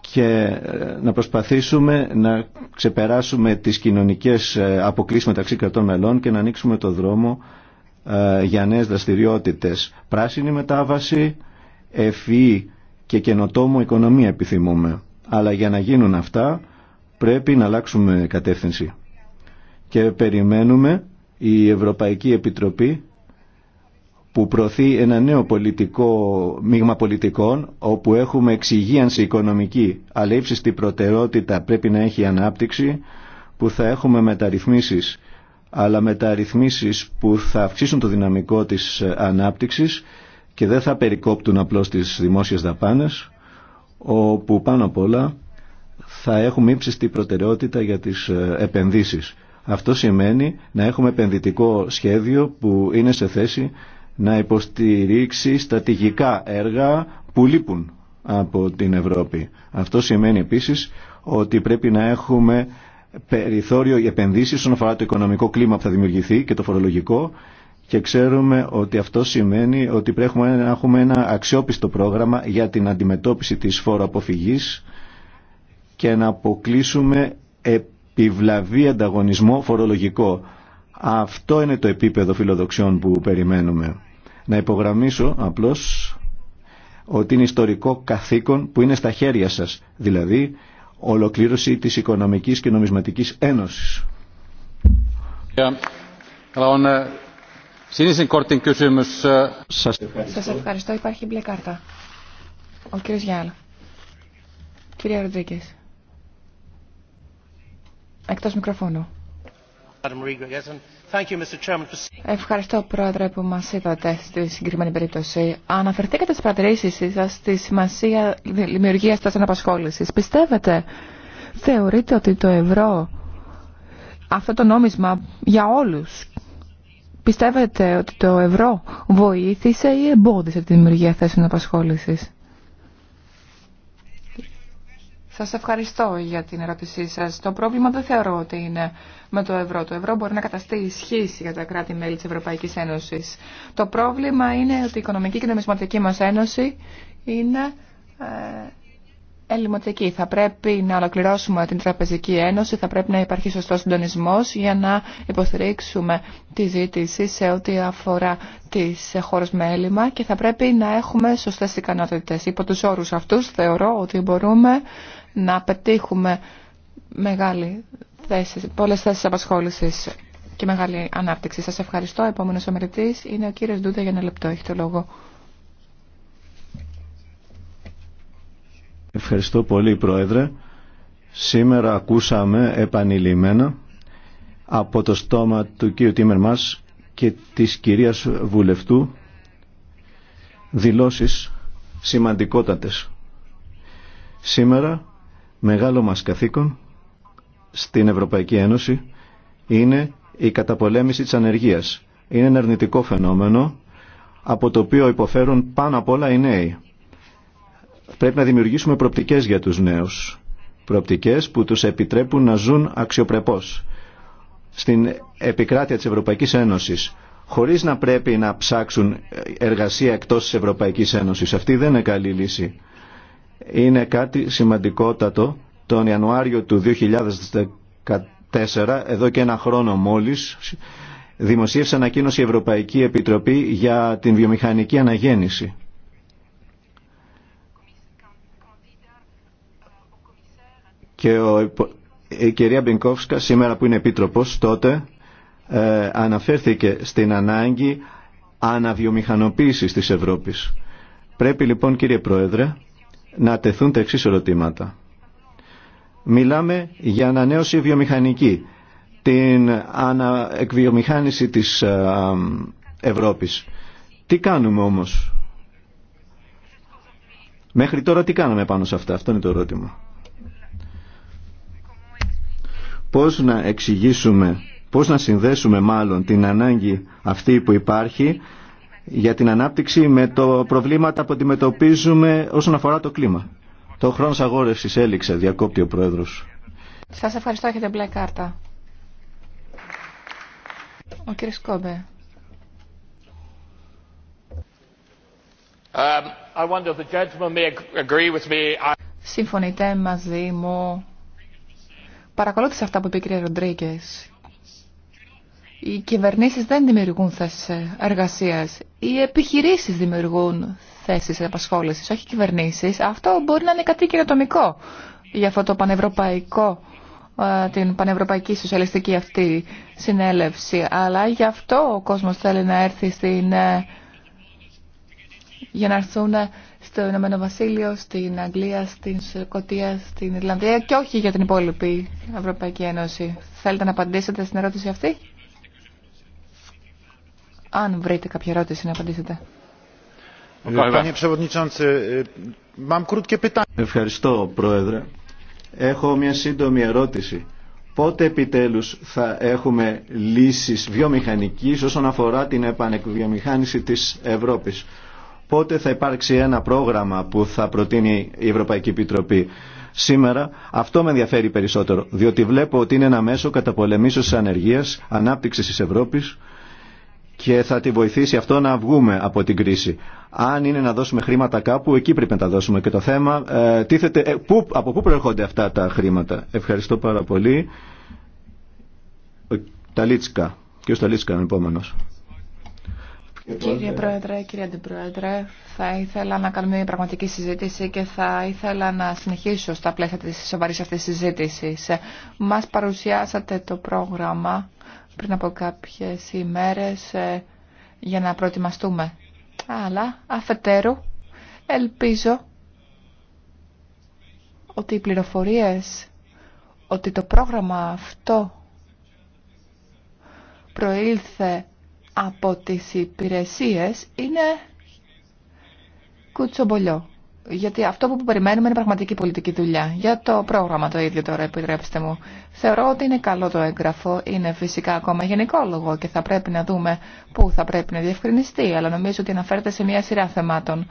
και ε, να προσπαθήσουμε να ξεπεράσουμε τις κοινωνικές ε, αποκλήσει μεταξύ κρατών μελών και να ανοίξουμε το δρόμο ε, για νέες δραστηριότητες. Πράσινη μετάβαση, ευφυή και καινοτόμο οικονομία επιθυμούμε. Αλλά για να γίνουν αυτά πρέπει να αλλάξουμε κατεύθυνση. Και περιμένουμε η Ευρωπαϊκή Επιτροπή που προωθεί ένα νέο πολιτικό μείγμα πολιτικών όπου έχουμε εξυγίανση οικονομική αλλά ύψιστη προτεραιότητα πρέπει να έχει ανάπτυξη που θα έχουμε μεταρρυθμίσεις αλλά μεταρρυθμίσεις που θα αυξήσουν το δυναμικό της ανάπτυξης και δεν θα περικόπτουν απλώς τις δημόσιες δαπάνες όπου πάνω απ' όλα θα έχουμε ύψιστη προτεραιότητα για τις επενδύσεις. Αυτό σημαίνει να έχουμε επενδυτικό σχέδιο που είναι σε θέση να υποστηρίξει στατηγικά έργα που λείπουν από την Ευρώπη. Αυτό σημαίνει επίσης ότι πρέπει να έχουμε περιθώριο για επενδύσεις όσον αφορά το οικονομικό κλίμα που θα δημιουργηθεί και το φορολογικό και ξέρουμε ότι αυτό σημαίνει ότι πρέπει να έχουμε ένα αξιόπιστο πρόγραμμα για την αντιμετώπιση της φόροαποφυγής και να αποκλείσουμε επιβλαβή ανταγωνισμό φορολογικό. Αυτό είναι το επίπεδο φιλοδοξιών που περιμένουμε. Να υπογραμμίσω απλώς ότι είναι ιστορικό καθήκον που είναι στα χέρια σας, δηλαδή ολοκλήρωση της Οικονομικής και Νομισματικής Ένωσης. Uh, uh, σας ευχαριστώ. Υπάρχει μπλε κάρτα. Ο κύριος Γιάλ. Κύριε Ροντρίκης μικροφώνου. Ευχαριστώ, Πρόεδρε, που μας είδατε στη συγκεκριμένη περίπτωση. Αναφερθήκατε στις παρατηρήσεις σας στη σημασία δημιουργία θέσεων απασχόλησης. Πιστεύετε, θεωρείτε ότι το ευρώ, αυτό το νόμισμα για όλους, πιστεύετε ότι το ευρώ βοήθησε ή εμπόδισε τη δημιουργία θέσεων απασχόλησης. Σας ευχαριστώ για την ερώτησή σας. Το πρόβλημα δεν θεωρώ ότι είναι με το ευρώ. Το ευρώ μπορεί να καταστεί ισχύση για τα κράτη-μέλη της Ευρωπαϊκής Ένωσης. Το πρόβλημα είναι ότι η Οικονομική και Νομισματική μας Ένωση είναι ε, ελληματική. Θα πρέπει να ολοκληρώσουμε την Τραπεζική Ένωση, θα πρέπει να υπάρχει σωστός συντονισμός για να υποστηρίξουμε τη ζήτηση σε ό,τι αφορά τις χώρες με έλλειμμα και θα πρέπει να έχουμε σωστές ικανότητες. Υπό τους όρους αυτούς θεωρώ ότι μπορούμε να πετύχουμε μεγάλη θέση, πολλές θέσεις απασχόλησης και μεγάλη ανάπτυξη. Σας ευχαριστώ. Επόμενος ομιλητής είναι ο κύριος Ντούντα για ένα λεπτό. Έχει το λόγο. Ευχαριστώ πολύ Πρόεδρε. Σήμερα ακούσαμε επανειλημμένα από το στόμα του κύριου Τίμερ μας και της κυρίας Βουλευτού δηλώσεις σημαντικότατες. Σήμερα μεγάλο μας καθήκον στην Ευρωπαϊκή Ένωση είναι η καταπολέμηση της ανεργίας. Είναι ένα αρνητικό φαινόμενο από το οποίο υποφέρουν πάνω απ' όλα οι νέοι. Πρέπει να δημιουργήσουμε προπτικές για τους νέους. Προπτικές που τους επιτρέπουν να ζουν αξιοπρεπώς στην επικράτεια της Ευρωπαϊκής Ένωσης χωρίς να πρέπει να ψάξουν εργασία εκτός της Ευρωπαϊκής Ένωσης. Αυτή δεν είναι καλή λύση είναι κάτι σημαντικότατο. Τον Ιανουάριο του 2014, εδώ και ένα χρόνο μόλις, δημοσίευσε ανακοίνωση η Ευρωπαϊκή Επιτροπή για την βιομηχανική αναγέννηση. Και ο, η κυρία Μπινκόφσκα, σήμερα που είναι επίτροπος, τότε ε, αναφέρθηκε στην ανάγκη αναβιομηχανοποίησης της Ευρώπης. Πρέπει λοιπόν κύριε Πρόεδρε να τεθούν τα εξή ερωτήματα. Μιλάμε για ανανέωση βιομηχανική, την αναεκβιομηχάνηση της ε, ε, Ευρώπης. Τι κάνουμε όμως. Μέχρι τώρα τι κάναμε πάνω σε αυτά. Αυτό είναι το ερώτημα. Πώς να εξηγήσουμε, πώς να συνδέσουμε μάλλον την ανάγκη αυτή που υπάρχει για την ανάπτυξη με το προβλήματα που αντιμετωπίζουμε όσον αφορά το κλίμα. Το χρόνο αγόρευση έληξε, διακόπτει ο Πρόεδρο. Σα ευχαριστώ, έχετε μπλε κάρτα. Ο κ. Κόμπε. Um, Συμφωνείτε μαζί μου. Παρακολούθησα αυτά που είπε η κυρία Ροντρίγκε οι κυβερνήσει δεν δημιουργούν θέσει εργασία. Οι επιχειρήσει δημιουργούν θέσεις απασχόληση, όχι οι Αυτό μπορεί να είναι κάτι καινοτομικό για αυτό το πανευρωπαϊκό ε, την πανευρωπαϊκή σοσιαλιστική αυτή συνέλευση. Αλλά γι' αυτό ο κόσμο θέλει να έρθει στην, ε, για να έρθουν στο Ηνωμένο Βασίλειο, στην Αγγλία, στην Σκοτία, στην Ιρλανδία και όχι για την υπόλοιπη Ευρωπαϊκή Ένωση. Θέλετε να απαντήσετε στην ερώτηση αυτή αν βρείτε κάποια ερώτηση να απαντήσετε. Ε, Ευχαριστώ, Πρόεδρε. Έχω μια σύντομη ερώτηση. Πότε επιτέλους θα έχουμε λύσεις βιομηχανικής όσον αφορά την επανεκβιομηχάνηση της Ευρώπης. Πότε θα υπάρξει ένα πρόγραμμα που θα προτείνει η Ευρωπαϊκή Επιτροπή. Σήμερα αυτό με ενδιαφέρει περισσότερο, διότι βλέπω ότι είναι ένα μέσο καταπολεμήσεως της ανεργίας, ανάπτυξης της Ευρώπης, και θα τη βοηθήσει αυτό να βγούμε από την κρίση. Αν είναι να δώσουμε χρήματα κάπου, εκεί πρέπει να τα δώσουμε. Και το θέμα ε, ε που, από πού προέρχονται αυτά τα χρήματα. Ευχαριστώ πάρα πολύ. Ταλίτσκα. Κύριος Ταλίτσκα είναι επόμενο. Κύριε Πρόεδρε, κύριε Αντιπρόεδρε, θα ήθελα να κάνουμε μια πραγματική συζήτηση και θα ήθελα να συνεχίσω στα πλαίσια της σοβαρής αυτής συζήτησης. Μας παρουσιάσατε το πρόγραμμα πριν από κάποιες ημέρες ε, για να προετοιμαστούμε. Αλλά αφετέρου ελπίζω ότι οι πληροφορίες ότι το πρόγραμμα αυτό προήλθε από τις υπηρεσίες είναι κουτσομπολιό γιατί αυτό που περιμένουμε είναι πραγματική πολιτική δουλειά. Για το πρόγραμμα το ίδιο τώρα, επιτρέψτε μου. Θεωρώ ότι είναι καλό το έγγραφο, είναι φυσικά ακόμα γενικόλογο και θα πρέπει να δούμε πού θα πρέπει να διευκρινιστεί, αλλά νομίζω ότι αναφέρεται σε μια σειρά θεμάτων.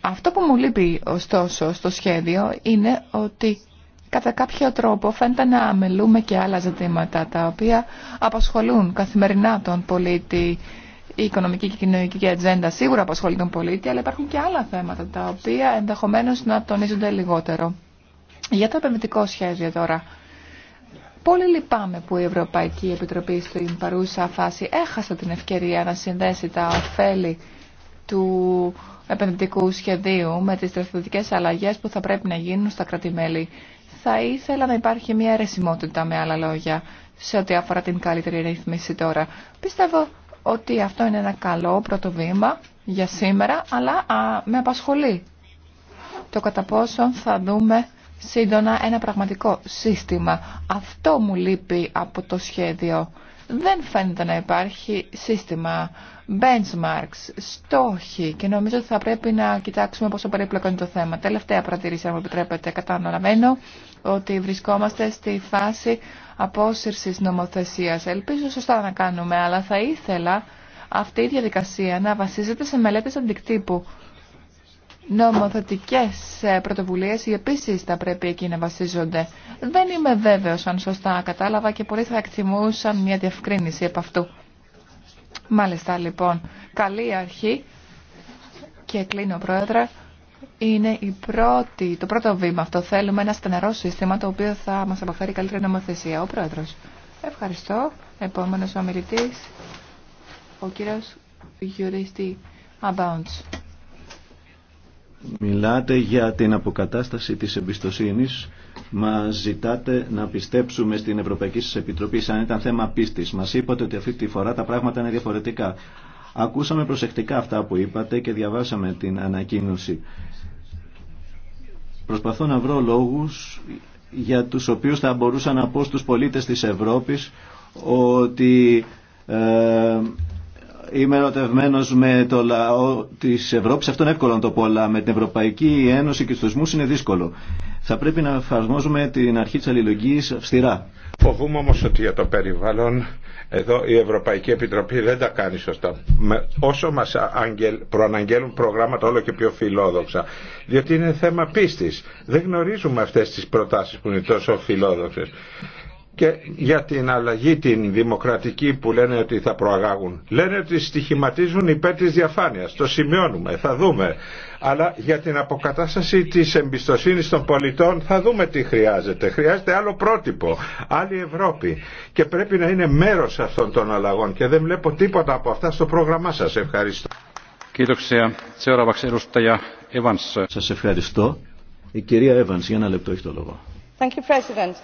Αυτό που μου λείπει ωστόσο στο σχέδιο είναι ότι κατά κάποιο τρόπο φαίνεται να αμελούμε και άλλα ζητήματα τα οποία απασχολούν καθημερινά τον πολίτη η οικονομική και κοινωνική ατζέντα σίγουρα απασχολεί τον πολίτη, αλλά υπάρχουν και άλλα θέματα τα οποία ενδεχομένω να τονίζονται λιγότερο. Για το επενδυτικό σχέδιο τώρα. Πολύ λυπάμαι που η Ευρωπαϊκή Επιτροπή στην παρούσα φάση έχασε την ευκαιρία να συνδέσει τα ωφέλη του επενδυτικού σχεδίου με τις διευθυντικές αλλαγές που θα πρέπει να γίνουν στα κρατημέλη. Θα ήθελα να υπάρχει μια αιρεσιμότητα με άλλα λόγια σε ό,τι αφορά την καλύτερη ρύθμιση τώρα. Πιστεύω ότι αυτό είναι ένα καλό πρώτο για σήμερα, αλλά με απασχολεί το κατά πόσον θα δούμε σύντονα ένα πραγματικό σύστημα. Αυτό μου λείπει από το σχέδιο. Δεν φαίνεται να υπάρχει σύστημα benchmarks, στόχοι και νομίζω ότι θα πρέπει να κοιτάξουμε πόσο περίπλοκο είναι το θέμα. Τελευταία παρατηρήση, αν μου επιτρέπετε, καταναλαμβάνω ότι βρισκόμαστε στη φάση απόσυρσης νομοθεσίας. Ελπίζω σωστά να κάνουμε, αλλά θα ήθελα αυτή η διαδικασία να βασίζεται σε μελέτες αντικτύπου. Νομοθετικές ε, πρωτοβουλίες οι επίσης θα πρέπει εκεί να βασίζονται. Δεν είμαι βέβαιος αν σωστά κατάλαβα και πολλοί θα εκτιμούσαν μια διευκρίνηση από αυτού. Μάλιστα λοιπόν, καλή αρχή και κλείνω πρόεδρε. Είναι η πρώτη, το πρώτο βήμα αυτό. Θέλουμε ένα στενερό σύστημα το οποίο θα μας αποφέρει καλύτερη νομοθεσία. Ο πρόεδρος. Ευχαριστώ. Επόμενος ο ο κύριος Γιουρίστη Αμπάουντς. Μιλάτε για την αποκατάσταση της εμπιστοσύνης Μα ζητάτε να πιστέψουμε στην Ευρωπαϊκή Επιτροπή σαν ήταν θέμα πίστη. Μα είπατε ότι αυτή τη φορά τα πράγματα είναι διαφορετικά. Ακούσαμε προσεκτικά αυτά που είπατε και διαβάσαμε την ανακοίνωση. Προσπαθώ να βρω λόγους για τους οποίους θα μπορούσα να πω στους πολίτες της Ευρώπης ότι ε, είμαι ερωτευμένο με το λαό της Ευρώπης. Αυτό είναι εύκολο να το πω, αλλά με την Ευρωπαϊκή Ένωση και του είναι δύσκολο θα πρέπει να εφαρμόζουμε την αρχή της αλληλογγύης αυστηρά. Φοβούμαι όμως ότι για το περιβάλλον εδώ η Ευρωπαϊκή Επιτροπή δεν τα κάνει σωστά. όσο μας προαναγγέλουν προγράμματα όλο και πιο φιλόδοξα. Διότι είναι θέμα πίστης. Δεν γνωρίζουμε αυτές τις προτάσεις που είναι τόσο φιλόδοξες και για την αλλαγή την δημοκρατική που λένε ότι θα προαγάγουν. Λένε ότι στοιχηματίζουν υπέρ της διαφάνειας. Το σημειώνουμε, θα δούμε. Αλλά για την αποκατάσταση της εμπιστοσύνης των πολιτών θα δούμε τι χρειάζεται. Χρειάζεται άλλο πρότυπο, άλλη Ευρώπη. Και πρέπει να είναι μέρος αυτών των αλλαγών. Και δεν βλέπω τίποτα από αυτά στο πρόγραμμά σας. Ευχαριστώ. Σας ευχαριστώ. Η κυρία Evans, για ένα λεπτό έχει το λόγο. Thank you, President.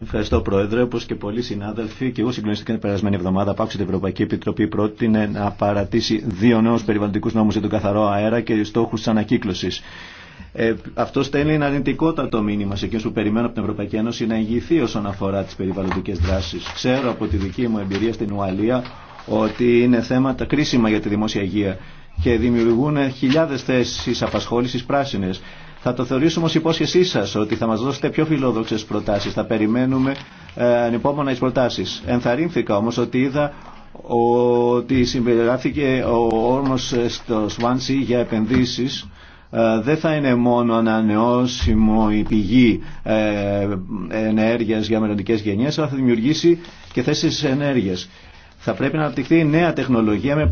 Ευχαριστώ, Πρόεδρε. Όπω και πολλοί συνάδελφοι, και εγώ συγκλονίστηκα την περασμένη εβδομάδα. άκουσα την Ευρωπαϊκή Επιτροπή πρότεινε να παρατήσει δύο νέου περιβαλλοντικού νόμου για τον καθαρό αέρα και στόχου τη ανακύκλωση. Ε, αυτό στέλνει ένα αρνητικότατο μήνυμα σε εκείνου που περιμένουν από την Ευρωπαϊκή Ένωση να εγγυηθεί όσον αφορά τι περιβαλλοντικέ δράσει. Ξέρω από τη δική μου εμπειρία στην Ουαλία ότι είναι θέματα κρίσιμα για τη δημόσια υγεία και δημιουργούν χιλιάδε θέσει απασχόληση πράσινε. Θα το θεωρήσουμε ως υπόσχεσή σας ότι θα μας δώσετε πιο φιλόδοξες προτάσεις. Θα περιμένουμε ε, ανυπόμονα τις προτάσεις. Ενθαρρύνθηκα όμως ότι είδα ότι συμπεριλάφθηκε ο όρμος ε, στο Swansea για επενδύσεις ε, δεν θα είναι μόνο ανανεώσιμο η πηγή ε, ενέργειας για μελλοντικές γενιές, αλλά θα δημιουργήσει και θέσεις ενέργειας. Θα πρέπει να αναπτυχθεί νέα τεχνολογία με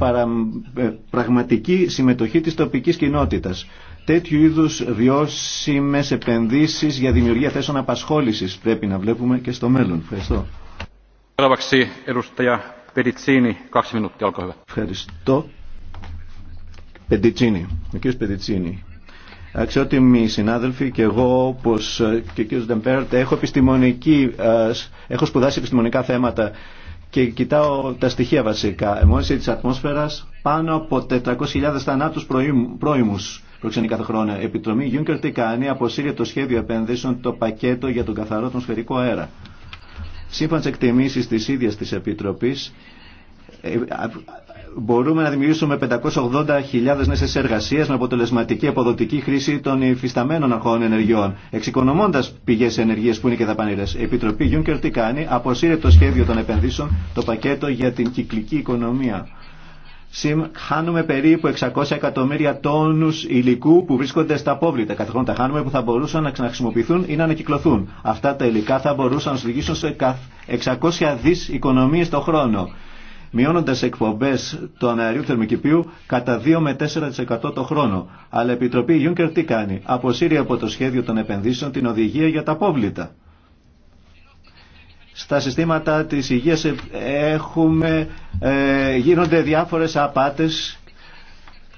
πραγματική συμμετοχή της τοπικής κοινότητας τέτοιου είδου βιώσιμε επενδύσει για δημιουργία θέσεων απασχόληση πρέπει να βλέπουμε και στο μέλλον. Ευχαριστώ. Ευχαριστώ. Πεντιτσίνη, ο κύριος Πεντιτσίνη. Αξιότιμοι συνάδελφοι και εγώ όπως και ο κ. Ντεμπέρτ έχω, επιστημονική, ε, έχω σπουδάσει επιστημονικά θέματα και κοιτάω τα στοιχεία βασικά. Εμόνιση της ατμόσφαιρας πάνω από 400.000 θανάτους πρώιμου προξενεί κάθε χρόνο. Επιτρομή Juncker τι κάνει, αποσύρει το σχέδιο επενδύσεων το πακέτο για τον καθαρό τον σφαιρικό αέρα. Σύμφωνα τι εκτιμήσει τη ίδια τη Επιτροπή, ε, μπορούμε να δημιουργήσουμε 580.000 νέε εργασίε με αποτελεσματική αποδοτική χρήση των υφισταμένων αρχών ενεργειών, εξοικονομώντα πηγέ ενεργεία που είναι και δαπανηρέ. Η Επιτροπή Juncker τι κάνει, αποσύρει το σχέδιο των επενδύσεων, το πακέτο για την κυκλική οικονομία χάνουμε περίπου 600 εκατομμύρια τόνους υλικού που βρίσκονται στα απόβλητα. Κάθε χρόνο τα χάνουμε που θα μπορούσαν να ξαναχρησιμοποιηθούν ή να ανακυκλωθούν. Αυτά τα υλικά θα μπορούσαν να οδηγήσουν σε 600 δις οικονομίες το χρόνο. Μειώνοντας εκπομπές του αερίου θερμοκηπίου κατά 2 με 4% το χρόνο. Αλλά η Επιτροπή Juncker τι κάνει. Αποσύρει από το σχέδιο των επενδύσεων την οδηγία για τα απόβλητα στα συστήματα της υγείας ε, έχουμε, ε, γίνονται διάφορες απάτες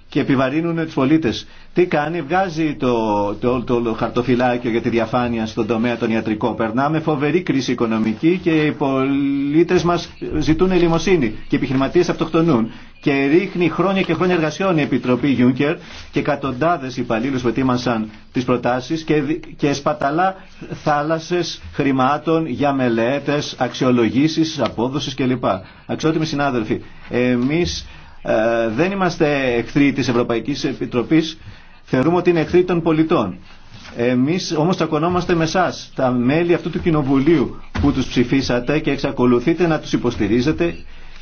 και επιβαρύνουν τους πολίτες. Τι κάνει, βγάζει το, το, το, χαρτοφυλάκιο για τη διαφάνεια στον τομέα των ιατρικών. Περνάμε φοβερή κρίση οικονομική και οι πολίτες μας ζητούν ελιμοσύνη και οι επιχειρηματίες αυτοκτονούν και ρίχνει χρόνια και χρόνια εργασιών η Επιτροπή Γιούνκερ και εκατοντάδε υπαλλήλου που ετοίμασαν τι προτάσει και, και σπαταλά θάλασσε χρημάτων για μελέτε, αξιολογήσει, απόδοση κλπ. Αξιότιμοι συνάδελφοι, εμεί ε, δεν είμαστε εχθροί τη Ευρωπαϊκή Επιτροπή, θεωρούμε ότι είναι εχθροί των πολιτών. Εμεί όμω τσακωνόμαστε με εσά, τα μέλη αυτού του κοινοβουλίου που του ψηφίσατε και εξακολουθείτε να του υποστηρίζετε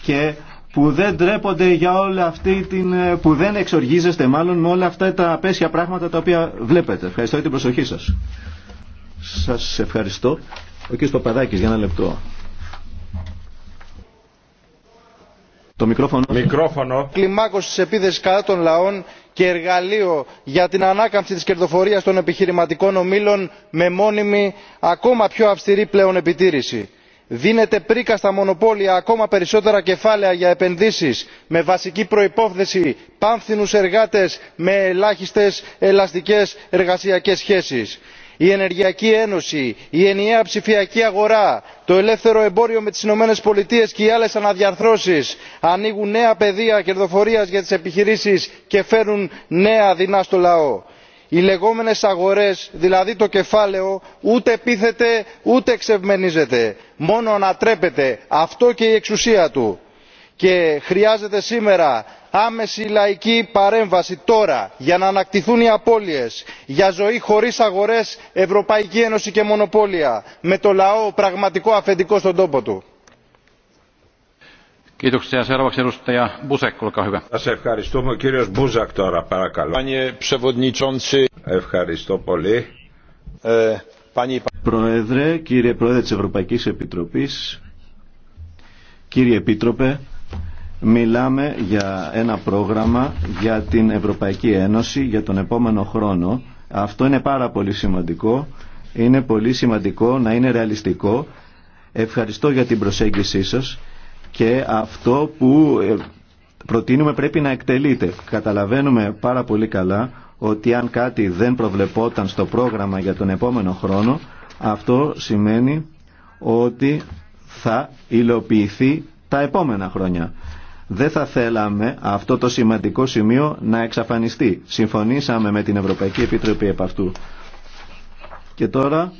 και που δεν τρέπονται για όλα αυτή την... Ε, που δεν εξοργίζεστε μάλλον με όλα αυτά τα απέσια πράγματα τα οποία βλέπετε. Ευχαριστώ για την προσοχή σας. Σας ευχαριστώ. Ο κ. Παπαδάκη, για ένα λεπτό. Το μικρόφωνο. Μικρόφωνο. Κλιμάκωση τη επίθεση κατά των λαών και εργαλείο για την ανάκαμψη της κερδοφορίας των επιχειρηματικών ομήλων με μόνιμη, ακόμα πιο αυστηρή πλέον επιτήρηση δίνεται πρίκα στα μονοπόλια ακόμα περισσότερα κεφάλαια για επενδύσεις με βασική προϋπόθεση πάνθηνους εργάτες με ελάχιστες ελαστικές εργασιακές σχέσεις. η ενεργειακή ένωση η ενιαία ψηφιακή αγορά το ελεύθερο εμπόριο με τις ηνωμένες πολιτείες και οι άλλες αναδιαρθρώσεις ανοίγουν νέα πεδία κερδοφορίας για τις επιχειρήσεις και φέρνουν νέα δεινά στο λαό οι λεγόμενες αγορές δηλαδή το κεφάλαιο ούτε πείθεται ούτε εξευμενίζεται μόνο ανατρέπεται αυτό και η εξουσία του και χρειάζεται σήμερα άμεση λαϊκή παρέμβαση τώρα για να ανακτηθούν οι απώλειες για ζωή χωρίς αγορές ευρωπαϊκή ένωση και μονοπόλια με το λαό πραγματικό αφεντικό στον τόπο του ευχαριστούμε. παρακαλώ. Ευχαριστώ πολύ. Ε, Πρόεδρε, κύριε Πρόεδρε της Ευρωπαϊκής Επιτροπής, κύριε Επίτροπε, μιλάμε για ένα πρόγραμμα για την Ευρωπαϊκή Ένωση για τον επόμενο χρόνο. Αυτό είναι πάρα πολύ σημαντικό. Είναι πολύ σημαντικό να είναι ρεαλιστικό. Ευχαριστώ για την προσέγγιση σας και αυτό που ε, προτείνουμε πρέπει να εκτελείται. Καταλαβαίνουμε πάρα πολύ καλά ότι αν κάτι δεν προβλεπόταν στο πρόγραμμα για τον επόμενο χρόνο, αυτό σημαίνει ότι θα υλοποιηθεί τα επόμενα χρόνια. Δεν θα θέλαμε αυτό το σημαντικό σημείο να εξαφανιστεί. Συμφωνήσαμε με την Ευρωπαϊκή Επιτροπή επ' αυτού. Και τώρα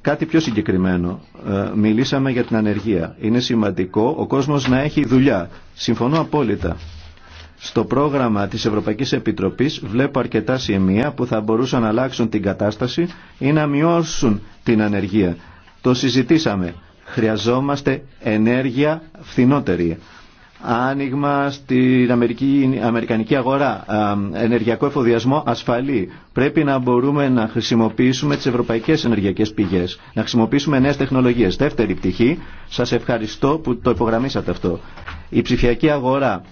Κάτι πιο συγκεκριμένο. Ε, μιλήσαμε για την ανεργία. Είναι σημαντικό ο κόσμος να έχει δουλειά. Συμφωνώ απόλυτα. Στο πρόγραμμα της Ευρωπαϊκής Επιτροπής βλέπω αρκετά σημεία που θα μπορούσαν να αλλάξουν την κατάσταση ή να μειώσουν την ανεργία. Το συζητήσαμε. Χρειαζόμαστε ενέργεια φθηνότερη άνοιγμα στην αμερικανική αγορά, ενεργειακό εφοδιασμό ασφαλή. Πρέπει να μπορούμε να χρησιμοποιήσουμε τις ευρωπαϊκές ενεργειακές πηγές, να χρησιμοποιήσουμε νέες τεχνολογίες. Δεύτερη πτυχή, σας ευχαριστώ που το υπογραμμίσατε αυτό. Η ψηφιακή αγορά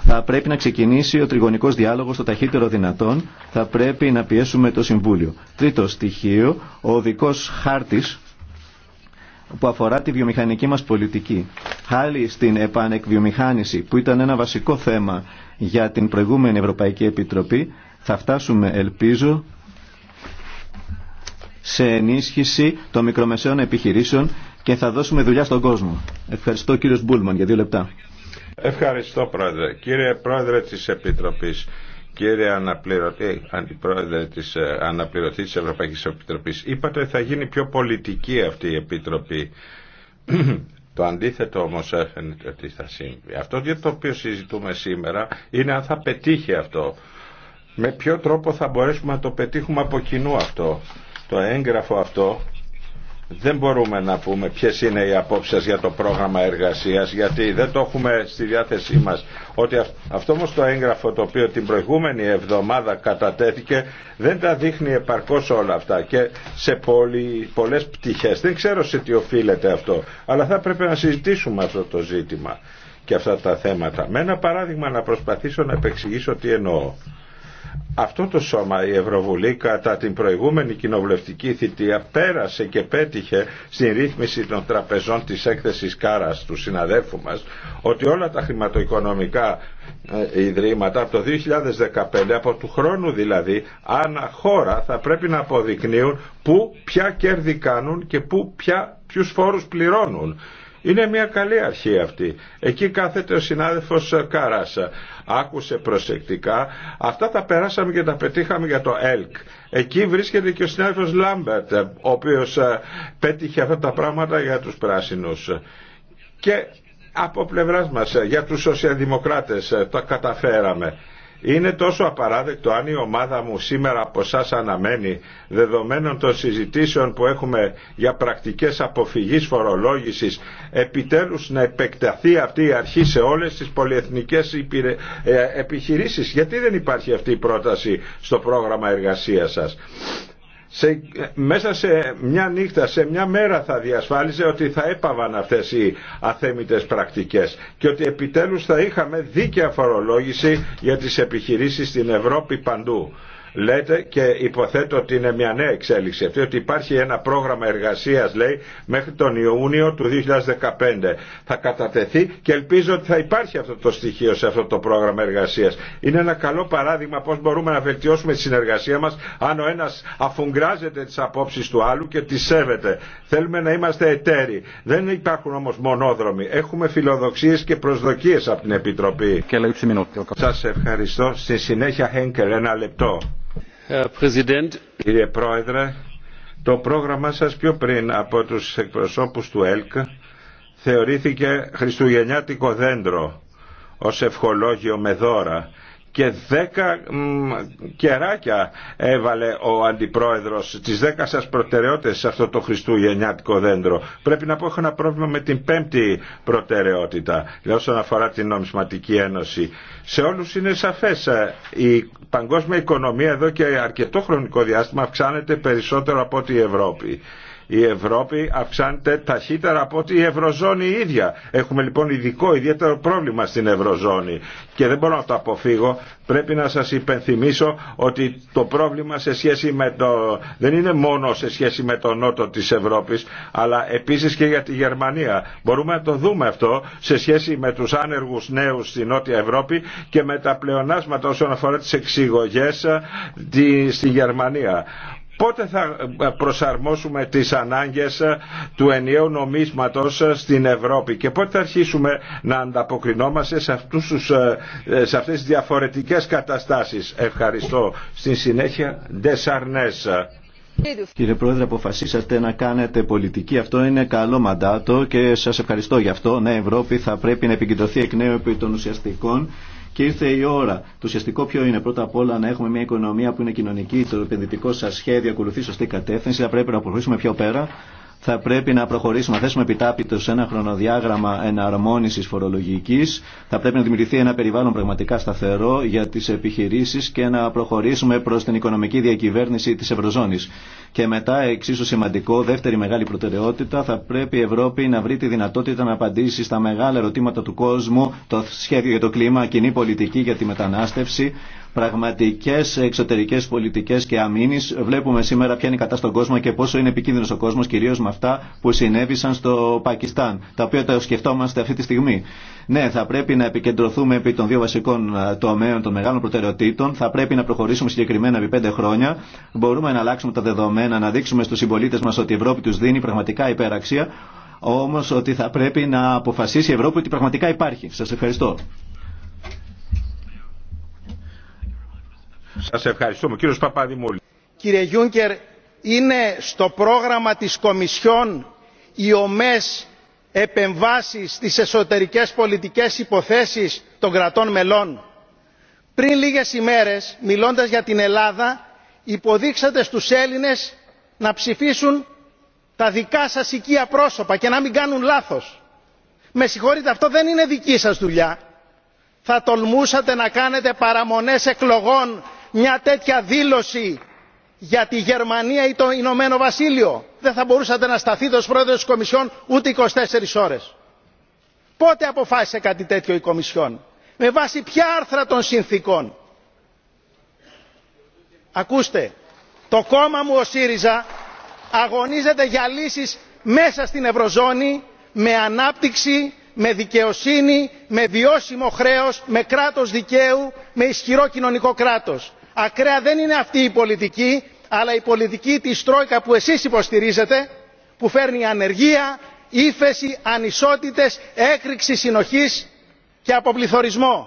θα πρέπει να ξεκινήσει ο τριγωνικό διάλογο το ταχύτερο δυνατόν. Θα πρέπει να πιέσουμε το Συμβούλιο. Τρίτο στοιχείο, ο οδικό χάρτη που αφορά τη βιομηχανική μας πολιτική. Χάρη στην επανεκβιομηχάνηση που ήταν ένα βασικό θέμα για την προηγούμενη Ευρωπαϊκή Επιτροπή θα φτάσουμε ελπίζω σε ενίσχυση των μικρομεσαίων επιχειρήσεων και θα δώσουμε δουλειά στον κόσμο. Ευχαριστώ κύριο Μπούλμαν για δύο λεπτά. Ευχαριστώ πρόεδρε. Κύριε πρόεδρε της Επιτροπής. Κύριε Αναπληρωτή, Αντιπρόεδρε της ε, Αναπληρωτή της Ευρωπαϊκής Επιτροπής, είπατε θα γίνει πιο πολιτική αυτή η Επιτροπή. Το αντίθετο όμως έφερε ότι θα συμβεί. Αυτό για το οποίο συζητούμε σήμερα είναι αν θα πετύχει αυτό. Με ποιο τρόπο θα μπορέσουμε να το πετύχουμε από κοινού αυτό. Το έγγραφο αυτό δεν μπορούμε να πούμε ποιες είναι οι απόψεις για το πρόγραμμα εργασίας γιατί δεν το έχουμε στη διάθεσή μας ότι αυτό όμως το έγγραφο το οποίο την προηγούμενη εβδομάδα κατατέθηκε δεν τα δείχνει επαρκώς όλα αυτά και σε πολύ, πολλές πτυχές δεν ξέρω σε τι οφείλεται αυτό αλλά θα πρέπει να συζητήσουμε αυτό το ζήτημα και αυτά τα θέματα με ένα παράδειγμα να προσπαθήσω να επεξηγήσω τι εννοώ αυτό το σώμα η Ευρωβουλή κατά την προηγούμενη κοινοβουλευτική θητεία πέρασε και πέτυχε στην ρύθμιση των τραπεζών της έκθεσης Κάρας του συναδέλφου μας ότι όλα τα χρηματοοικονομικά ε, ιδρύματα από το 2015, από του χρόνου δηλαδή, ανά χώρα θα πρέπει να αποδεικνύουν πού ποια κέρδη κάνουν και πού ποια, ποιους φόρους πληρώνουν είναι μια καλή αρχή αυτή. Εκεί κάθεται ο συνάδελφος Κάρασα. Άκουσε προσεκτικά. Αυτά τα περάσαμε και τα πετύχαμε για το ΕΛΚ. Εκεί βρίσκεται και ο συνάδελφος Λάμπερτ, ο οποίος ε, πέτυχε αυτά τα πράγματα για τους πράσινους. Και από πλευράς μας, ε, για τους σοσιαλδημοκράτες, ε, τα καταφέραμε. Είναι τόσο απαράδεκτο αν η ομάδα μου σήμερα από εσά αναμένει δεδομένων των συζητήσεων που έχουμε για πρακτικές αποφυγής φορολόγησης επιτέλους να επεκταθεί αυτή η αρχή σε όλες τις πολυεθνικές ε, επιχειρήσεις. Γιατί δεν υπάρχει αυτή η πρόταση στο πρόγραμμα εργασίας σας σε, μέσα σε μια νύχτα, σε μια μέρα θα διασφάλιζε ότι θα έπαβαν αυτές οι αθέμητες πρακτικές και ότι επιτέλους θα είχαμε δίκαια φορολόγηση για τις επιχειρήσεις στην Ευρώπη παντού λέτε και υποθέτω ότι είναι μια νέα εξέλιξη αυτή, ότι υπάρχει ένα πρόγραμμα εργασίας λέει μέχρι τον Ιούνιο του 2015. Θα κατατεθεί και ελπίζω ότι θα υπάρχει αυτό το στοιχείο σε αυτό το πρόγραμμα εργασίας. Είναι ένα καλό παράδειγμα πώς μπορούμε να βελτιώσουμε τη συνεργασία μας αν ο ένας αφουγκράζεται τις απόψεις του άλλου και τις σέβεται. Θέλουμε να είμαστε εταίροι. Δεν υπάρχουν όμως μονόδρομοι. Έχουμε φιλοδοξίες και προσδοκίες από την Επιτροπή. Σα ευχαριστώ. Στη συνέχεια Χένκελ ένα λεπτό. Κύριε Πρόεδρε, το πρόγραμμά σας πιο πριν από τους εκπροσώπους του ΕΛΚ θεωρήθηκε χριστουγεννιάτικο δέντρο ως ευχολόγιο με δώρα και δέκα κεράκια έβαλε ο αντιπρόεδρος τις δέκα σας προτεραιότητες σε αυτό το χριστουγεννιάτικο δέντρο. Πρέπει να πω έχω ένα πρόβλημα με την πέμπτη προτεραιότητα δηλαδή όσον αφορά την νομισματική ένωση. Σε όλους είναι σαφές ε, η παγκόσμια οικονομία εδώ και αρκετό χρονικό διάστημα αυξάνεται περισσότερο από ό,τι η Ευρώπη η Ευρώπη αυξάνεται ταχύτερα από ότι η Ευρωζώνη ίδια. Έχουμε λοιπόν ειδικό ιδιαίτερο πρόβλημα στην Ευρωζώνη και δεν μπορώ να το αποφύγω. Πρέπει να σας υπενθυμίσω ότι το πρόβλημα σε σχέση με το... δεν είναι μόνο σε σχέση με τον νότο της Ευρώπης αλλά επίσης και για τη Γερμανία. Μπορούμε να το δούμε αυτό σε σχέση με τους άνεργους νέους στη Νότια Ευρώπη και με τα πλεονάσματα όσον αφορά τις εξηγωγές ε, στη Γερμανία. Πότε θα ε, προσαρμόσουμε τις ανάγκες ε, του ενιαίου νομίσματος ε, στην Ευρώπη και πότε θα αρχίσουμε να ανταποκρινόμαστε σε, αυτούς τους, σε αυτές τις διαφορετικές καταστάσεις. Ευχαριστώ. Στην συνέχεια, Ντεσαρνές. Κύριε Πρόεδρε, αποφασίσατε να κάνετε πολιτική. Αυτό είναι καλό μαντάτο και σας ευχαριστώ γι' αυτό. Ναι, η Ευρώπη θα πρέπει να επικεντρωθεί εκ νέου επί των ουσιαστικών και ήρθε η ώρα. Το ουσιαστικό ποιο είναι πρώτα απ' όλα να έχουμε μια οικονομία που είναι κοινωνική. Το επενδυτικό σα σχέδιο ακολουθεί σωστή κατεύθυνση. Θα πρέπει να προχωρήσουμε πιο πέρα θα πρέπει να προχωρήσουμε, να θέσουμε επιτάπητο σε ένα χρονοδιάγραμμα εναρμόνισης φορολογικής, θα πρέπει να δημιουργηθεί ένα περιβάλλον πραγματικά σταθερό για τις επιχειρήσεις και να προχωρήσουμε προς την οικονομική διακυβέρνηση της Ευρωζώνης. Και μετά, εξίσου σημαντικό, δεύτερη μεγάλη προτεραιότητα, θα πρέπει η Ευρώπη να βρει τη δυνατότητα να απαντήσει στα μεγάλα ερωτήματα του κόσμου, το σχέδιο για το κλίμα, κοινή πολιτική για τη μετανάστευση, πραγματικές εξωτερικές πολιτικές και αμήνης. Βλέπουμε σήμερα ποια είναι η κατάσταση στον κόσμο και πόσο είναι επικίνδυνος ο κόσμος, κυρίως με αυτά που συνέβησαν στο Πακιστάν, τα οποία τα σκεφτόμαστε αυτή τη στιγμή. Ναι, θα πρέπει να επικεντρωθούμε επί των δύο βασικών ε, τομέων των μεγάλων προτεραιοτήτων. Θα πρέπει να προχωρήσουμε συγκεκριμένα επί πέντε χρόνια. Μπορούμε να αλλάξουμε τα δεδομένα, να δείξουμε στου συμπολίτε μα ότι η Ευρώπη του δίνει πραγματικά υπεραξία. Όμω ότι θα πρέπει να αποφασίσει η Ευρώπη ότι πραγματικά υπάρχει. Σα ευχαριστώ. Σας ευχαριστούμε. Κύριος Παπαδημούλη. Κύριε Γιούγκερ, είναι στο πρόγραμμα της Κομισιόν οι ομές επεμβάσεις στις εσωτερικές πολιτικές υποθέσεις των κρατών μελών. Πριν λίγες ημέρες, μιλώντας για την Ελλάδα, υποδείξατε στους Έλληνες να ψηφίσουν τα δικά σας οικία πρόσωπα και να μην κάνουν λάθος. Με συγχωρείτε, αυτό δεν είναι δική σας δουλειά. Θα τολμούσατε να κάνετε παραμονές εκλογών μια τέτοια δήλωση για τη Γερμανία ή το Ηνωμένο Βασίλειο. Δεν θα μπορούσατε να σταθείτε ως πρόεδρος της Κομισιόν ούτε 24 ώρες. Πότε αποφάσισε κάτι τέτοιο η Κομισιόν. Με βάση ποια άρθρα των συνθήκων. Ακούστε, το κόμμα μου ο ΣΥΡΙΖΑ αγωνίζεται για λύσεις μέσα στην Ευρωζώνη με ανάπτυξη, με δικαιοσύνη, με βιώσιμο χρέος, με κράτος δικαίου, με ισχυρό κοινωνικό κράτος ακραία δεν είναι αυτή η πολιτική αλλά η πολιτική της τρόικα που εσείς υποστηρίζετε που φέρνει ανεργία ύφεση ανισότητες έκρηξη συνοχής και αποπληθωρισμό.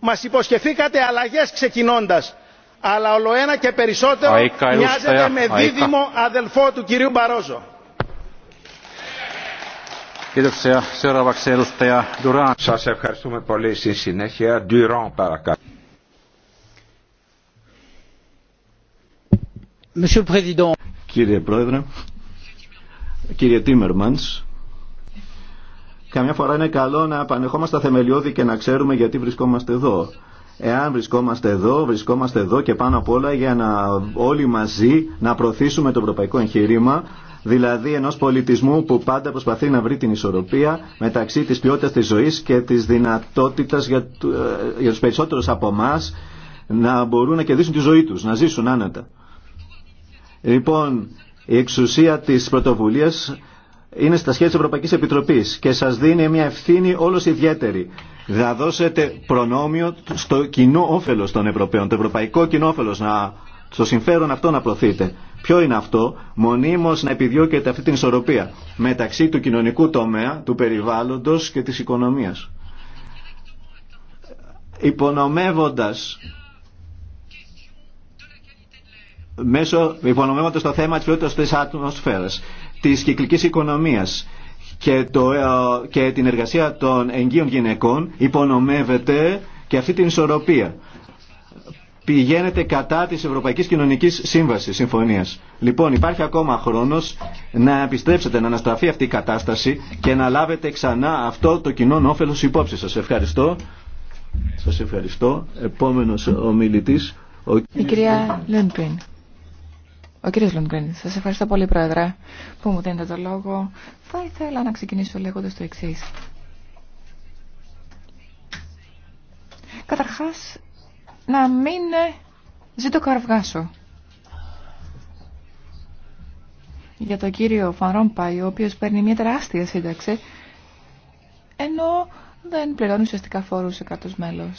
μας υποσχεθήκατε αλλαγές ξεκινώντας αλλά ολοένα και περισσότερο μοιάζετε με δίδυμο αδελφό του κυρίου Μπαρόζο. Σας ευχαριστούμε πολύ. Στη συνέχεια, Κύριε Πρόεδρε, κύριε Τίμερμαντς, καμιά φορά είναι καλό να επανεχόμαστε θεμελιώδη και να ξέρουμε γιατί βρισκόμαστε εδώ. Εάν βρισκόμαστε εδώ, βρισκόμαστε εδώ και πάνω απ' όλα για να όλοι μαζί να προωθήσουμε το ευρωπαϊκό εγχείρημα, δηλαδή ενός πολιτισμού που πάντα προσπαθεί να βρει την ισορροπία μεταξύ της ποιότητας της ζωής και της δυνατότητας για, ε, για τους περισσότερους από εμά να μπορούν να κερδίσουν τη ζωή τους, να ζήσουν άνετα. Λοιπόν, η εξουσία της πρωτοβουλία είναι στα σχέδια τη Ευρωπαϊκή Επιτροπής και σας δίνει μια ευθύνη όλο ιδιαίτερη. Θα δώσετε προνόμιο στο κοινό όφελος των Ευρωπαίων, το ευρωπαϊκό κοινό όφελος, να, στο συμφέρον αυτό να προθείτε. Ποιο είναι αυτό, μονίμως να επιδιώκετε αυτή την ισορροπία μεταξύ του κοινωνικού τομέα, του περιβάλλοντος και της οικονομία. Υπονομεύοντας μέσω υπονομεύοντα το θέμα τη ποιότητα τη ατμόσφαιρα, της κυκλικής οικονομίας και, το, ε, και την εργασία των εγγύων γυναικών υπονομεύεται και αυτή την ισορροπία. Πηγαίνεται κατά τη Ευρωπαϊκή Κοινωνική Σύμβαση Συμφωνία. Λοιπόν, υπάρχει ακόμα χρόνο να επιστρέψετε, να αναστραφεί αυτή η κατάσταση και να λάβετε ξανά αυτό το κοινό όφελος υπόψη. Σα ευχαριστώ. Σας ευχαριστώ. Επόμενο ομιλητή Ο... Η κυρία ο κύριος Λονγκρίν, σα ευχαριστώ πολύ πρόεδρε που μου δίνετε το λόγο. Θα ήθελα να ξεκινήσω λέγοντα το εξή. Καταρχά να μην ζητώ καρβγάσω. Για τον κύριο Φανρόμπα, ο οποίο παίρνει μια τεράστια σύνταξη, ενώ δεν πληρώνει ουσιαστικά φόρους σε κάτω μέλο.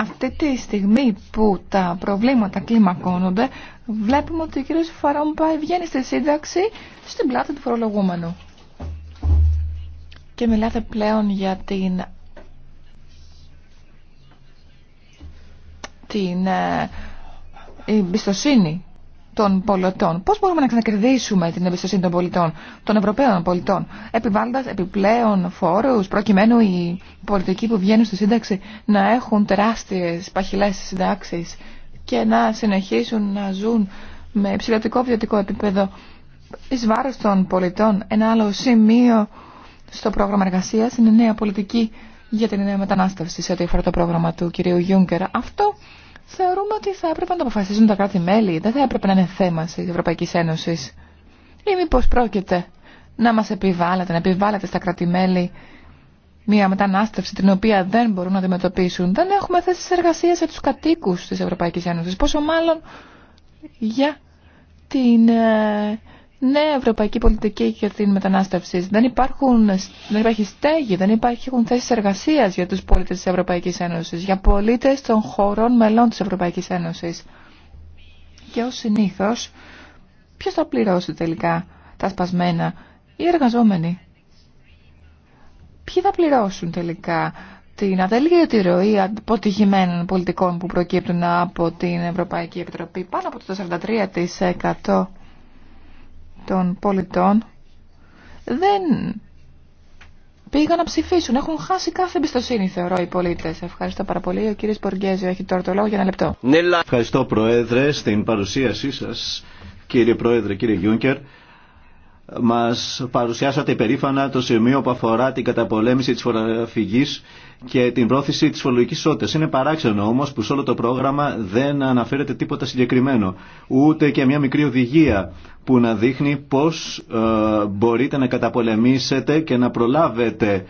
Αυτή τη στιγμή που τα προβλήματα κλιμακώνονται, βλέπουμε ότι ο κύριος Φαρόμπα βγαίνει στη σύνταξη στην πλάτη του φορολογούμενου. Και μιλάτε πλέον για την, την ε, εμπιστοσύνη των πολιτών. Πώς μπορούμε να ξανακερδίσουμε την εμπιστοσύνη των πολιτών, των Ευρωπαίων πολιτών, επιβάλλοντα επιπλέον φόρου, προκειμένου οι πολιτικοί που βγαίνουν στη σύνταξη να έχουν τεράστιε παχυλέ συντάξει και να συνεχίσουν να ζουν με υψηλωτικό βιωτικό επίπεδο εις βάρος των πολιτών. Ένα άλλο σημείο στο πρόγραμμα εργασίας είναι νέα πολιτική για την νέα μετανάστευση σε ό,τι αφορά το πρόγραμμα του κυρίου Γιούγκερ. Αυτό θεωρούμε ότι θα έπρεπε να το αποφασίζουν τα κράτη-μέλη. Δεν θα έπρεπε να είναι θέμα τη Ευρωπαϊκή Ένωση. Ή μήπω πρόκειται να μα επιβάλλεται, να επιβάλλετε στα κράτη-μέλη μια μετανάστευση την οποία δεν μπορούν να αντιμετωπίσουν. Δεν έχουμε θέσει εργασία για του κατοίκου τη Ευρωπαϊκή Ένωση. Πόσο μάλλον για την ε, νέα ευρωπαϊκή πολιτική για την μετανάστευση. Δεν, υπάρχουν, δεν υπάρχει στέγη, δεν υπάρχουν θέσει εργασία για του πολίτε τη Ευρωπαϊκή Ένωση, για πολίτε των χωρών μελών τη Ευρωπαϊκή Ένωση. Και ω συνήθω, ποιο θα πληρώσει τελικά τα σπασμένα, οι εργαζόμενοι. Ποιοι θα πληρώσουν τελικά την τη ροή αποτυχημένων πολιτικών που προκύπτουν από την Ευρωπαϊκή Επιτροπή πάνω από το 43% των πολιτών δεν πήγαν να ψηφίσουν. Έχουν χάσει κάθε εμπιστοσύνη, θεωρώ, οι πολίτε. Ευχαριστώ πάρα πολύ. Ο κύριο Μποργέζιο έχει τώρα το λόγο για ένα λεπτό. Ευχαριστώ, Πρόεδρε, στην παρουσίασή σα, κύριε Πρόεδρε, κύριε Γιούνκερ μας παρουσιάσατε περήφανα το σημείο που αφορά την καταπολέμηση της φοραφυγής και την πρόθεση της φορολογικής ισότητας. Είναι παράξενο όμως που σε όλο το πρόγραμμα δεν αναφέρεται τίποτα συγκεκριμένο, ούτε και μια μικρή οδηγία που να δείχνει πώς ε, μπορείτε να καταπολεμήσετε και να προλάβετε ε,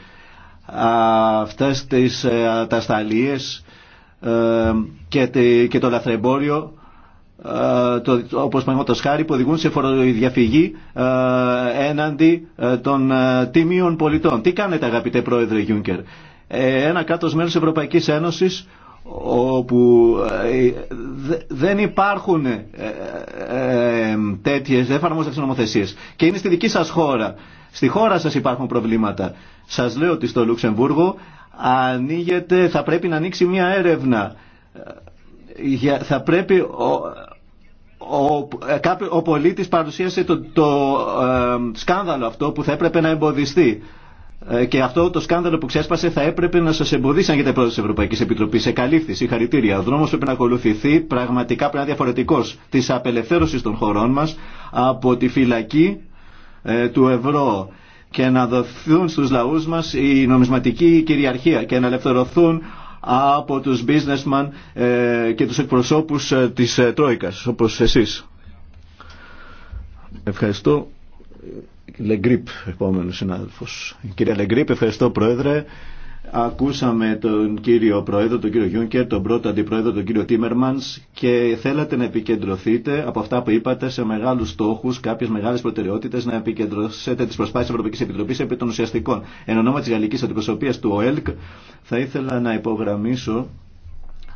αυτές τις ε, ατασταλίες ε, και, και το λαθρεμπόριο ε, το, όπως παραδείγματος χάρη που οδηγούν σε φοροδιαφυγή ε, έναντι ε, των τίμιων πολιτών. Τι κάνετε αγαπητέ πρόεδρε Γιούνκερ. ένα κάτω μέλος της Ευρωπαϊκής Ένωσης όπου δεν υπάρχουν τέτοιες, δεν εφαρμόζονται Και είναι στη δική σας χώρα. Στη χώρα σας υπάρχουν προβλήματα. Σας λέω ότι στο Λουξεμβούργο ανοίγεται, θα πρέπει να ανοίξει μια έρευνα. θα πρέπει ο, ε, ο πολίτης παρουσίασε το, το ε, σκάνδαλο αυτό που θα έπρεπε να εμποδιστεί. Ε, και αυτό το σκάνδαλο που ξέσπασε θα έπρεπε να σα εμποδίσει αν γίνεται πρόεδρο τη Ευρωπαϊκή Επιτροπή. Εκαλύφθη, συγχαρητήρια. Ο δρόμο πρέπει να ακολουθηθεί πραγματικά πρέπει να είναι διαφορετικό τη απελευθέρωση των χωρών μα από τη φυλακή ε, του ευρώ και να δοθούν στους λαούς μας η νομισματική κυριαρχία και να ελευθερωθούν από τους businessmen ε, και τους εκπροσώπους ε, της ε, Τρόικας, όπως εσείς. Ευχαριστώ. Λεγκρίπ, επόμενος συνάδελφος. Κύριε Λεγκρίπ, ευχαριστώ Πρόεδρε. Ακούσαμε τον κύριο Πρόεδρο, τον κύριο Γιούνκερ, τον πρώτο αντιπρόεδρο, τον κύριο Τίμερμανς και θέλατε να επικεντρωθείτε από αυτά που είπατε σε μεγάλους στόχους, κάποιες μεγάλες προτεραιότητες, να επικεντρωθείτε τις προσπάθειες της Ευρωπαϊκής Επιτροπής επί των ουσιαστικών. Εν ονόμα της γαλλικής αντιπροσωπείας του ΟΕΛΚ θα ήθελα να υπογραμμίσω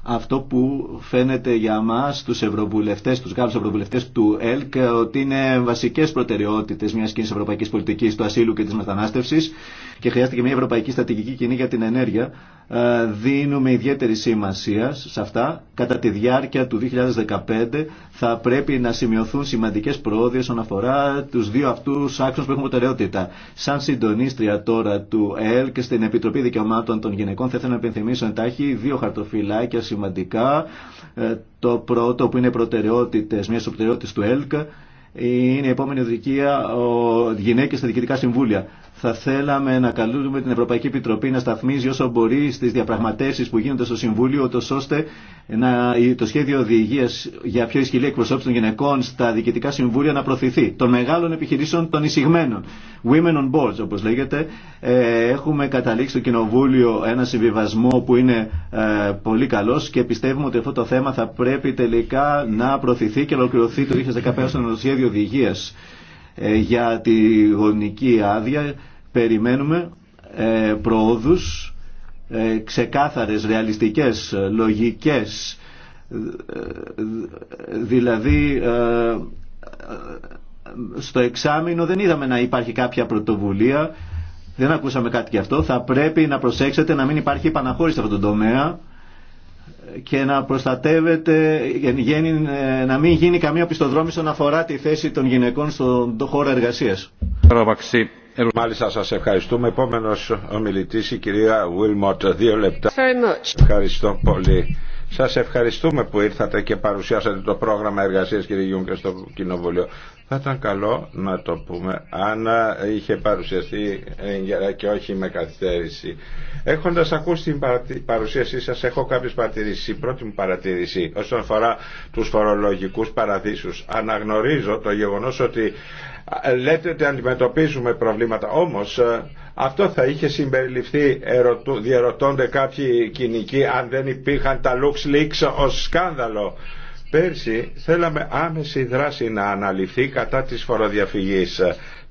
αυτό που φαίνεται για μας τους ευρωβουλευτές, τους Γάλλους ευρωβουλευτές του ΕΛΚ ότι είναι βασικές προτεραιότητες μιας κοινής ευρωπαϊκής πολιτικής του ασύλου και της μετανάστευσης και χρειάζεται και μια ευρωπαϊκή στρατηγική κοινή για την ενέργεια ε, δίνουμε ιδιαίτερη σημασία σε αυτά. Κατά τη διάρκεια του 2015 θα πρέπει να σημειωθούν σημαντικές προόδοι όσον αφορά τους δύο αυτούς άξονες που έχουν προτεραιότητα. Σαν συντονίστρια τώρα του ΕΛΚ και στην Επιτροπή Δικαιωμάτων των Γυναικών θα ήθελα να επενθυμίσω εντάχει δύο χαρτοφυλάκια σημαντικά. Ε, το πρώτο που είναι προτεραιότητες, μια προτεραιότητες του ΕΛΚ είναι η επόμενη οδηγία γυναίκες στα διοικητικά συμβούλια θα θέλαμε να καλούμε την Ευρωπαϊκή Επιτροπή να σταθμίζει όσο μπορεί στι διαπραγματεύσει που γίνονται στο Συμβούλιο, ώστε να, το σχέδιο οδηγία για πιο ισχυρή εκπροσώπηση των γυναικών στα διοικητικά συμβούλια να προωθηθεί. Των μεγάλων επιχειρήσεων των εισηγμένων. Women on boards, όπω λέγεται. Ε, έχουμε καταλήξει στο Κοινοβούλιο ένα συμβιβασμό που είναι ε, πολύ καλό και πιστεύουμε ότι αυτό το θέμα θα πρέπει τελικά να προωθηθεί και ολοκληρωθεί το 2015 στο σχέδιο οδηγία ε, για τη γονική άδεια Περιμένουμε ε, προόδους ε, ξεκάθαρες, ρεαλιστικές, λογικές, ε, δηλαδή ε, στο εξάμεινο δεν είδαμε να υπάρχει κάποια πρωτοβουλία, δεν ακούσαμε κάτι γι' αυτό. Θα πρέπει να προσέξετε να μην υπάρχει επαναχώρηση σε τον τομέα και να προστατεύετε, ε, να μην γίνει καμία πιστοδρόμηση να αφορά τη θέση των γυναικών στον χώρο εργασίας. Μάλιστα σας ευχαριστούμε. Επόμενος ομιλητής η κυρία Βίλμοτ. Δύο λεπτά. Ευχαριστώ πολύ. Σας ευχαριστούμε που ήρθατε και παρουσιάσατε το πρόγραμμα εργασίας κύριε Γιούγκερ στο Κοινοβουλίο. Θα ήταν καλό να το πούμε αν είχε παρουσιαστεί και όχι με καθυστέρηση. Έχοντας ακούσει την παρουσίασή σας έχω κάποιες παρατηρήσεις. Η πρώτη μου παρατηρήση όσον αφορά τους φορολογικούς παραδείσους. Αναγνωρίζω το γεγονός ότι λέτε ότι αντιμετωπίζουμε προβλήματα. Όμως ε, αυτό θα είχε συμπεριληφθεί διαρωτώνται κάποιοι κοινικοί αν δεν υπήρχαν τα Lux Leaks ως σκάνδαλο. Πέρσι θέλαμε άμεση δράση να αναλυθεί κατά της φοροδιαφυγής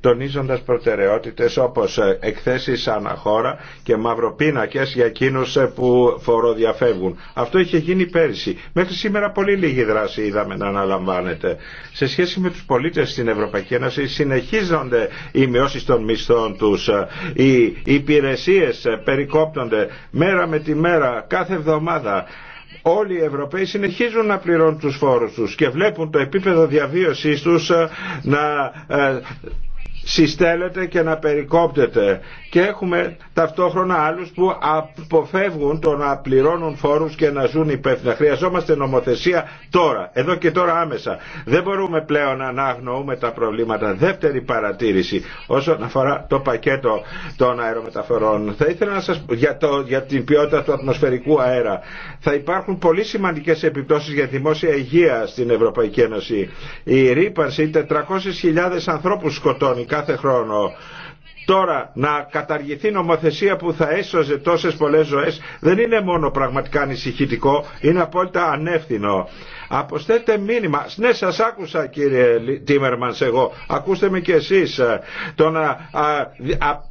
τονίζοντας προτεραιότητες όπως ε, εκθέσεις αναχώρα και μαυροπίνακες για εκείνους ε, που φοροδιαφεύγουν. Αυτό είχε γίνει πέρυσι. Μέχρι σήμερα πολύ λίγη δράση είδαμε να αναλαμβάνεται. Σε σχέση με τους πολίτες στην Ευρωπαϊκή Ένωση συνεχίζονται οι μειώσεις των μισθών τους, ε, οι υπηρεσίες περικόπτονται μέρα με τη μέρα, κάθε εβδομάδα. Όλοι οι Ευρωπαίοι συνεχίζουν να πληρώνουν τους φόρους τους και βλέπουν το επίπεδο διαβίωσής τους να συστέλλεται και να περικόπτεται και έχουμε ταυτόχρονα άλλους που αποφεύγουν το να πληρώνουν φόρους και να ζουν υπεύθυνα. Χρειαζόμαστε νομοθεσία τώρα, εδώ και τώρα άμεσα. Δεν μπορούμε πλέον να αγνοούμε τα προβλήματα. Δεύτερη παρατήρηση όσον αφορά το πακέτο των αερομεταφορών. Θα ήθελα να σας για, για την ποιότητα του ατμοσφαιρικού αέρα. Θα υπάρχουν πολύ σημαντικές επιπτώσεις για δημόσια υγεία στην Ευρωπαϊκή Ένωση. Η ρήπανση 400.000 ανθρώπους σκοτώνει κάθε χρόνο. Τώρα να καταργηθεί νομοθεσία που θα έσωζε τόσες πολλές ζωές δεν είναι μόνο πραγματικά ανησυχητικό, είναι απόλυτα ανεύθυνο. Αποστέτε μήνυμα. Ναι, σας άκουσα κύριε Τίμερμανς εγώ. Ακούστε με κι εσείς. Ε, το να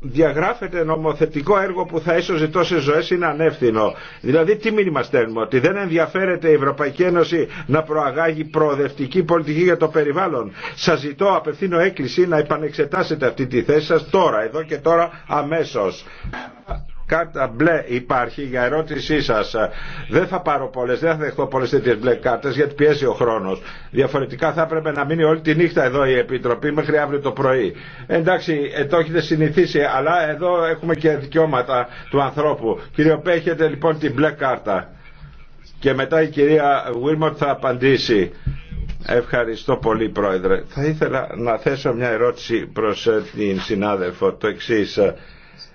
διαγράφετε νομοθετικό έργο που θα ίσως ζητώ σε ζωές είναι ανεύθυνο. Δηλαδή τι μήνυμα στέλνουμε. Ότι δεν ενδιαφέρεται η Ευρωπαϊκή Ένωση να προαγάγει προοδευτική πολιτική για το περιβάλλον. Σας ζητώ, απευθύνω έκκληση να επανεξετάσετε αυτή τη θέση σας τώρα, εδώ και τώρα αμέσως κάρτα μπλε υπάρχει για ερώτησή σας. Δεν θα πάρω πολλέ, δεν θα δεχτώ πολλέ τέτοιε μπλε κάρτε γιατί πιέζει ο χρόνο. Διαφορετικά θα έπρεπε να μείνει όλη τη νύχτα εδώ η Επιτροπή μέχρι αύριο το πρωί. Εντάξει, ε, το έχετε συνηθίσει, αλλά εδώ έχουμε και δικαιώματα του ανθρώπου. Κύριο έχετε λοιπόν την μπλε κάρτα. Και μετά η κυρία Βίλμορτ θα απαντήσει. Ευχαριστώ πολύ Πρόεδρε. Θα ήθελα να θέσω μια ερώτηση προς ε, την συνάδελφο το εξής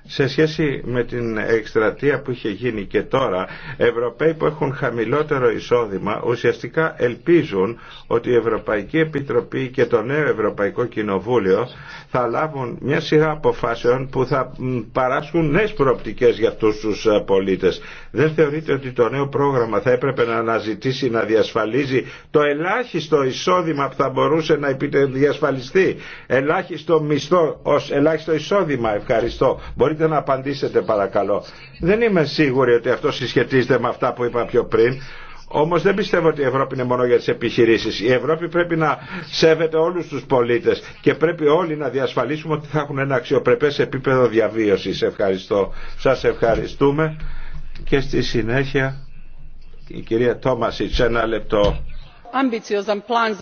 σε σχέση με την εκστρατεία που είχε γίνει και τώρα, Ευρωπαίοι που έχουν χαμηλότερο εισόδημα ουσιαστικά ελπίζουν ότι η Ευρωπαϊκή Επιτροπή και το νέο Ευρωπαϊκό Κοινοβούλιο θα λάβουν μια σειρά αποφάσεων που θα παράσχουν νέες προοπτικές για αυτούς τους ε, πολίτες. Δεν θεωρείτε ότι το νέο πρόγραμμα θα έπρεπε να αναζητήσει να διασφαλίζει το ελάχιστο εισόδημα που θα μπορούσε να διασφαλιστεί, ελάχιστο μισθό ως ελάχιστο εισόδημα. Ευχαριστώ μπορείτε να απαντήσετε παρακαλώ. Δεν είμαι σίγουρη ότι αυτό συσχετίζεται με αυτά που είπα πιο πριν. Όμως δεν πιστεύω ότι η Ευρώπη είναι μόνο για τις επιχειρήσεις. Η Ευρώπη πρέπει να σέβεται όλους τους πολίτες και πρέπει όλοι να διασφαλίσουμε ότι θα έχουν ένα αξιοπρεπές επίπεδο διαβίωσης. Ευχαριστώ. Σας ευχαριστούμε. Και στη συνέχεια η κυρία Τόμασιτς ένα λεπτό.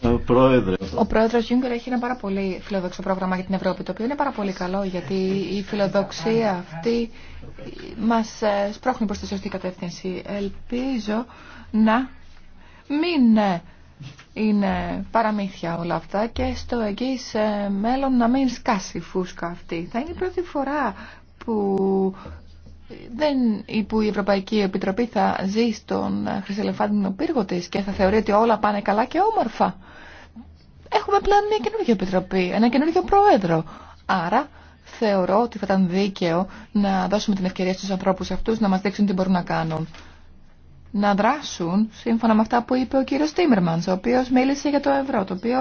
Ο πρόεδρος. Ο Γιούγκερ έχει ένα πάρα πολύ φιλοδοξό πρόγραμμα για την Ευρώπη, το οποίο είναι πάρα πολύ καλό, γιατί η φιλοδοξία αυτή μα ε, σπρώχνει προ τη σωστή κατεύθυνση. Ελπίζω να μην ε, είναι παραμύθια όλα αυτά και στο εγγύς ε, μέλλον να μην σκάσει φούσκα αυτή. Θα είναι η πρώτη φορά που δεν, που η Ευρωπαϊκή Επιτροπή θα ζει στον χρυσελεφάντινο πύργο της και θα θεωρεί ότι όλα πάνε καλά και όμορφα. Έχουμε πλέον μια καινούργια επιτροπή, ένα καινούργιο πρόεδρο. Άρα θεωρώ ότι θα ήταν δίκαιο να δώσουμε την ευκαιρία στους ανθρώπους αυτούς να μας δείξουν τι μπορούν να κάνουν. Να δράσουν σύμφωνα με αυτά που είπε ο κύριος Τίμερμανς, ο οποίος μίλησε για το ευρώ, το οποίο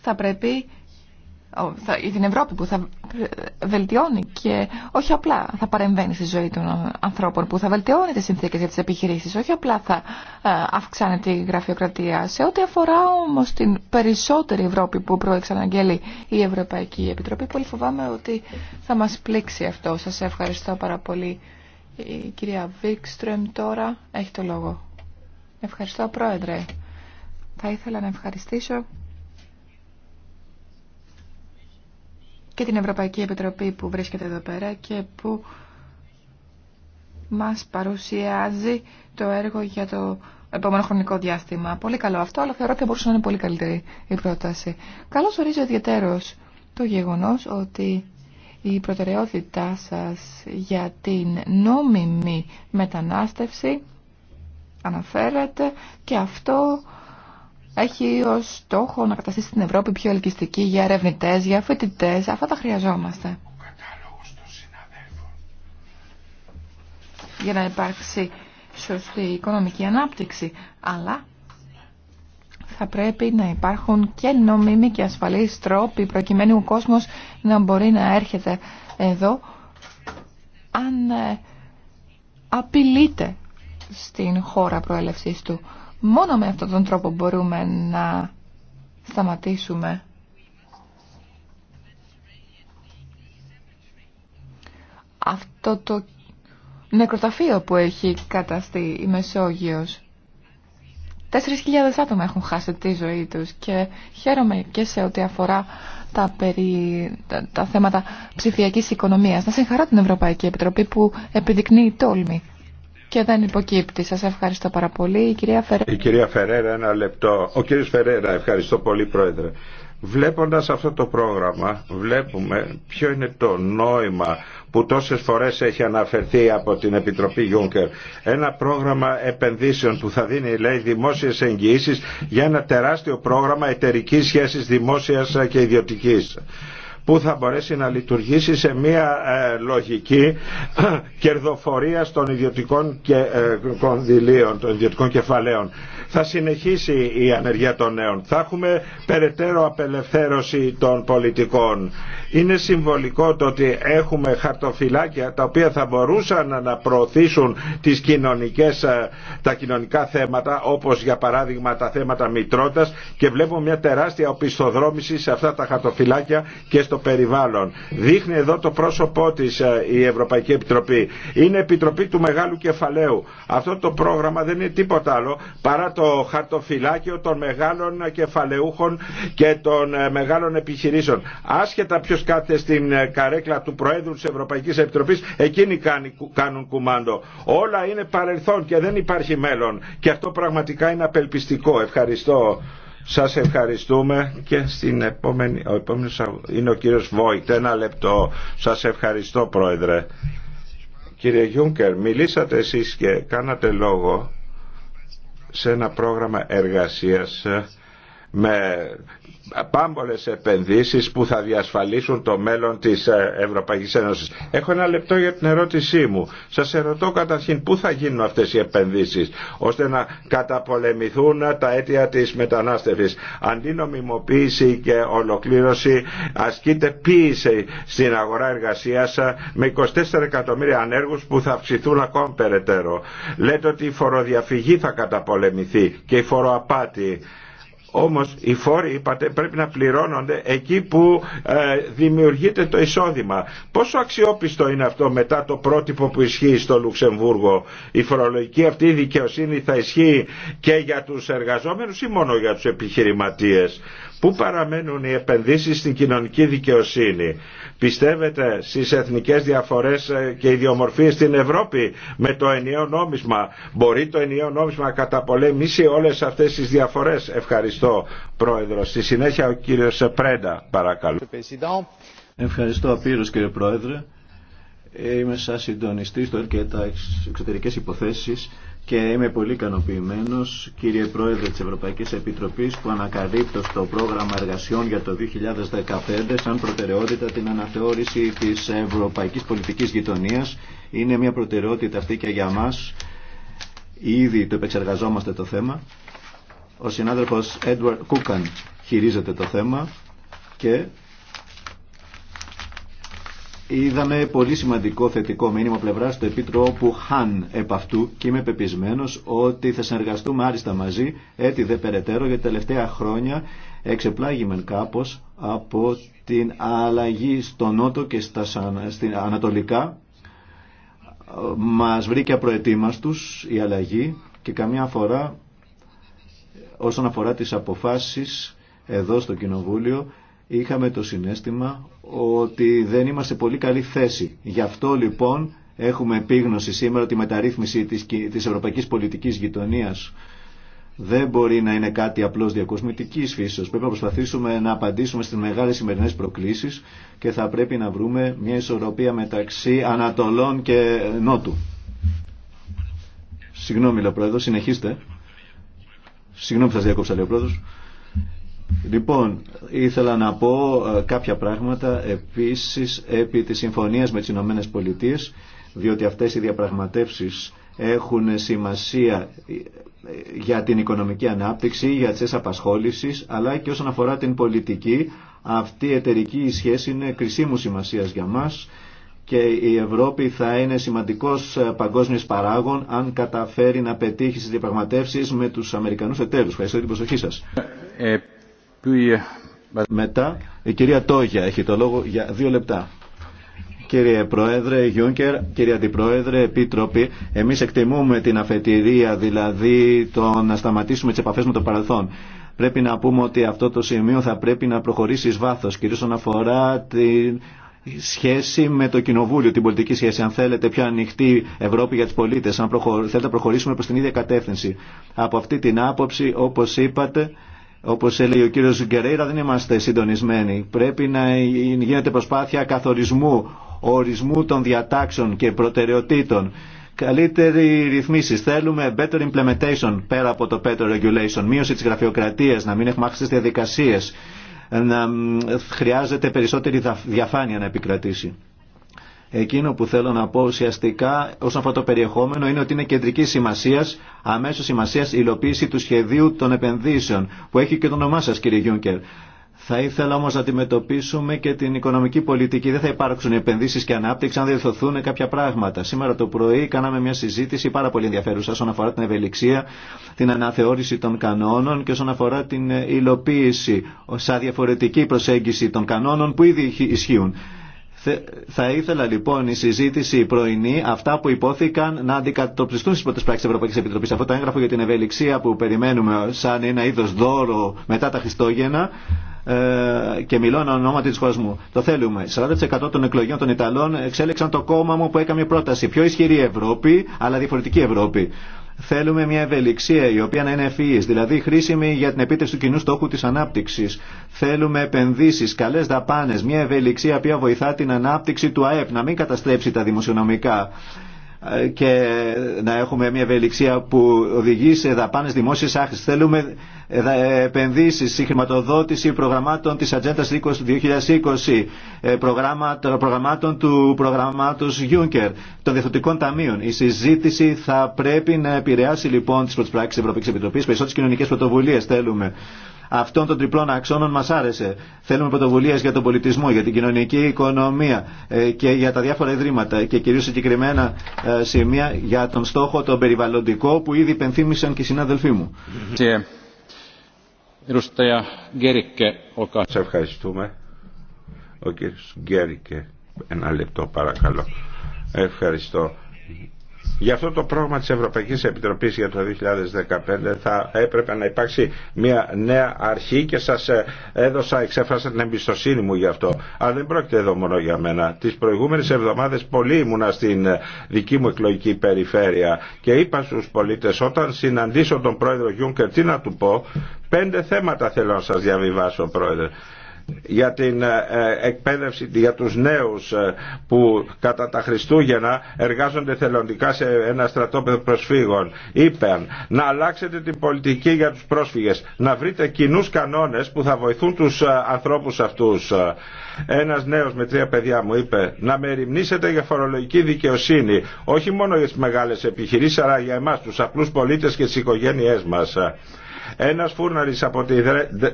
θα πρέπει ή την Ευρώπη που θα βελτιώνει και όχι απλά θα παρεμβαίνει στη ζωή των ανθρώπων που θα βελτιώνει τις συνθήκες για τις επιχειρήσεις όχι απλά θα ε, αυξάνει τη γραφειοκρατία σε ό,τι αφορά όμως την περισσότερη Ευρώπη που προεξαναγγέλει η Ευρωπαϊκή Επιτροπή πολύ φοβάμαι ότι θα μας πλήξει αυτό σας ευχαριστώ πάρα πολύ η κυρία Βίξτρεμ τώρα έχει το λόγο ευχαριστώ πρόεδρε θα ήθελα να ευχαριστήσω και την Ευρωπαϊκή Επιτροπή που βρίσκεται εδώ πέρα και που μας παρουσιάζει το έργο για το επόμενο χρονικό διάστημα. Πολύ καλό αυτό, αλλά θεωρώ ότι μπορούσε να είναι πολύ καλύτερη η πρόταση. Καλώς ορίζω ιδιαίτερος το γεγονός ότι η προτεραιότητά σας για την νόμιμη μετανάστευση αναφέρεται και αυτό έχει ω στόχο να καταστήσει την Ευρώπη πιο ελκυστική για ερευνητέ, για φοιτητέ. Αυτά τα χρειαζόμαστε. Για να υπάρξει σωστή οικονομική ανάπτυξη. Αλλά θα πρέπει να υπάρχουν και νόμιμοι και ασφαλείς τρόποι προκειμένου ο κόσμος να μπορεί να έρχεται εδώ αν ε, απειλείται στην χώρα προέλευσης του. Μόνο με αυτόν τον τρόπο μπορούμε να σταματήσουμε αυτό το νεκροταφείο που έχει καταστεί η Μεσόγειος. χιλιάδες άτομα έχουν χάσει τη ζωή τους και χαίρομαι και σε ό,τι αφορά τα, περί, τα θέματα ψηφιακής οικονομίας. Να συγχαρώ την Ευρωπαϊκή Επιτροπή που επιδεικνύει τόλμη και δεν υποκύπτει. σα ευχαριστώ πάρα πολύ. Η κυρία Φερέρα. Η κυρία Φερέρα, ένα λεπτό. Ο κύριο Φερέρα, ευχαριστώ πολύ πρόεδρε. Βλέποντας αυτό το πρόγραμμα βλέπουμε ποιο είναι το νόημα που τόσες φορές έχει αναφερθεί από την Επιτροπή Γιούνκερ. Ένα πρόγραμμα επενδύσεων που θα δίνει λέει δημόσιες εγγυήσεις για ένα τεράστιο πρόγραμμα εταιρικής σχέσης δημόσιας και ιδιωτικής που θα μπορέσει να λειτουργήσει σε μια ε, λογική κερδοφορίας των ιδιωτικών ε, κονδυλίων, των ιδιωτικών κεφαλαίων θα συνεχίσει η ανεργία των νέων. Θα έχουμε περαιτέρω απελευθέρωση των πολιτικών. Είναι συμβολικό το ότι έχουμε χαρτοφυλάκια τα οποία θα μπορούσαν να προωθήσουν τις κοινωνικές, ε, τα κοινωνικά θέματα όπως για παράδειγμα τα θέματα μητρότητας και βλέπω μια τεράστια οπισθοδρόμηση σε αυτά τα χαρτοφυλάκια και στο περιβάλλον. Δείχνει εδώ το πρόσωπό της ε, η Ευρωπαϊκή Επιτροπή. Είναι Επιτροπή του Μεγάλου Κεφαλαίου. Αυτό το πρόγραμμα δεν είναι τίποτα άλλο παρά το χαρτοφυλάκιο των μεγάλων κεφαλαιούχων και των ε, μεγάλων επιχειρήσεων. Άσχετα ποιο κάθεται στην ε, καρέκλα του Προέδρου τη Ευρωπαϊκή Επιτροπή, εκείνοι κάνουν κουμάντο. Όλα είναι παρελθόν και δεν υπάρχει μέλλον. Και αυτό πραγματικά είναι απελπιστικό. Ευχαριστώ. Σας ευχαριστούμε και στην επόμενη, ο είναι ο κύριος Βόιτ. Ένα λεπτό. Σας ευχαριστώ πρόεδρε. Κύριε Γιούγκερ μιλήσατε εσείς και κάνατε λόγο σε ένα πρόγραμμα εργασίας ε, με πάμπολες επενδύσεις που θα διασφαλίσουν το μέλλον της ε, Ευρωπαϊκής Ένωσης. Έχω ένα λεπτό για την ερώτησή μου. Σας ερωτώ καταρχήν πού θα γίνουν αυτές οι επενδύσεις ώστε να καταπολεμηθούν τα αίτια της μετανάστευσης. Αντί νομιμοποίηση και ολοκλήρωση ασκείται ποιήση στην αγορά εργασίας ε, με 24 εκατομμύρια ανέργους που θα αυξηθούν ακόμη περαιτέρω. Λέτε ασκειται πιεση στην η φοροδιαφυγή θα αυξηθουν ακομα περαιτερω λετε οτι η φοροδιαφυγη θα καταπολεμηθει και η φοροαπάτη. Όμως οι φόροι, είπατε, πρέπει να πληρώνονται εκεί που ε, δημιουργείται το εισόδημα. Πόσο αξιόπιστο είναι αυτό μετά το πρότυπο που ισχύει στο Λουξεμβούργο. Η φορολογική αυτή η δικαιοσύνη θα ισχύει και για τους εργαζόμενους ή μόνο για τους επιχειρηματίες. Πού παραμένουν οι επενδύσεις στην κοινωνική δικαιοσύνη. Πιστεύετε στις εθνικές διαφορές ε, και ιδιομορφίες στην Ευρώπη με το ενιαίο νόμισμα. Μπορεί το ενιαίο νόμισμα να καταπολεμήσει όλες αυτές τις διαφορές. Ευχαριστώ πρόεδρο. Στη συνέχεια ο κύριος Πρέντα παρακαλώ. Ευχαριστώ απείρως κύριε Πρόεδρε. Ε, είμαι σαν συντονιστή στο ΕΡΚΕΤΑ εξωτερικές υποθέσεις και είμαι πολύ ικανοποιημένο, κύριε Πρόεδρε της Ευρωπαϊκής Επιτροπής που ανακαλύπτω στο πρόγραμμα εργασιών για το 2015 σαν προτεραιότητα την αναθεώρηση της ευρωπαϊκής πολιτικής γειτονίας. Είναι μια προτεραιότητα αυτή και για μας. Ήδη το επεξεργαζόμαστε το θέμα. Ο συνάδελφος Edward Κούκαν χειρίζεται το θέμα και Είδαμε πολύ σημαντικό θετικό μήνυμα πλευρά του Επίτροπου Χαν επ' αυτού και είμαι πεπισμένο ότι θα συνεργαστούμε άριστα μαζί, έτσι δεν περαιτέρω, για τα τελευταία χρόνια εξεπλάγημεν κάπω από την αλλαγή στο νότο και στα στην ανατολικά. Μα βρήκε απροετοίμαστου η αλλαγή και καμιά φορά όσον αφορά τι αποφάσει εδώ στο Κοινοβούλιο είχαμε το συνέστημα ότι δεν είμαστε πολύ καλή θέση. Γι' αυτό λοιπόν έχουμε επίγνωση σήμερα ότι η μεταρρύθμιση της, της ευρωπαϊκής πολιτικής γειτονίας δεν μπορεί να είναι κάτι απλώς διακοσμητικής φύσεως. Πρέπει να προσπαθήσουμε να απαντήσουμε στις μεγάλες σημερινές προκλήσεις και θα πρέπει να βρούμε μια ισορροπία μεταξύ Ανατολών και Νότου. Συγγνώμη, Λεπρόεδρο, συνεχίστε. Συγγνώμη που σας διακόψα, Λοιπόν, ήθελα να πω ε, κάποια πράγματα επίσης επί της συμφωνίας με τις Ηνωμένε Πολιτείες, διότι αυτές οι διαπραγματεύσεις έχουν σημασία ε, ε, για την οικονομική ανάπτυξη, για τις απασχόλησης, αλλά και όσον αφορά την πολιτική. Αυτή η εταιρική σχέση είναι κρισίμου σημασίας για μας και η Ευρώπη θα είναι σημαντικός παγκόσμιος παράγων αν καταφέρει να πετύχει στις διαπραγματεύσεις με τους Αμερικανούς εταίρους. Ευχαριστώ την προσοχή σας. Μετά η κυρία Τόγια έχει το λόγο για δύο λεπτά. Κύριε Πρόεδρε Γιούνκερ, κύριε Αντιπρόεδρε, Επίτροποι, εμεί εκτιμούμε την αφετηρία, δηλαδή το να σταματήσουμε τι επαφέ με το παρελθόν. Πρέπει να πούμε ότι αυτό το σημείο θα πρέπει να προχωρήσει ει βάθο, κυρίω όσον αφορά τη σχέση με το Κοινοβούλιο, την πολιτική σχέση. Αν θέλετε πιο ανοιχτή Ευρώπη για του πολίτε, αν προχω... θέλετε να προχωρήσουμε προ την ίδια κατεύθυνση. Από αυτή την άποψη, όπω είπατε, όπως έλεγε ο κύριος Γκερέιρα δεν είμαστε συντονισμένοι. Πρέπει να γίνεται προσπάθεια καθορισμού, ορισμού των διατάξεων και προτεραιοτήτων. Καλύτερη ρυθμίσεις. Θέλουμε better implementation πέρα από το better regulation. Μείωση της γραφειοκρατίας, να μην έχουμε άξιε διαδικασίες. Να χρειάζεται περισσότερη διαφάνεια να επικρατήσει. Εκείνο που θέλω να πω ουσιαστικά όσον αφορά το περιεχόμενο είναι ότι είναι κεντρική σημασία, αμέσω σημασία η υλοποίηση του σχεδίου των επενδύσεων που έχει και το όνομά σα κύριε Γιούνκερ. Θα ήθελα όμω να αντιμετωπίσουμε και την οικονομική πολιτική. Δεν θα υπάρξουν επενδύσει και ανάπτυξη αν δεν κάποια πράγματα. Σήμερα το πρωί κάναμε μια συζήτηση πάρα πολύ ενδιαφέρουσα όσον αφορά την ευελιξία, την αναθεώρηση των κανόνων και όσον αφορά την υλοποίηση σαν διαφορετική προσέγγιση των κανόνων που ήδη ισχύουν. Θα ήθελα λοιπόν η συζήτηση η πρωινή, αυτά που υπόθηκαν, να αντικατοπτριστούν στι πρώτε πράξει τη Ευρωπαϊκή Επιτροπή. Αυτό το έγγραφο για την ευελιξία που περιμένουμε σαν ένα είδο δώρο μετά τα Χριστόγεννα ε, και μιλώ εν ονόματι τη χώρα μου. Το θέλουμε. 40% των εκλογών των Ιταλών εξέλεξαν το κόμμα μου που έκαμε πρόταση. Πιο ισχυρή Ευρώπη, αλλά διαφορετική Ευρώπη. Θέλουμε μια ευελιξία η οποία να είναι ευφυή, δηλαδή χρήσιμη για την επίτευξη του κοινού στόχου της ανάπτυξη. Θέλουμε επενδύσεις, καλές δαπάνες, μια ευελιξία η οποία βοηθά την ανάπτυξη του ΑΕΠ, να μην καταστρέψει τα δημοσιονομικά και να έχουμε μια ευελιξία που οδηγεί σε δαπάνες δημόσιες άχρησης. Θέλουμε ε, ε, επενδύσεις, η χρηματοδότηση προγραμμάτων της Ατζέντα 2020, προγραμμάτων, προγραμμάτων του προγραμμάτους Juncker, των διευθυντικών ταμείων. Η συζήτηση θα πρέπει να επηρεάσει λοιπόν τις πρωτοπράξεις της Ευρωπαϊκής Επιτροπής, περισσότερες κοινωνικές πρωτοβουλίες θέλουμε αυτών των τριπλών αξώνων μας άρεσε. Θέλουμε πρωτοβουλίε για τον πολιτισμό, για την κοινωνική οικονομία ε, και για τα διάφορα ιδρύματα και κυρίως συγκεκριμένα ε, σημεία για τον στόχο τον περιβαλλοντικό που ήδη υπενθύμησαν και οι συνάδελφοί μου. Σε ευχαριστούμε. Ο Γκέρικε, ένα λεπτό παρακαλώ. Ευχαριστώ. Γι' αυτό το πρόγραμμα της Ευρωπαϊκής Επιτροπής για το 2015 θα έπρεπε να υπάρξει μια νέα αρχή και σας ε, έδωσα, εξέφρασα την εμπιστοσύνη μου γι' αυτό. Αλλά δεν πρόκειται εδώ μόνο για μένα. Τις προηγούμενες εβδομάδες πολύ ήμουνα στην ε, δική μου εκλογική περιφέρεια και είπα στους πολίτες όταν συναντήσω τον πρόεδρο Γιούνκερ τι να του πω, πέντε θέματα θέλω να σας διαβιβάσω πρόεδρε για την ε, εκπαίδευση για τους νέους ε, που κατά τα Χριστούγεννα εργάζονται θελοντικά σε ένα στρατόπεδο προσφύγων. Είπαν να αλλάξετε την πολιτική για τους πρόσφυγες, να βρείτε κοινού κανόνες που θα βοηθούν τους ε, ανθρώπους αυτούς. Ένας νέος με τρία παιδιά μου είπε να με ερημνήσετε για φορολογική δικαιοσύνη, όχι μόνο για τις μεγάλες επιχειρήσεις αλλά για εμάς τους απλούς πολίτες και τις οικογένειές μας. Ένας φούρναρης από τη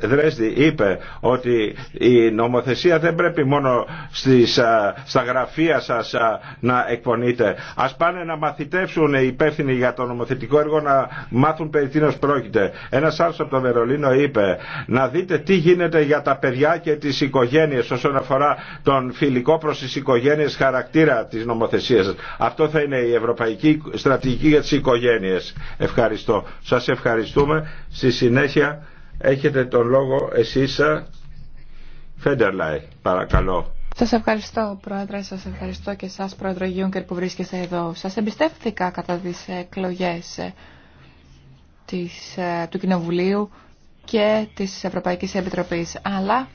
Δρέσδη είπε ότι η νομοθεσία δεν πρέπει μόνο στις, στα γραφεία σας να εκπονείται. Ας πάνε να μαθητεύσουν οι υπεύθυνοι για το νομοθετικό έργο να μάθουν περί τίνος πρόκειται. Ένας άλλο από το Βερολίνο είπε να δείτε τι γίνεται για τα παιδιά και τις οικογένειες όσον αφορά τον φιλικό προς τις οικογένειες χαρακτήρα της νομοθεσίας. Αυτό θα είναι η Ευρωπαϊκή Στρατηγική για τις οικογένειε. Ευχαριστώ. Σας ευχαριστούμε. Στη συνέχεια έχετε τον λόγο εσείς ε, Φέντερλαϊ, παρακαλώ. Σας ευχαριστώ Πρόεδρε, σας ευχαριστώ και εσάς Πρόεδρο Γιούγκερ που βρίσκεστε εδώ. Σας εμπιστεύτηκα κατά τις εκλογές ε, της, ε, του Κοινοβουλίου και της Ευρωπαϊκής Επιτροπής. Αλλά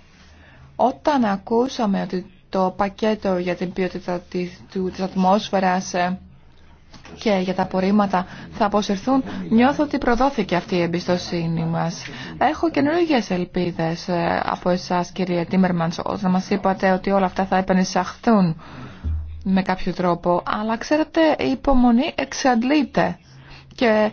όταν ακούσαμε ότι το πακέτο για την ποιότητα της, της ατμόσφαιρας και για τα απορρίμματα θα αποσυρθούν, νιώθω ότι προδόθηκε αυτή η εμπιστοσύνη μας. Έχω καινούργιες ελπίδες ε, από εσάς κύριε Τίμερμαντς όταν μας είπατε ότι όλα αυτά θα επενισαχθούν με κάποιο τρόπο, αλλά ξέρετε η υπομονή εξαντλείται και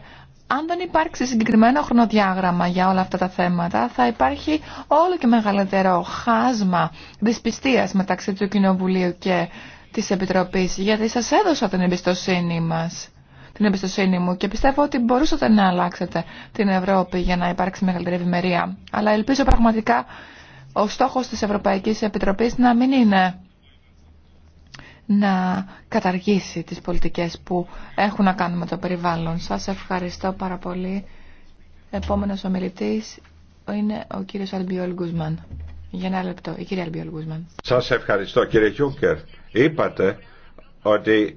αν δεν υπάρξει συγκεκριμένο χρονοδιάγραμμα για όλα αυτά τα θέματα, θα υπάρχει όλο και μεγαλύτερο χάσμα δυσπιστίας μεταξύ του Κοινοβουλίου και της Επιτροπής, γιατί σας έδωσα την εμπιστοσύνη μας, την εμπιστοσύνη μου και πιστεύω ότι μπορούσατε να αλλάξετε την Ευρώπη για να υπάρξει μεγαλύτερη ευημερία. Αλλά ελπίζω πραγματικά ο στόχος της Ευρωπαϊκής Επιτροπής να μην είναι να καταργήσει τις πολιτικές που έχουν να κάνουν με το περιβάλλον. Σας ευχαριστώ πάρα πολύ. Επόμενος ομιλητής είναι ο κύριος Αλμπιόλ Γκουσμάν. Για ένα λεπτό, η κυρία Αλμπιολ Σας ευχαριστώ κύριε Γιούγκερ. Είπατε ότι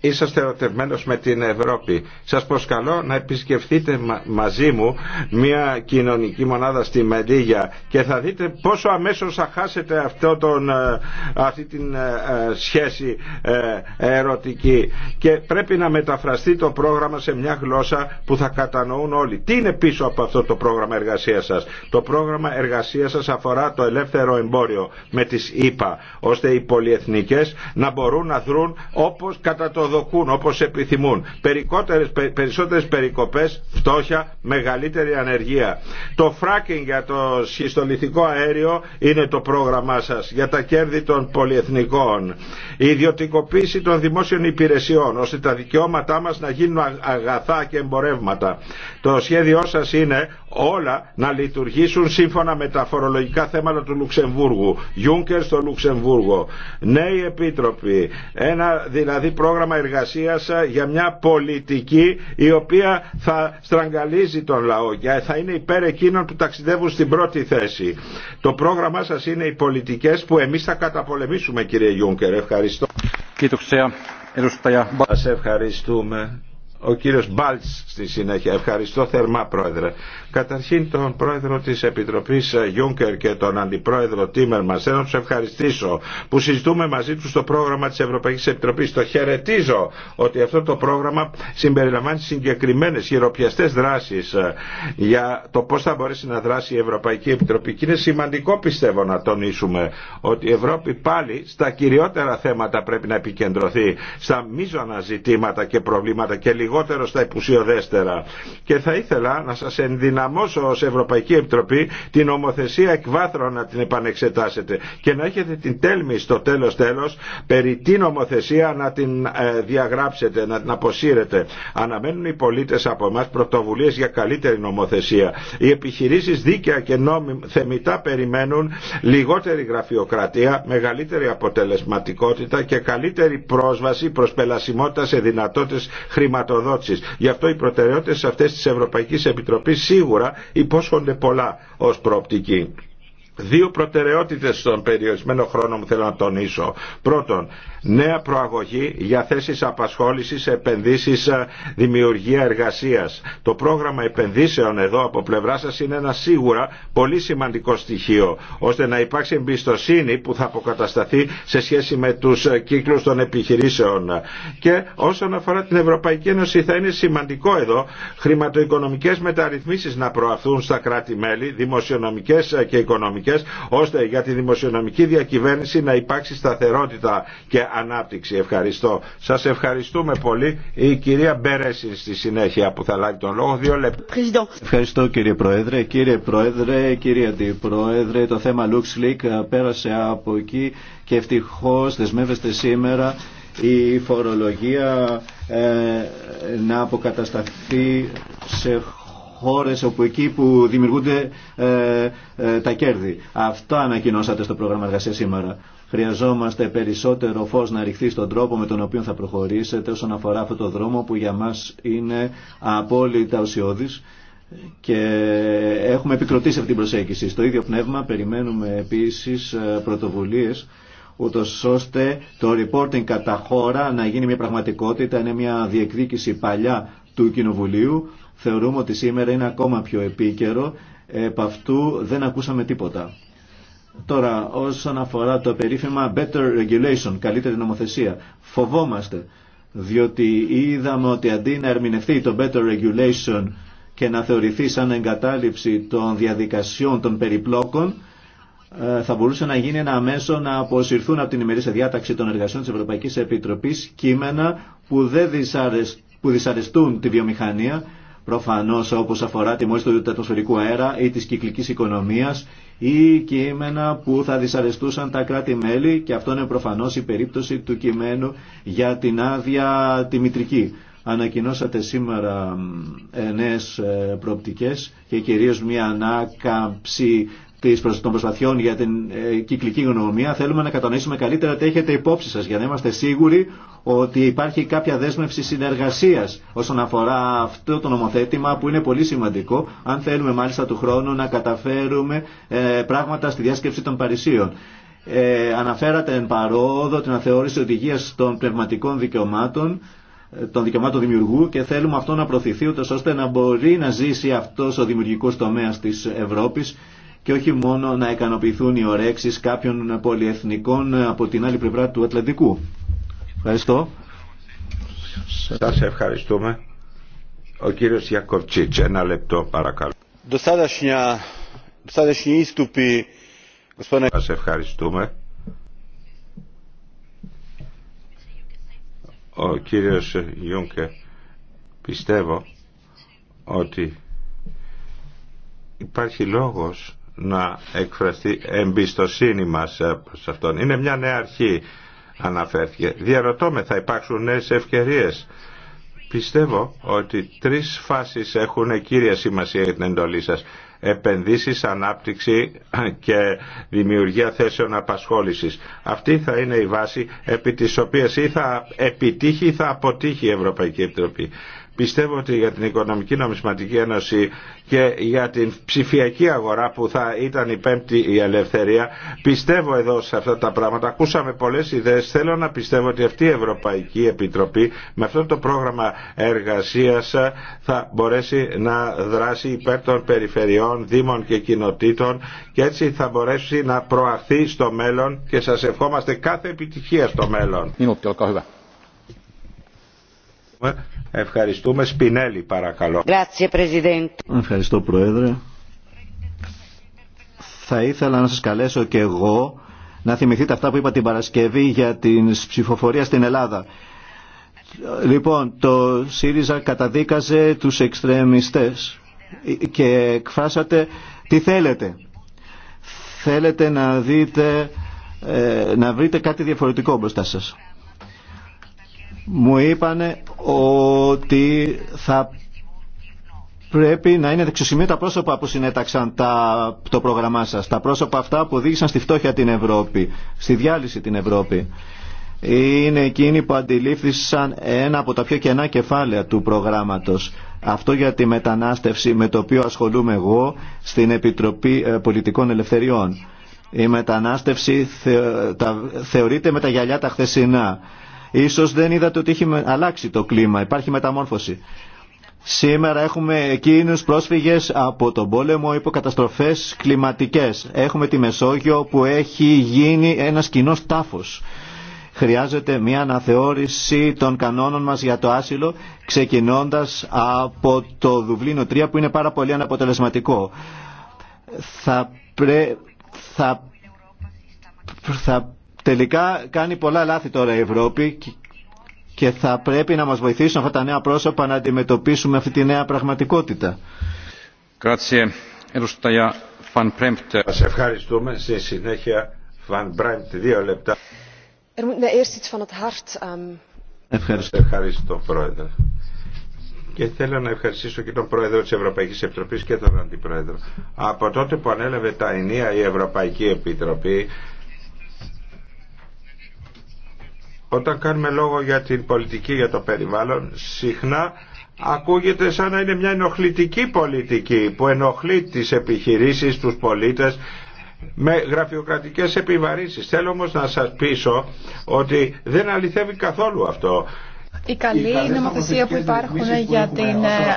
είσαστε ερωτευμένος με την Ευρώπη. Σας προσκαλώ να επισκεφθείτε μαζί μου μια κοινωνική μονάδα στη Μελίγια και θα δείτε πόσο αμέσως θα χάσετε αυτό τον, ε, αυτή την ε, ε, σχέση ερωτική και πρέπει να μεταφραστεί το πρόγραμμα σε μια γλώσσα που θα κατανοούν όλοι. Τι είναι πίσω από αυτό το πρόγραμμα εργασίας σας. Το πρόγραμμα εργασία σας αφορά το ελεύθερο εμπόριο με τις ΗΠΑ ώστε οι πολυεθνικές να μπορούν να δρουν όπως κατά το δοκούν όπως επιθυμούν. Περικότερες, περισσότερες περικοπές, φτώχεια, μεγαλύτερη ανεργία. Το φράκινγκ για το σχιστολιθικό αέριο είναι το πρόγραμμά σας για τα κέρδη των πολυεθνικών. Η ιδιωτικοποίηση των δημόσιων υπηρεσιών ώστε τα δικαιώματά μας να γίνουν αγαθά και εμπορεύματα. Το σχέδιό σας είναι όλα να λειτουργήσουν σύμφωνα με τα φορολογικά θέματα του Λουξεμβούργου. Juncker στο Λουξεμβούργο. Νέοι επίτροποι. Ένα δηλαδή πρόγραμμα πρόγραμμα εργασίας ε, για μια πολιτική η οποία θα στραγγαλίζει τον λαό και θα είναι υπέρ εκείνων που ταξιδεύουν στην πρώτη θέση. Το πρόγραμμά σας είναι οι πολιτικές που εμείς θα καταπολεμήσουμε κύριε Γιούγκερ. Ευχαριστώ. Σας ευχαριστούμε ο κύριος Μπάλτς στη συνέχεια. Ευχαριστώ θερμά πρόεδρε. Καταρχήν τον πρόεδρο της Επιτροπής ε, Γιούνκερ και τον αντιπρόεδρο Τίμερ μας θέλω να τους ευχαριστήσω που συζητούμε μαζί τους το πρόγραμμα της Ευρωπαϊκής Επιτροπής. Το χαιρετίζω ότι αυτό το πρόγραμμα συμπεριλαμβάνει συγκεκριμένες χειροπιαστές δράσεις ε, για το πώς θα μπορέσει να δράσει η Ευρωπαϊκή Επιτροπή. Και είναι σημαντικό πιστεύω να τονίσουμε ότι η Ευρώπη πάλι στα κυριότερα θέματα πρέπει να επικεντρωθεί, στα μείζωνα ζητήματα και προβλήματα λιγότερο στα υπουσιοδέστερα. Και θα ήθελα να σας ενδυναμώσω ως Ευρωπαϊκή Επιτροπή την ομοθεσία εκβάθρο να την επανεξετάσετε και να έχετε την τέλμη στο τέλος τέλος περί την ομοθεσία να την ε, διαγράψετε, να την αποσύρετε. Αναμένουν οι πολίτες από εμάς πρωτοβουλίες για καλύτερη νομοθεσία. Οι επιχειρήσεις δίκαια και νόμι, θεμητά περιμένουν λιγότερη γραφειοκρατία, μεγαλύτερη αποτελεσματικότητα και καλύτερη πρόσβαση, πελασιμότητα σε δυνατότητες χρηματοδότησης Γι' αυτό οι προτεραιότητε αυτές τη Ευρωπαϊκή Επιτροπή σίγουρα υπόσχονται πολλά ω προοπτική. Δύο προτεραιότητες στον περιορισμένο χρόνο μου θέλω να τονίσω. Πρώτον, νέα προαγωγή για θέσεις απασχόλησης, επενδύσεις, ε, δημιουργία εργασίας. Το πρόγραμμα επενδύσεων εδώ από πλευρά σας είναι ένα σίγουρα πολύ σημαντικό στοιχείο, ώστε να υπάρξει εμπιστοσύνη που θα αποκατασταθεί σε σχέση με τους ε, κύκλους των επιχειρήσεων. Και όσον αφορά την Ευρωπαϊκή Ένωση θα είναι σημαντικό εδώ χρηματοοικονομικές μεταρρυθμίσεις να προαθούν στα κράτη-μέλη, δημοσιονομικές ε, και οικονομικές, ώστε για τη δημοσιονομική διακυβέρνηση να υπάρξει σταθερότητα και ανάπτυξη. Ευχαριστώ. Σας ευχαριστούμε πολύ. Η κυρία Μπέρεση στη συνέχεια που θα λάβει τον λόγο. Δύο λεπτά. Ευχαριστώ κύριε Πρόεδρε. Κύριε Πρόεδρε, κύριε Αντιπρόεδρε, το θέμα LuxLeak ε, πέρασε από εκεί και ευτυχώ δεσμεύεστε σήμερα η φορολογία ε, να αποκατασταθεί σε χώρες όπου εκεί που δημιουργούνται ε, τα κέρδη. Αυτό ανακοινώσατε στο πρόγραμμα εργασίας σήμερα. Χρειαζόμαστε περισσότερο φως να ρηχθεί στον τρόπο με τον οποίο θα προχωρήσετε όσον αφορά αυτό το δρόμο που για μας είναι απόλυτα ουσιώδης και έχουμε επικροτήσει αυτή την προσέγγιση. Στο ίδιο πνεύμα περιμένουμε επίσης ε, πρωτοβουλίες ούτως ώστε το reporting κατά χώρα να γίνει μια πραγματικότητα, είναι μια διεκδίκηση παλιά του Κοινοβουλίου. Θεωρούμε ότι σήμερα είναι ακόμα πιο επίκαιρο. Επ' αυτού δεν ακούσαμε τίποτα. Τώρα, όσον αφορά το περίφημα better regulation, καλύτερη νομοθεσία, φοβόμαστε, διότι είδαμε ότι αντί να ερμηνευτεί το better regulation και να θεωρηθεί σαν εγκατάλειψη των διαδικασιών των περιπλόκων, ε, θα μπορούσε να γίνει ένα μέσο να αποσυρθούν από την ημερήσια διάταξη των εργασιών της Ευρωπαϊκής Επιτροπής κείμενα που, δεν που δυσαρεστούν τη βιομηχανία, προφανώς όπως αφορά τη μόλις του ατμοσφαιρικού αέρα ή της κυκλικής οικονομίας ή κείμενα που θα δυσαρεστούσαν τα κράτη-μέλη και αυτό είναι προφανώς η περίπτωση του κειμένου για την άδεια τη μητρική. Ανακοινώσατε σήμερα ε, νέες ε, προοπτικές και κυρίως μια ανάκαμψη των προσπαθειών για την ε, κυκλική γνωμία, θέλουμε να κατανοήσουμε καλύτερα τι έχετε υπόψη σας για να είμαστε σίγουροι ότι υπάρχει κάποια δέσμευση συνεργασίας όσον αφορά αυτό το νομοθέτημα που είναι πολύ σημαντικό αν θέλουμε μάλιστα του χρόνου να καταφέρουμε ε, πράγματα στη διάσκεψη των Παρισίων. Ε, αναφέρατε εν παρόδο την αθεώρηση οδηγία των πνευματικών δικαιωμάτων ε, των δικαιωμάτων δημιουργού και θέλουμε αυτό να προωθηθεί ούτως ώστε να μπορεί να ζήσει αυτός ο δημιουργικός τομέας της Ευρώπης και όχι μόνο να ικανοποιηθούν οι ορέξεις κάποιων πολυεθνικών από την άλλη πλευρά του Ατλαντικού. Ευχαριστώ. Σας ευχαριστούμε. Ο κύριος Ιακοβτσίτς, ένα λεπτό παρακαλώ. Σας ευχαριστούμε. Ο κύριος Γιούνκε, πιστεύω ότι υπάρχει λόγος να εκφραστεί εμπιστοσύνη μας σε αυτόν. Είναι μια νέα αρχή αναφέρθηκε. Διαρωτώ με, θα υπάρξουν νέες ευκαιρίες. Πιστεύω ότι τρεις φάσεις έχουν κύρια σημασία για την εντολή σας. Επενδύσεις, ανάπτυξη και δημιουργία θέσεων απασχόλησης. Αυτή θα είναι η βάση επί της οποίας ή θα επιτύχει ή θα αποτύχει η Ευρωπαϊκή Επιτροπή. Πιστεύω ότι για την Οικονομική Νομισματική Ένωση και για την ψηφιακή αγορά που θα ήταν η πέμπτη η ελευθερία, πιστεύω εδώ σε αυτά τα πράγματα. Ακούσαμε πολλές ιδέες. Θέλω να πιστεύω ότι αυτή η Ευρωπαϊκή Επιτροπή με αυτό το πρόγραμμα εργασίας θα μπορέσει να δράσει υπέρ των περιφερειών, δήμων και κοινοτήτων και έτσι θα μπορέσει να προαχθεί στο μέλλον και σας ευχόμαστε κάθε επιτυχία στο μέλλον. Ε, Ευχαριστούμε. Σπινέλη παρακαλώ. Ευχαριστώ Πρόεδρε. Θα ήθελα να σας καλέσω και εγώ να θυμηθείτε αυτά που είπα την Παρασκευή για την ψηφοφορία στην Ελλάδα. Λοιπόν, το ΣΥΡΙΖΑ καταδίκαζε τους εξτρεμιστές και εκφράσατε τι θέλετε. Θέλετε να δείτε, ε, να βρείτε κάτι διαφορετικό μπροστά σας μου είπανε ότι θα πρέπει να είναι δεξιοσημεία τα πρόσωπα που συνέταξαν τα, το πρόγραμμά σας. Τα πρόσωπα αυτά που οδήγησαν στη φτώχεια την Ευρώπη, στη διάλυση την Ευρώπη. Είναι εκείνοι που αντιλήφθησαν ένα από τα πιο κενά κεφάλαια του προγράμματος. Αυτό για τη μετανάστευση με το οποίο ασχολούμαι εγώ στην Επιτροπή ε, Πολιτικών Ελευθεριών. Η μετανάστευση τα, θεωρείται με τα γυαλιά τα χθεσινά. Ίσως δεν είδατε ότι έχει αλλάξει το κλίμα, υπάρχει μεταμόρφωση. Σήμερα έχουμε εκείνους πρόσφυγες από τον πόλεμο υπό καταστροφέ κλιματικέ. Έχουμε τη Μεσόγειο που έχει γίνει ένας κοινό τάφος. Χρειάζεται μια αναθεώρηση των κανόνων μας για το άσυλο, ξεκινώντας από το Δουβλίνο 3 που είναι πάρα πολύ αναποτελεσματικό. θα Τελικά κάνει πολλά λάθη τώρα η Ευρώπη και θα πρέπει να μας βοηθήσουν αυτά τα νέα πρόσωπα να αντιμετωπίσουμε αυτή τη νέα πραγματικότητα. Σας ευχαριστούμε. Στη συνέχεια, Φαν Μπρέμπτ, δύο λεπτά. Er ehm, Ευχαριστώ. Ευχαριστώ, Πρόεδρε. Και θέλω να ευχαριστήσω και τον Πρόεδρο της Ευρωπαϊκής Επιτροπής και τον Αντιπρόεδρο. Από τότε που ανέλαβε τα ενία η Ευρωπαϊκή Επιτροπή, Όταν κάνουμε λόγο για την πολιτική για το περιβάλλον, συχνά ακούγεται σαν να είναι μια ενοχλητική πολιτική που ενοχλεί τις επιχειρήσεις, τους πολίτες με γραφειοκρατικές επιβαρύνσεις. Θέλω όμως να σας πείσω ότι δεν αληθεύει καθόλου αυτό. Η καλή νομοθεσία που υπάρχουν για την ε,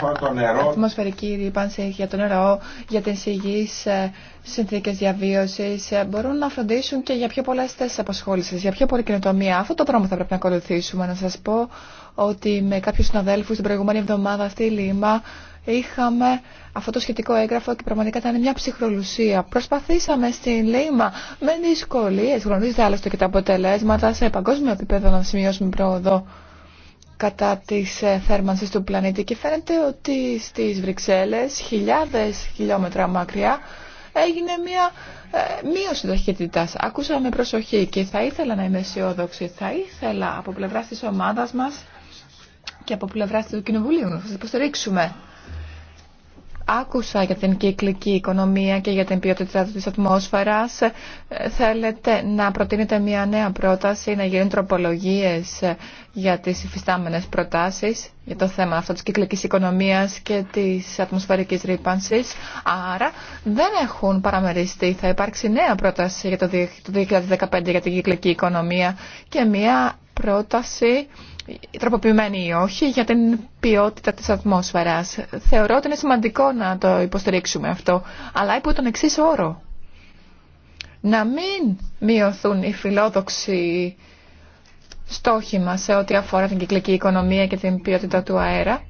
ατμοσφαιρική ρήπανση, για το νερό, για τι υγιεί ε, συνθήκες διαβίωση, ε, μπορούν να φροντίσουν και για πιο πολλέ θέσει απασχόληση, για πιο πολλή κοινοτομία. Αυτό το δρόμο θα πρέπει να ακολουθήσουμε. Να σα πω ότι με κάποιου συναδέλφου την προηγούμενη εβδομάδα στη Λίμα είχαμε αυτό το σχετικό έγγραφο και πραγματικά ήταν μια ψυχρολουσία. Προσπαθήσαμε στην Λίμα με δυσκολίε γνωρίζετε άλλωστε και τα αποτελέσματα σε παγκόσμιο επίπεδο να σημειώσουμε πρόοδο κατά της ε, θέρμανσης του πλανήτη και φαίνεται ότι στις Βρυξέλλες χιλιάδες χιλιόμετρα μακριά έγινε μια ε, μείωση ταχύτητας. Ακούσαμε προσοχή και θα ήθελα να είμαι αισιόδοξη. Θα ήθελα από πλευρά της ομάδας μας και από πλευρά του Κοινοβουλίου να σας υποστηρίξουμε άκουσα για την κυκλική οικονομία και για την ποιότητα της ατμόσφαιρας. Ε, θέλετε να προτείνετε μια νέα πρόταση, να γίνουν τροπολογίες ε, για τις υφιστάμενες προτάσεις, για το θέμα αυτό της κυκλικής οικονομίας και της ατμοσφαιρικής ρήπανσης. Άρα δεν έχουν παραμεριστεί. Θα υπάρξει νέα πρόταση για το 2015 για την κυκλική οικονομία και μια πρόταση τροποποιημένη ή όχι για την ποιότητα της ατμόσφαιρας. Θεωρώ ότι είναι σημαντικό να το υποστηρίξουμε αυτό, αλλά υπό τον εξή όρο. Να μην μειωθούν οι φιλόδοξοι στόχοι μας σε ό,τι αφορά την κυκλική οικονομία και την ποιότητα του αέρα,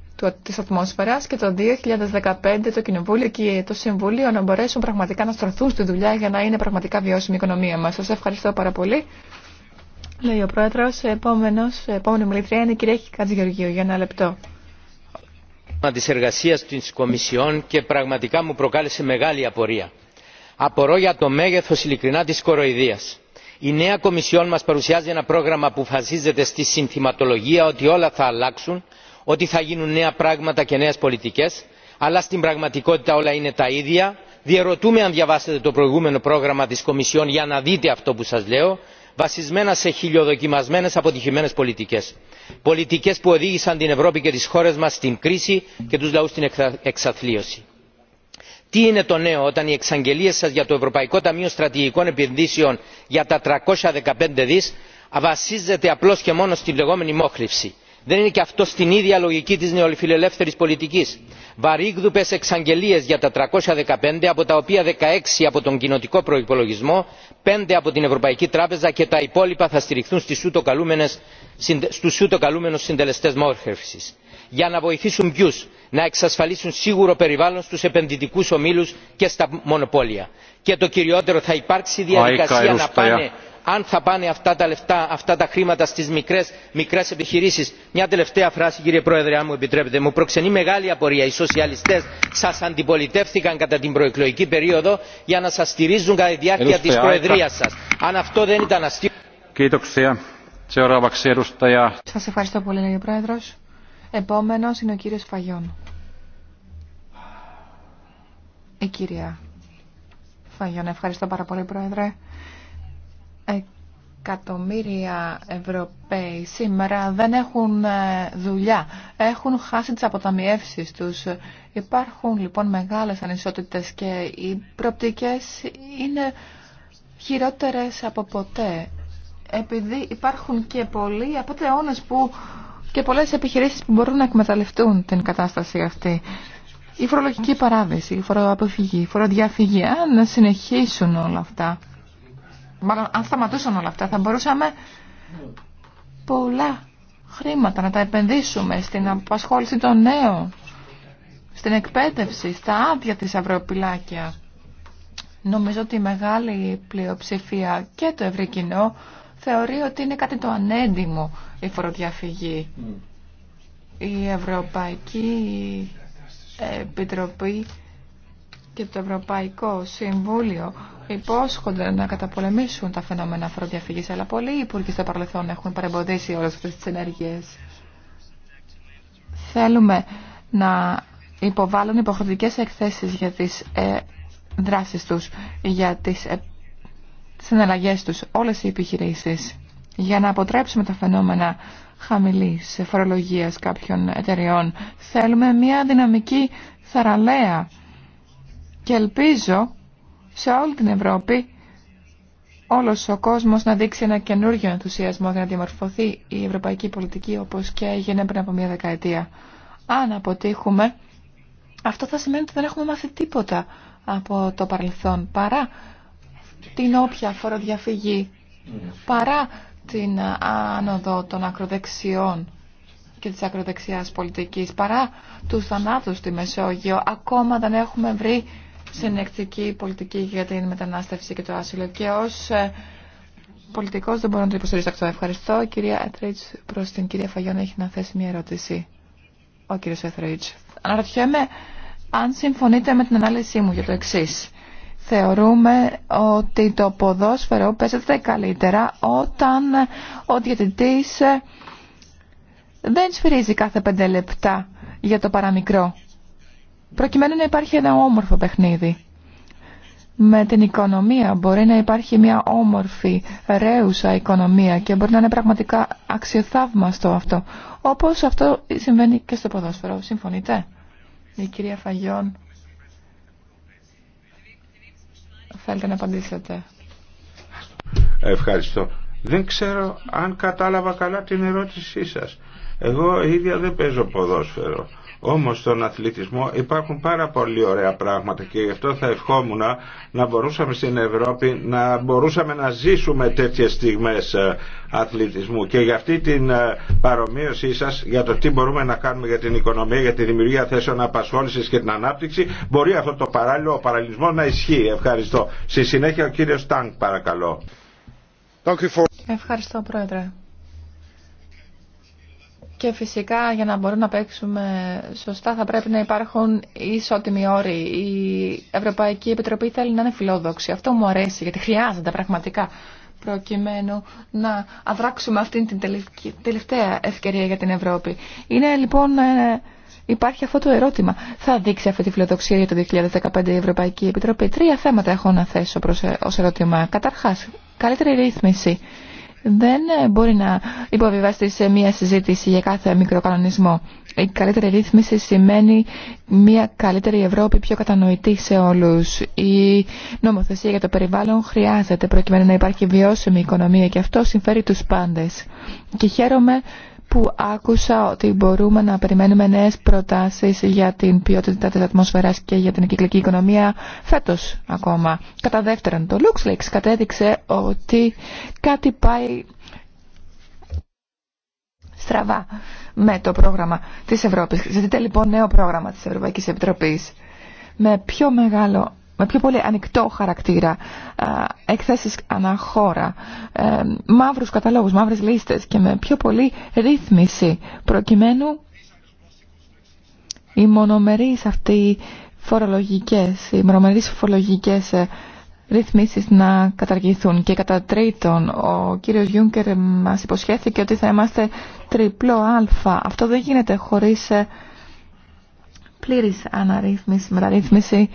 της ατμόσφαιρας και το 2015 το Κοινοβούλιο και το Συμβούλιο να μπορέσουν πραγματικά να στρωθούν στη δουλειά για να είναι πραγματικά βιώσιμη η οικονομία μας. Σας ευχαριστώ πάρα πολύ. Λέει ο Πρόεδρος, επόμενος, επόμενη μιλήτρια είναι η κυρία Χικάτζη Γεωργίου για ένα λεπτό. τη εργασία τη Κομισιόν και πραγματικά μου προκάλεσε μεγάλη απορία. Απορώ για το μέγεθο ειλικρινά τη κοροϊδία, Η νέα Κομισιόν μα παρουσιάζει ένα πρόγραμμα που φασίζεται στη συνθηματολογία ότι όλα θα αλλάξουν, ότι θα γίνουν νέα πράγματα και νέε πολιτικέ, αλλά στην πραγματικότητα όλα είναι τα ίδια. Διερωτούμε αν διαβάσετε το προηγούμενο πρόγραμμα τη Κομισιόν για να δείτε αυτό που σα λέω βασισμένα σε χιλιοδοκιμασμένες αποτυχημένες πολιτικές πολιτικές που οδήγησαν την ευρώπη και τις χώρες μας στην κρίση και τους λαούς στην εξαθλίωση. τι είναι το νέο όταν οι εξαγγελίες σας για το ευρωπαϊκό ταμείο στρατηγικών επενδύσεων για τα τριακόσια δεκαπέντε δις βασίζεται απλώς και μόνο στην λεγόμενη μόχλευση δεν είναι και αυτό στην ίδια λογική της νεοφιλελεύθερης πολιτικής. βαρύγδουπες εξαγγελίες για τα 315 από τα οποία 16 από τον κοινοτικό προϋπολογισμό 5 από την Ευρωπαϊκή Τράπεζα και τα υπόλοιπα θα στηριχθούν στου ούτω στους ούτω καλούμενους συντελεστές μόρφευσης. Για να βοηθήσουν ποιου να εξασφαλίσουν σίγουρο περιβάλλον στους επενδυτικούς ομίλους και στα μονοπόλια. Και το κυριότερο θα υπάρξει διαδικασία να πάνε αν θα πάνε αυτά τα χρήματα στις μικρές, μικρές επιχειρήσεις. μια τελευταία φράση κύριε πρόεδρε αν μου επιτρέπετε μου προξενεί μεγάλη απορία οι σοσιαλιστές σας αντιπολιτεύθηκαν κατά την προεκλογική περίοδο για να σας στηρίζουν κατά τη διάρκεια της προεδρίας σας. αν αυτό δεν ήταν αστείο... Σας ευχαριστώ πολύ κύριε πρόεδρος. Επόμενος είναι ο κύριος Φαγιών. Η κυρία Φαγιών, ευχαριστώ πάρα πολύ πρόεδρε εκατομμύρια Ευρωπαίοι σήμερα δεν έχουν ε, δουλειά. Έχουν χάσει τις αποταμιεύσεις τους. Υπάρχουν λοιπόν μεγάλες ανισότητες και οι προπτικές είναι χειρότερες από ποτέ. Επειδή υπάρχουν και πολλοί από που και πολλές επιχειρήσεις που μπορούν να εκμεταλλευτούν την κατάσταση αυτή. Η φορολογική παράδειση, η φοροαποφυγή, η φοροδιαφυγή, αν συνεχίσουν όλα αυτά μάλλον αν σταματούσαν όλα αυτά θα μπορούσαμε πολλά χρήματα να τα επενδύσουμε στην απασχόληση των νέων, στην εκπαίδευση, στα άδεια της αυροπιλάκια. Νομίζω ότι η μεγάλη πλειοψηφία και το ευρύ κοινό θεωρεί ότι είναι κάτι το ανέντιμο η φοροδιαφυγή. Mm. Η Ευρωπαϊκή Επιτροπή και το Ευρωπαϊκό Συμβούλιο υπόσχονται να καταπολεμήσουν τα φαινόμενα φοροδιαφυγής, αλλά πολλοί υπουργοί στο παρελθόν έχουν παρεμποδίσει όλες αυτές τις ενέργειες. Θέλουμε να υποβάλουν υποχρεωτικές εκθέσεις για τις ε, δράσεις τους, για τις, ε, τους, όλες οι επιχειρήσεις, για να αποτρέψουμε τα φαινόμενα χαμηλής φορολογίας κάποιων εταιριών. Θέλουμε μια δυναμική θαραλέα και ελπίζω σε όλη την Ευρώπη όλος ο κόσμος να δείξει ένα καινούργιο ενθουσιασμό για να διαμορφωθεί η ευρωπαϊκή πολιτική όπως και έγινε πριν από μια δεκαετία. Αν αποτύχουμε, αυτό θα σημαίνει ότι δεν έχουμε μάθει τίποτα από το παρελθόν παρά την όποια φοροδιαφυγή, παρά την άνοδο των ακροδεξιών και της ακροδεξιάς πολιτικής, παρά τους θανάτους στη Μεσόγειο, ακόμα δεν έχουμε βρει συνεκτική πολιτική για την μετανάστευση και το άσυλο. Και ως ε, πολιτικός δεν μπορώ να το υποστηρίζω αυτό. Ευχαριστώ. κυρία Έθριτ, προ την κυρία Φαγιώνα έχει να θέσει μια ερώτηση. Ο κύριος Έθριτ. Αναρωτιέμαι αν συμφωνείτε με την ανάλυση μου για το εξή. Θεωρούμε ότι το ποδόσφαιρο παίζεται καλύτερα όταν ο διαιτητής ε, δεν σφυρίζει κάθε πέντε λεπτά για το παραμικρό προκειμένου να υπάρχει ένα όμορφο παιχνίδι. Με την οικονομία μπορεί να υπάρχει μια όμορφη, ρέουσα οικονομία και μπορεί να είναι πραγματικά αξιοθαύμαστο αυτό. Όπως αυτό συμβαίνει και στο ποδόσφαιρο. Συμφωνείτε? Η κυρία Φαγιόν, θέλετε να απαντήσετε. Ευχαριστώ. Δεν ξέρω αν κατάλαβα καλά την ερώτησή σας. Εγώ ίδια δεν παίζω ποδόσφαιρο. Όμως στον αθλητισμό υπάρχουν πάρα πολύ ωραία πράγματα και γι' αυτό θα ευχόμουν να μπορούσαμε στην Ευρώπη να μπορούσαμε να ζήσουμε τέτοιες στιγμές ε, αθλητισμού και για αυτή την ε, παρομοίωσή σας για το τι μπορούμε να κάνουμε για την οικονομία, για τη δημιουργία θέσεων απασχόλησης και την ανάπτυξη μπορεί αυτό το παράλληλο ο να ισχύει. Ευχαριστώ. Στη συνέχεια ο κύριος Τάνκ παρακαλώ. Ευχαριστώ Πρόεδρε. Και φυσικά για να μπορούμε να παίξουμε σωστά θα πρέπει να υπάρχουν ισότιμοι όροι. Η Ευρωπαϊκή Επιτροπή θέλει να είναι φιλόδοξη. Αυτό μου αρέσει γιατί χρειάζεται πραγματικά προκειμένου να αδράξουμε αυτήν την τελευταία ευκαιρία για την Ευρώπη. Είναι λοιπόν, ε, υπάρχει αυτό το ερώτημα. Θα δείξει αυτή τη φιλοδοξία για το 2015 η Ευρωπαϊκή Επιτροπή. Τρία θέματα έχω να θέσω ε, ως ερώτημα. Καταρχάς, καλύτερη ρύθμιση δεν ε, μπορεί να υποβιβαστεί σε μία συζήτηση για κάθε μικροκανονισμό. Η καλύτερη ρύθμιση σημαίνει μία καλύτερη Ευρώπη πιο κατανοητή σε όλους. Η νομοθεσία για το περιβάλλον χρειάζεται προκειμένου να υπάρχει βιώσιμη οικονομία και αυτό συμφέρει τους πάντες. Και χαίρομαι που άκουσα ότι μπορούμε να περιμένουμε νέες προτάσεις για την ποιότητα της ατμόσφαιρας και για την κυκλική οικονομία φέτος ακόμα. Κατά δεύτερον, το LuxLeaks κατέδειξε ότι κάτι πάει στραβά με το πρόγραμμα της Ευρώπης. Ζητείτε λοιπόν νέο πρόγραμμα της Ευρωπαϊκής Επιτροπής με πιο μεγάλο με πιο πολύ ανοιχτό χαρακτήρα, εκθέσεις αναχώρα, ε, μαύρους καταλόγους, μαύρες λίστες και με πιο πολύ ρύθμιση προκειμένου οι μονομερείς αυτοί φορολογικές, οι μονομερείς φορολογικές ε, ρυθμίσεις να καταργηθούν. Και κατά τρίτον, ο κύριος Γιούγκερ μας υποσχέθηκε ότι θα είμαστε τριπλό α. Αυτό δεν γίνεται χωρίς ε, πλήρης αναρρύθμιση, μεταρρύθμιση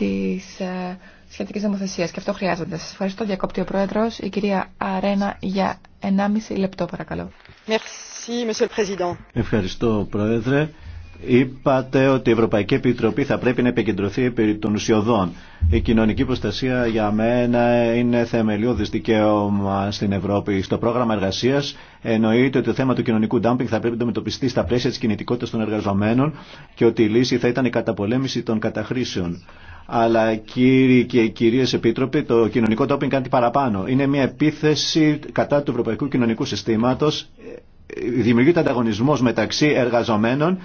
Τη ε, σχετικής νομοθεσία. και αυτό χρειάζονται. Σα ευχαριστώ. Διακόπτει ο πρόεδρο, Η κυρία Αρένα για 1,5 λεπτό παρακαλώ. Ευχαριστώ Πρόεδρε. Είπατε ότι η Ευρωπαϊκή Επιτροπή θα πρέπει να επικεντρωθεί περί των ουσιοδών. Η κοινωνική προστασία για μένα είναι θεμελιώδη δικαίωμα στην Ευρώπη. Στο πρόγραμμα εργασία εννοείται ότι το θέμα του κοινωνικού ντάμπινγκ θα πρέπει να αντιμετωπιστεί στα πλαίσια τη κινητικότητα των εργαζομένων και ότι η λύση θα ήταν η καταπολέμηση των καταχρήσεων. Αλλά κύριοι και κυρίες επίτροποι, το κοινωνικό τόπινγκ κάτι παραπάνω. Είναι μια επίθεση κατά του ευρωπαϊκού κοινωνικού συστήματος. Ε, δημιουργείται ανταγωνισμός μεταξύ εργαζομένων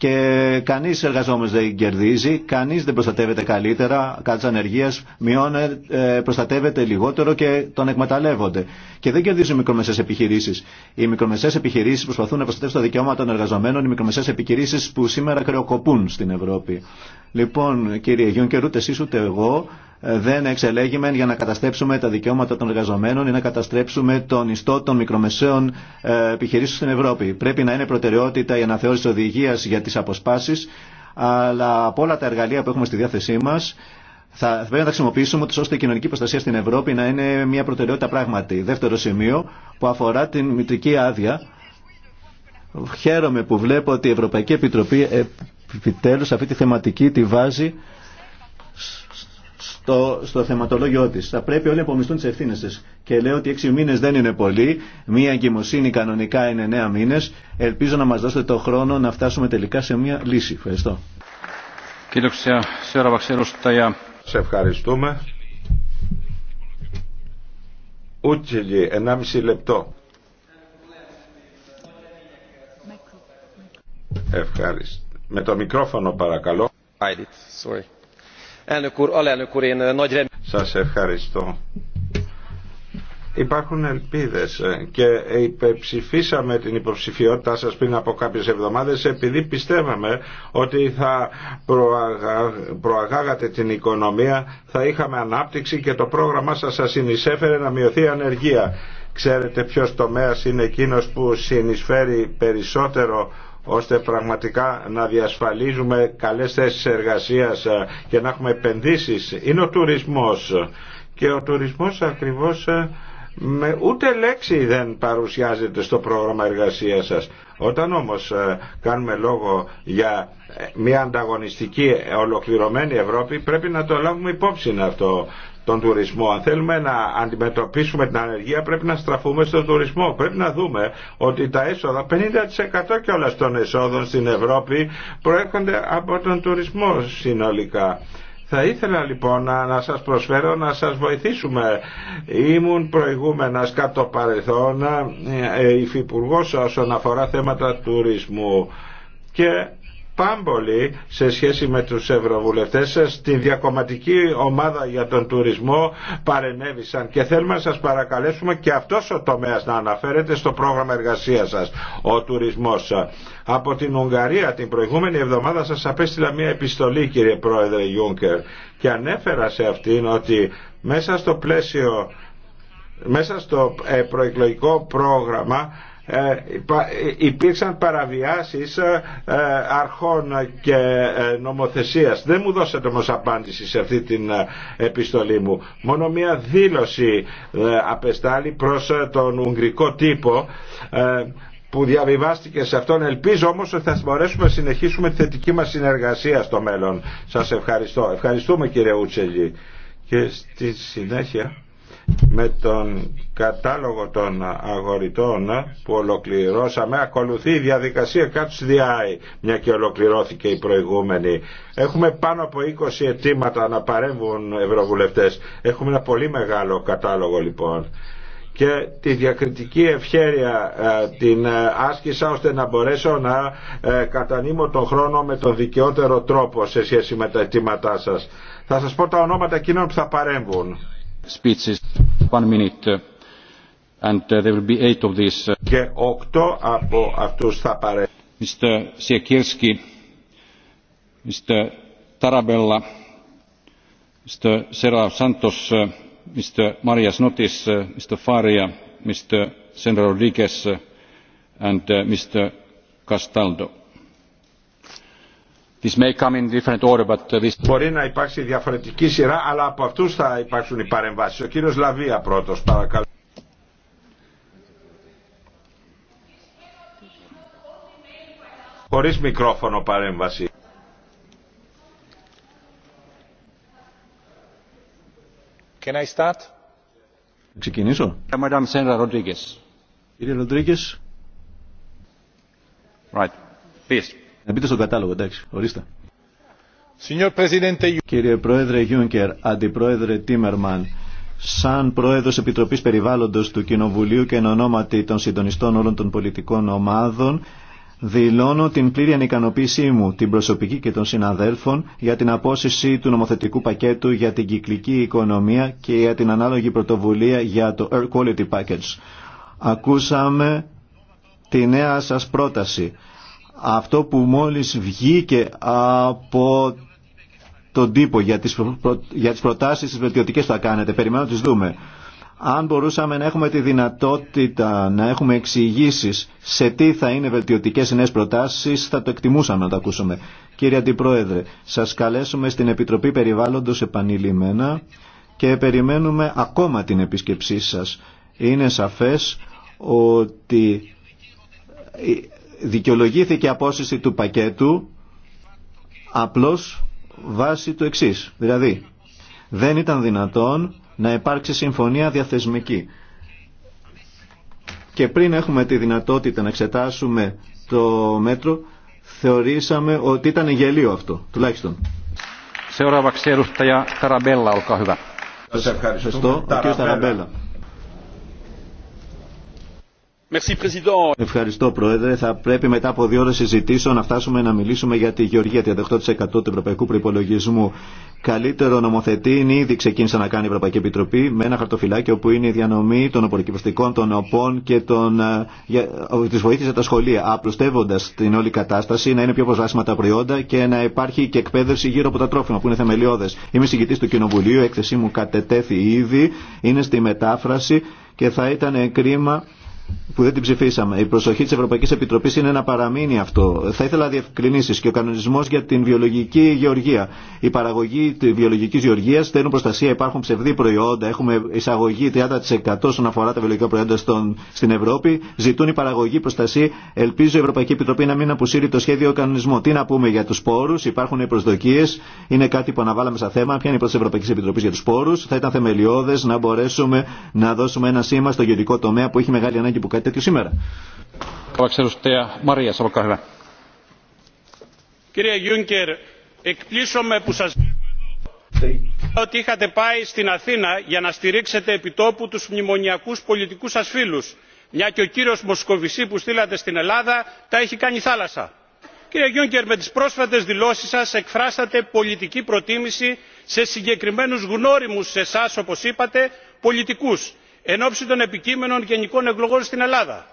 και κανεί εργαζόμενο δεν κερδίζει, κανεί δεν προστατεύεται καλύτερα, κάτι ανεργία μειώνεται, ε, προστατεύεται λιγότερο και τον εκμεταλλεύονται. Και δεν κερδίζουν μικρομεσαίε επιχειρήσει. Οι μικρομεσαίε επιχειρήσει προσπαθούν να προστατεύσουν τα δικαιώματα των εργαζομένων, οι μικρομεσαίε επιχειρήσει που σήμερα κρεοκοπούν στην Ευρώπη. Λοιπόν, κύριε Γιούνκερ, ούτε εσεί ούτε εγώ ε, δεν εξελέγημεν για να καταστρέψουμε τα δικαιώματα των εργαζομένων ή να καταστρέψουμε τον ιστό των μικρομεσαίων ε, επιχειρήσεων στην Ευρώπη. Πρέπει να είναι προτεραιότητα η αναθεώρηση οδηγία για τι αποσπάσει, αλλά από όλα τα εργαλεία που έχουμε στη διάθεσή μα, θα πρέπει να τα χρησιμοποιήσουμε ώστε η κοινωνική προστασία στην Ευρώπη να είναι μια προτεραιότητα πράγματι. Δεύτερο σημείο που αφορά την μητρική άδεια. Χαίρομαι που βλέπω ότι η Ευρωπαϊκή Επιτροπή επιτέλους αυτή τη θεματική τη βάζει στο, στο θεματολόγιο τη. Θα πρέπει όλοι να απομισθούν τι ευθύνε τη. Και λέω ότι έξι μήνε δεν είναι πολύ. Μία εγκυμοσύνη κανονικά είναι εννέα μήνε. Ελπίζω να μα δώσετε το χρόνο να φτάσουμε τελικά σε μία λύση. Ευχαριστώ. Σε ευχαριστούμε. Ούτσιλι, ενάμιση λεπτό. Ευχαριστώ. Με το μικρόφωνο παρακαλώ. Sorry. Σας ευχαριστώ. Υπάρχουν ελπίδες ε, και υπεψηφίσαμε την υποψηφιότητά σας πριν από κάποιες εβδομάδες επειδή πιστεύαμε ότι θα προαγάγατε την οικονομία, θα είχαμε ανάπτυξη και το πρόγραμμά σας σα συνεισέφερε να μειωθεί η ανεργία. Ξέρετε ποιος τομέας είναι εκείνος που συνεισφέρει περισσότερο ώστε πραγματικά να διασφαλίζουμε καλές θέσεις εργασίας ε, και να έχουμε επενδύσεις είναι ο τουρισμός και ο τουρισμός ακριβώς ε, με ούτε λέξη δεν παρουσιάζεται στο πρόγραμμα εργασίας σας. Όταν όμως ε, κάνουμε λόγο για μια ανταγωνιστική ολοκληρωμένη Ευρώπη πρέπει να το λάβουμε υπόψη αυτό τον τουρισμό. Αν θέλουμε να αντιμετωπίσουμε την ανεργία πρέπει να στραφούμε στον τουρισμό. Πρέπει να δούμε ότι τα έσοδα, 50% όλα των εσόδων στην Ευρώπη προέρχονται από τον τουρισμό συνολικά. Θα ήθελα λοιπόν να, να σας προσφέρω να σας βοηθήσουμε. Ήμουν προηγούμενας κάτω παρελθόν ε, ε, υφυπουργός όσον αφορά θέματα τουρισμού και πάμπολη σε σχέση με τους ευρωβουλευτές σας στη διακομματική ομάδα για τον τουρισμό παρενέβησαν και θέλουμε να σας παρακαλέσουμε και αυτός ο τομέας να αναφέρεται στο πρόγραμμα εργασίας σας ο τουρισμός από την Ουγγαρία την προηγούμενη εβδομάδα σας απέστειλα μια επιστολή κύριε Πρόεδρε Ιούνκερ και ανέφερα σε αυτήν ότι μέσα στο πλαίσιο μέσα στο ε, προεκλογικό πρόγραμμα ε, ε, υπήρξαν παραβιάσεις ε, αρχών και νομοθεσίας. Δεν μου δώσατε όμως απάντηση σε αυτή την επιστολή μου. Μόνο μια δήλωση απεστάλλει προς τον Ουγγρικό τύπο που διαβιβάστηκε σε αυτόν. Ελπίζω όμως ότι θα μπορέσουμε να συνεχίσουμε τη θετική μας συνεργασία στο μέλλον. Σας ευχαριστώ. Ευχαριστούμε κύριε Ούτσελη. Και στη συνέχεια με τον κατάλογο των αγοριτών που ολοκληρώσαμε ακολουθεί η διαδικασία Catch the μια και ολοκληρώθηκε η προηγούμενη έχουμε πάνω από 20 αιτήματα να παρέμβουν ευρωβουλευτές έχουμε ένα πολύ μεγάλο κατάλογο λοιπόν και τη διακριτική ευχέρεια ε, την ε, άσκησα ώστε να μπορέσω να ε, κατανείμω τον χρόνο με τον δικαιότερο τρόπο σε σχέση με τα αιτήματά σας. Θα σας πω τα ονόματα εκείνων που θα παρέμβουν. Speeches, one minute. And there will be eight of these. οκτώ από θα Mr. Siekierski, Mr. Tarabella, Mr. Seraf Santos, Mr. Marias Notis, Mr. Faria, Mr. Senra Rodriguez and Mr. Castaldo Uh, Μπορεί να υπάρξει διαφορετική σειρά, αλλά από αυτούς θα υπάρξουν οι παρεμβάσεις. Ο κύριος Λαβία πρώτος, παρακαλώ. Χωρίς μικρόφωνο παρέμβαση. Can I start? Ξεκινήσω. Madam Senator Rodriguez. Κύριε Rodriguez. Right. Please. Να μπείτε στον κατάλογο, εντάξει, ορίστε. Κύριε Πρόεδρε Γιούνκερ, Αντιπρόεδρε Τίμερμαν, σαν Πρόεδρος Επιτροπής Περιβάλλοντος του Κοινοβουλίου και εν ονόματι των συντονιστών όλων των πολιτικών ομάδων, δηλώνω την πλήρη ανικανοποίησή μου, την προσωπική και των συναδέλφων, για την απόσυση του νομοθετικού πακέτου για την κυκλική οικονομία και για την ανάλογη πρωτοβουλία για το Air Quality Package. Ακούσαμε τη νέα σας πρόταση αυτό που μόλις βγήκε από τον τύπο για τις, προ... για τις προτάσεις τις βελτιωτικές που θα κάνετε. Περιμένω να τις δούμε. Αν μπορούσαμε να έχουμε τη δυνατότητα να έχουμε εξηγήσει σε τι θα είναι βελτιωτικέ οι νέε προτάσει, θα το εκτιμούσαμε να τα ακούσουμε. Κύριε Αντιπρόεδρε, σα καλέσουμε στην Επιτροπή Περιβάλλοντο επανειλημμένα και περιμένουμε ακόμα την επίσκεψή σα. Είναι σαφέ ότι δικαιολογήθηκε η απόσυση του πακέτου απλώς βάσει του εξής. Δηλαδή, δεν ήταν δυνατόν να υπάρξει συμφωνία διαθεσμική. Και πριν έχουμε τη δυνατότητα να εξετάσουμε το μέτρο, θεωρήσαμε ότι ήταν γελίο αυτό, τουλάχιστον. Σε Σας ευχαριστώ. κ. Ευχαριστώ Πρόεδρε. Θα πρέπει μετά από δύο ώρες συζητήσεων να φτάσουμε να μιλήσουμε για τη γεωργία 38% του ευρωπαϊκού προπολογισμού. Καλύτερο νομοθετή είναι ήδη ξεκίνησε να κάνει η Ευρωπαϊκή Επιτροπή με ένα χαρτοφυλάκιο που είναι η διανομή των απορροκυπηστικών, των οπών και των, ε, για, της βοήθειας τα σχολεία. Απλουστεύοντας την όλη κατάσταση να είναι πιο προσβάσιμα τα προϊόντα και να υπάρχει και εκπαίδευση γύρω από τα τρόφιμα που είναι θεμελιώδες. Είμαι συγκητής του Κοινοβουλίου, η έκθεσή μου κατετέθη ήδη, είναι στη μετάφραση και θα ήταν κρίμα που δεν την ψηφίσαμε. Η προσοχή τη Ευρωπαϊκή Επιτροπή είναι να παραμείνει αυτό. Θα ήθελα διευκρινήσει και ο κανονισμό για την βιολογική γεωργία. Η παραγωγή τη βιολογική γεωργία θέλουν προστασία, υπάρχουν ψευδή προϊόντα, έχουμε εισαγωγή 30% όσον αφορά τα βιολογικά προϊόντα στον, στην Ευρώπη. Ζητούν η παραγωγή προστασία. Ελπίζω η Ευρωπαϊκή Επιτροπή να μην αποσύρει το σχέδιο κανονισμό. Τι να πούμε για του πόρου, υπάρχουν προσδοκίε, είναι κάτι που αναβάλαμε σαν θέμα. Ποια είναι η πρώτη Ευρωπαϊκή Επιτροπή για του πόρου. Θα ήταν θεμελιώδε να μπορέσουμε να δώσουμε ένα σήμα στο γενικό τομέα που έχει μεγάλη ανάγκη που κάτι τέτοιο σήμερα. Κύριε Γιούνκερ, εκπλήσωμαι που σας ότι είχατε πάει στην Αθήνα για να στηρίξετε επιτόπου τους μνημονιακούς πολιτικούς σας φίλους. Μια και ο κύριος Μοσκοβισή που στείλατε στην Ελλάδα τα έχει κάνει θάλασσα. Κύριε Γιούνκερ, με τις πρόσφατες δηλώσεις σας εκφράσατε πολιτική προτίμηση σε συγκεκριμένους γνώριμους σε εσάς, όπως είπατε, πολιτικούς εν ώψη των επικείμενων γενικών εκλογών στην ελλάδα.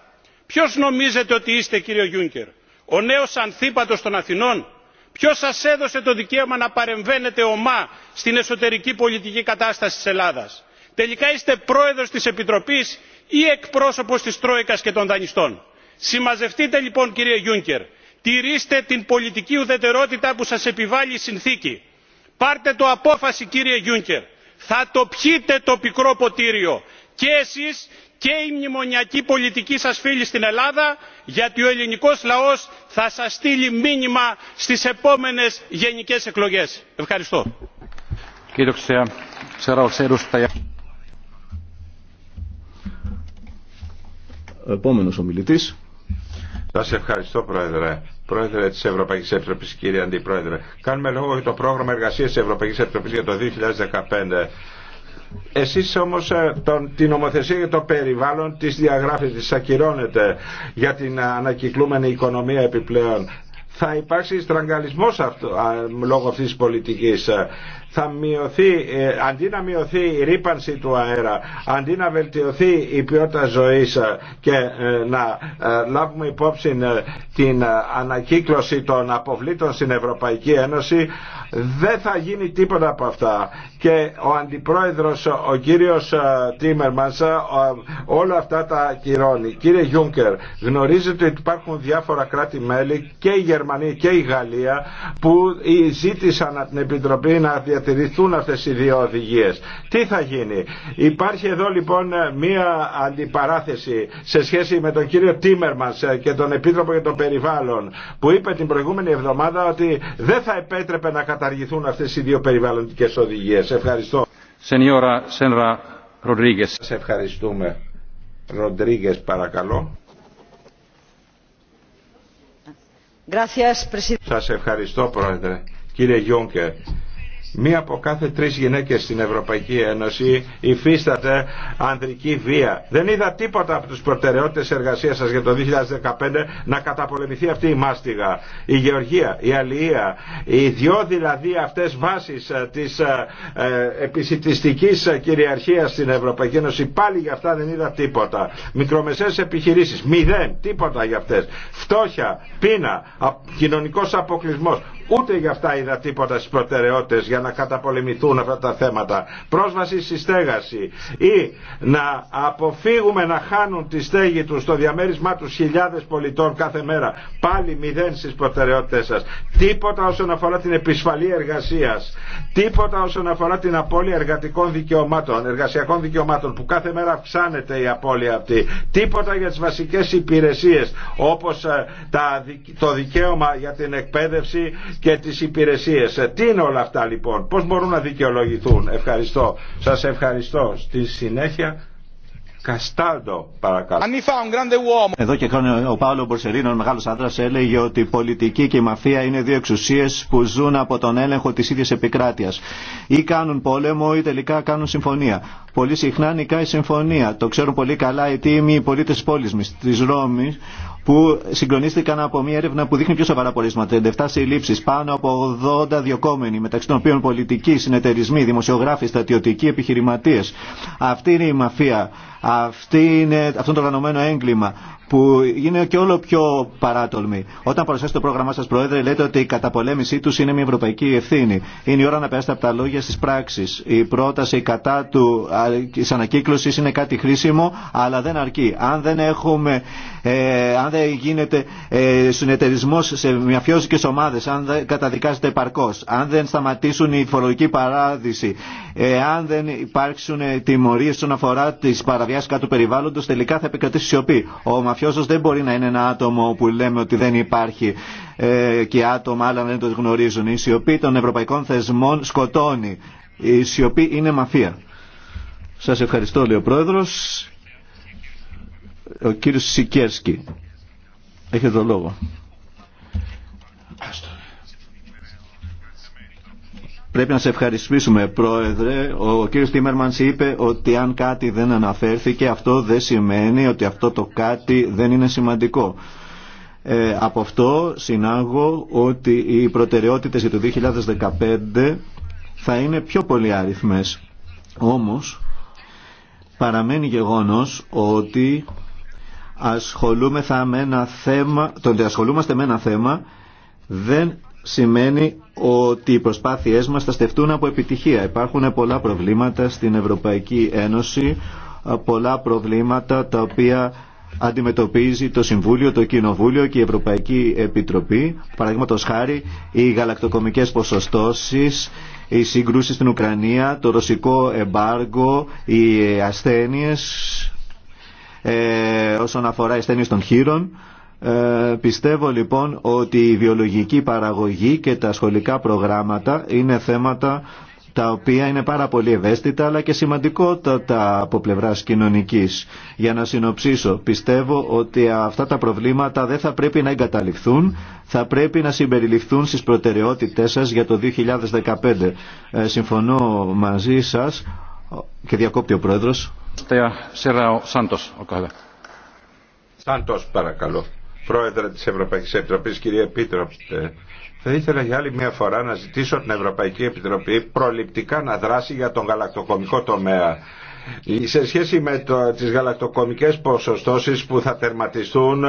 ποιο νομίζετε ότι είστε κύριε Γιούνκερ, ο νέο ανθίπατο των αθηνών; ποιο σα έδωσε το δικαίωμα να παρεμβαίνετε ομά στην εσωτερική πολιτική κατάσταση τη ελλάδα; τελικά είστε πρόεδρο τη επιτροπή ή εκπρόσωπο τη τρόικα και των δανειστών. συμμαζευτείτε λοιπόν κύριε Γιούνκερ, τηρήστε την πολιτική ουδετερότητα που σα επιβάλλει η συνθήκη. πάρτε το απόφαση κύριε juncker θα το πιείτε το πικρό ποτήριο και εσείς και η μνημονιακή πολιτική σας φίλη στην ελλάδα γιατί ο ελληνικός λαός θα σας στείλει μήνυμα στις επόμενες γενικές εκλογές. ευχαριστώ. Επόμενος ομιλητής. Σας ευχαριστώ Πρόεδρε. Πρόεδρε της Ευρωπαϊκής Επιτροπής, κύριε Αντιπρόεδρε. Κάνουμε λόγο για το πρόγραμμα εργασίας της Ευρωπαϊκής Επιτροπής για το 2015 εσείς όμως ε, την ομοθεσία για το περιβάλλον της διαγράφετε, της ακυρώνεται για την ανακυκλούμενη οικονομία επιπλέον θα υπάρξει στραγγαλισμός αυτό, λόγω αυτής της πολιτικής θα μειωθεί, ε, αντί να μειωθεί η ρήπανση του αέρα, αντί να βελτιωθεί η ποιότητα ζωής ε, και ε, να λάβουμε υπόψη την ανακύκλωση των αποβλήτων στην Ευρωπαϊκή Ένωση, δεν θα γίνει τίποτα από αυτά. Και ο Αντιπρόεδρος, ο κύριος Τίμερμανς, όλα αυτά τα κυρώνει. Κύριε Γιούνκερ, γνωρίζετε ότι υπάρχουν διάφορα κράτη-μέλη και η Γερμανία και η Γαλλία που ζήτησαν την Επιτροπή να διατηρηθούν αυτές οι δύο οδηγίες. Τι θα γίνει. Υπάρχει εδώ λοιπόν μία αντιπαράθεση σε σχέση με τον κύριο Τίμερμανς και τον Επίτροπο για το Περιβάλλον που είπε την προηγούμενη εβδομάδα ότι δεν θα επέτρεπε να καταργηθούν αυτές οι δύο περιβαλλοντικές οδηγίες. Ευχαριστώ. Σενιόρα Σένρα Ροντρίγκες. Σε ευχαριστούμε. Ροντρίγκες παρακαλώ. Σας ευχαριστώ πρόεδρε. Κύριε Γιούγκερ. Μία από κάθε τρεις γυναίκες στην Ευρωπαϊκή Ένωση υφίσταται ανδρική βία. Δεν είδα τίποτα από τους προτεραιότητες εργασίας σας για το 2015 να καταπολεμηθεί αυτή η μάστιγα. Η γεωργία, η αλληλεία, οι δυο δηλαδή αυτές βάσεις ε, της ε, ε, επισητιστικής κυριαρχίας στην Ευρωπαϊκή Ένωση πάλι για αυτά δεν είδα τίποτα. Μικρομεσαίες επιχειρήσεις, μηδέν, τίποτα για αυτές. Φτώχεια, πείνα, κοινωνικός αποκλεισμός. Ούτε για αυτά είδα τίποτα στι προτεραιότητε για να καταπολεμηθούν αυτά τα θέματα. Πρόσβαση στη στέγαση ή να αποφύγουμε να χάνουν τη στέγη του στο διαμέρισμά του χιλιάδε πολιτών κάθε μέρα. Πάλι μηδέν στι προτεραιότητε σα. Τίποτα όσον αφορά την επισφαλή εργασία. Τίποτα όσον αφορά την απώλεια εργατικών δικαιωμάτων, εργασιακών δικαιωμάτων που κάθε μέρα αυξάνεται η απώλεια αυτή. Τίποτα για τι βασικέ υπηρεσίε όπω ε, το δικαίωμα για την εκπαίδευση και τις υπηρεσίες. Ε, τι είναι όλα αυτά λοιπόν, πώς μπορούν να δικαιολογηθούν. Ευχαριστώ. Σας ευχαριστώ. Στη συνέχεια... Καστάλτο, παρακαλώ. Εδώ και χρόνια ο Παύλο Μπορσελίνο, ο μεγάλο άντρα, έλεγε ότι η πολιτική και η μαφία είναι δύο εξουσίε που ζουν από τον έλεγχο τη ίδια επικράτεια. Ή κάνουν πόλεμο ή τελικά κάνουν συμφωνία πολύ συχνά νικάει η συμφωνία. Το ξέρουν πολύ καλά οι τίμοι, οι πολίτε τη πόλη τη Ρώμη, που συγκλονίστηκαν από μια έρευνα που δείχνει πιο σοβαρά πορίσματα. 37 συλλήψει, πάνω από 80 διοκόμενοι, μεταξύ των οποίων πολιτικοί, συνεταιρισμοί, δημοσιογράφοι, στατιωτικοί, επιχειρηματίε. Αυτή είναι η μαφία. Αυτή είναι, αυτό είναι το οργανωμένο έγκλημα που είναι και όλο πιο παράτολμη. Όταν παρουσιάσετε το πρόγραμμά σα, Πρόεδρε, λέτε ότι η καταπολέμησή του είναι μια ευρωπαϊκή ευθύνη. Είναι η ώρα να περάσετε από τα λόγια στι πράξει. Η πρόταση κατά τη ανακύκλωση είναι κάτι χρήσιμο, αλλά δεν αρκεί. Αν δεν έχουμε ε, αν δεν γίνεται ε, συνεταιρισμό σε μαφιόζικες ομάδε, αν δεν καταδικάζεται επαρκώ, αν δεν σταματήσουν οι φορολογικοί παράδεισοι, ε, αν δεν υπάρξουν ε, τιμωρίε στον αφορά τις παραβιάσεις κάτω του περιβάλλοντος, τελικά θα επικρατήσει σιωπή. Ο μαφιόζο δεν μπορεί να είναι ένα άτομο που λέμε ότι δεν υπάρχει ε, και άτομα άλλα δεν το γνωρίζουν. Η σιωπή των ευρωπαϊκών θεσμών σκοτώνει. Η σιωπή είναι μαφία. Σας ευχαριστώ, λέει ο Πρόεδρος. Ο κύριος Σικέρσκι. Έχετε το λόγο. Πρέπει να σε ευχαριστήσουμε, Πρόεδρε. Ο κύριος Τίμερμανς είπε ότι αν κάτι δεν αναφέρθηκε, αυτό δεν σημαίνει ότι αυτό το κάτι δεν είναι σημαντικό. Ε, από αυτό συνάγω ότι οι προτεραιότητες για το 2015 θα είναι πιο πολύ αριθμές. Όμως, παραμένει γεγονός ότι ασχολούμεθα με ένα θέμα, το ότι ασχολούμαστε με ένα θέμα δεν σημαίνει ότι οι προσπάθειές μας θα στεφτούν από επιτυχία. Υπάρχουν πολλά προβλήματα στην Ευρωπαϊκή Ένωση, πολλά προβλήματα τα οποία αντιμετωπίζει το Συμβούλιο, το Κοινοβούλιο και η Ευρωπαϊκή Επιτροπή. Παραδείγματο χάρη οι γαλακτοκομικές ποσοστώσεις, οι συγκρούσεις στην Ουκρανία, το ρωσικό εμπάργκο, οι ασθένειες ε, όσον αφορά οι των χείρων. Ε, πιστεύω λοιπόν ότι η βιολογική παραγωγή και τα σχολικά προγράμματα είναι θέματα τα οποία είναι πάρα πολύ ευαίσθητα αλλά και σημαντικότατα από πλευράς κοινωνικής. Για να συνοψίσω, πιστεύω ότι αυτά τα προβλήματα δεν θα πρέπει να εγκαταληφθούν, θα πρέπει να συμπεριληφθούν στις προτεραιότητές σας για το 2015. Ε, συμφωνώ μαζί σας και διακόπτει ο Πρόεδρος. Σάντος, παρακαλώ. Πρόεδρε της Ευρωπαϊκής Επιτροπής, κύριε Επίτροπε, θα ήθελα για άλλη μια φορά να ζητήσω την Ευρωπαϊκή Επιτροπή προληπτικά να δράσει για τον γαλακτοκομικό τομέα σε σχέση με το, τις γαλακτοκομικές ποσοστώσεις που θα τερματιστούν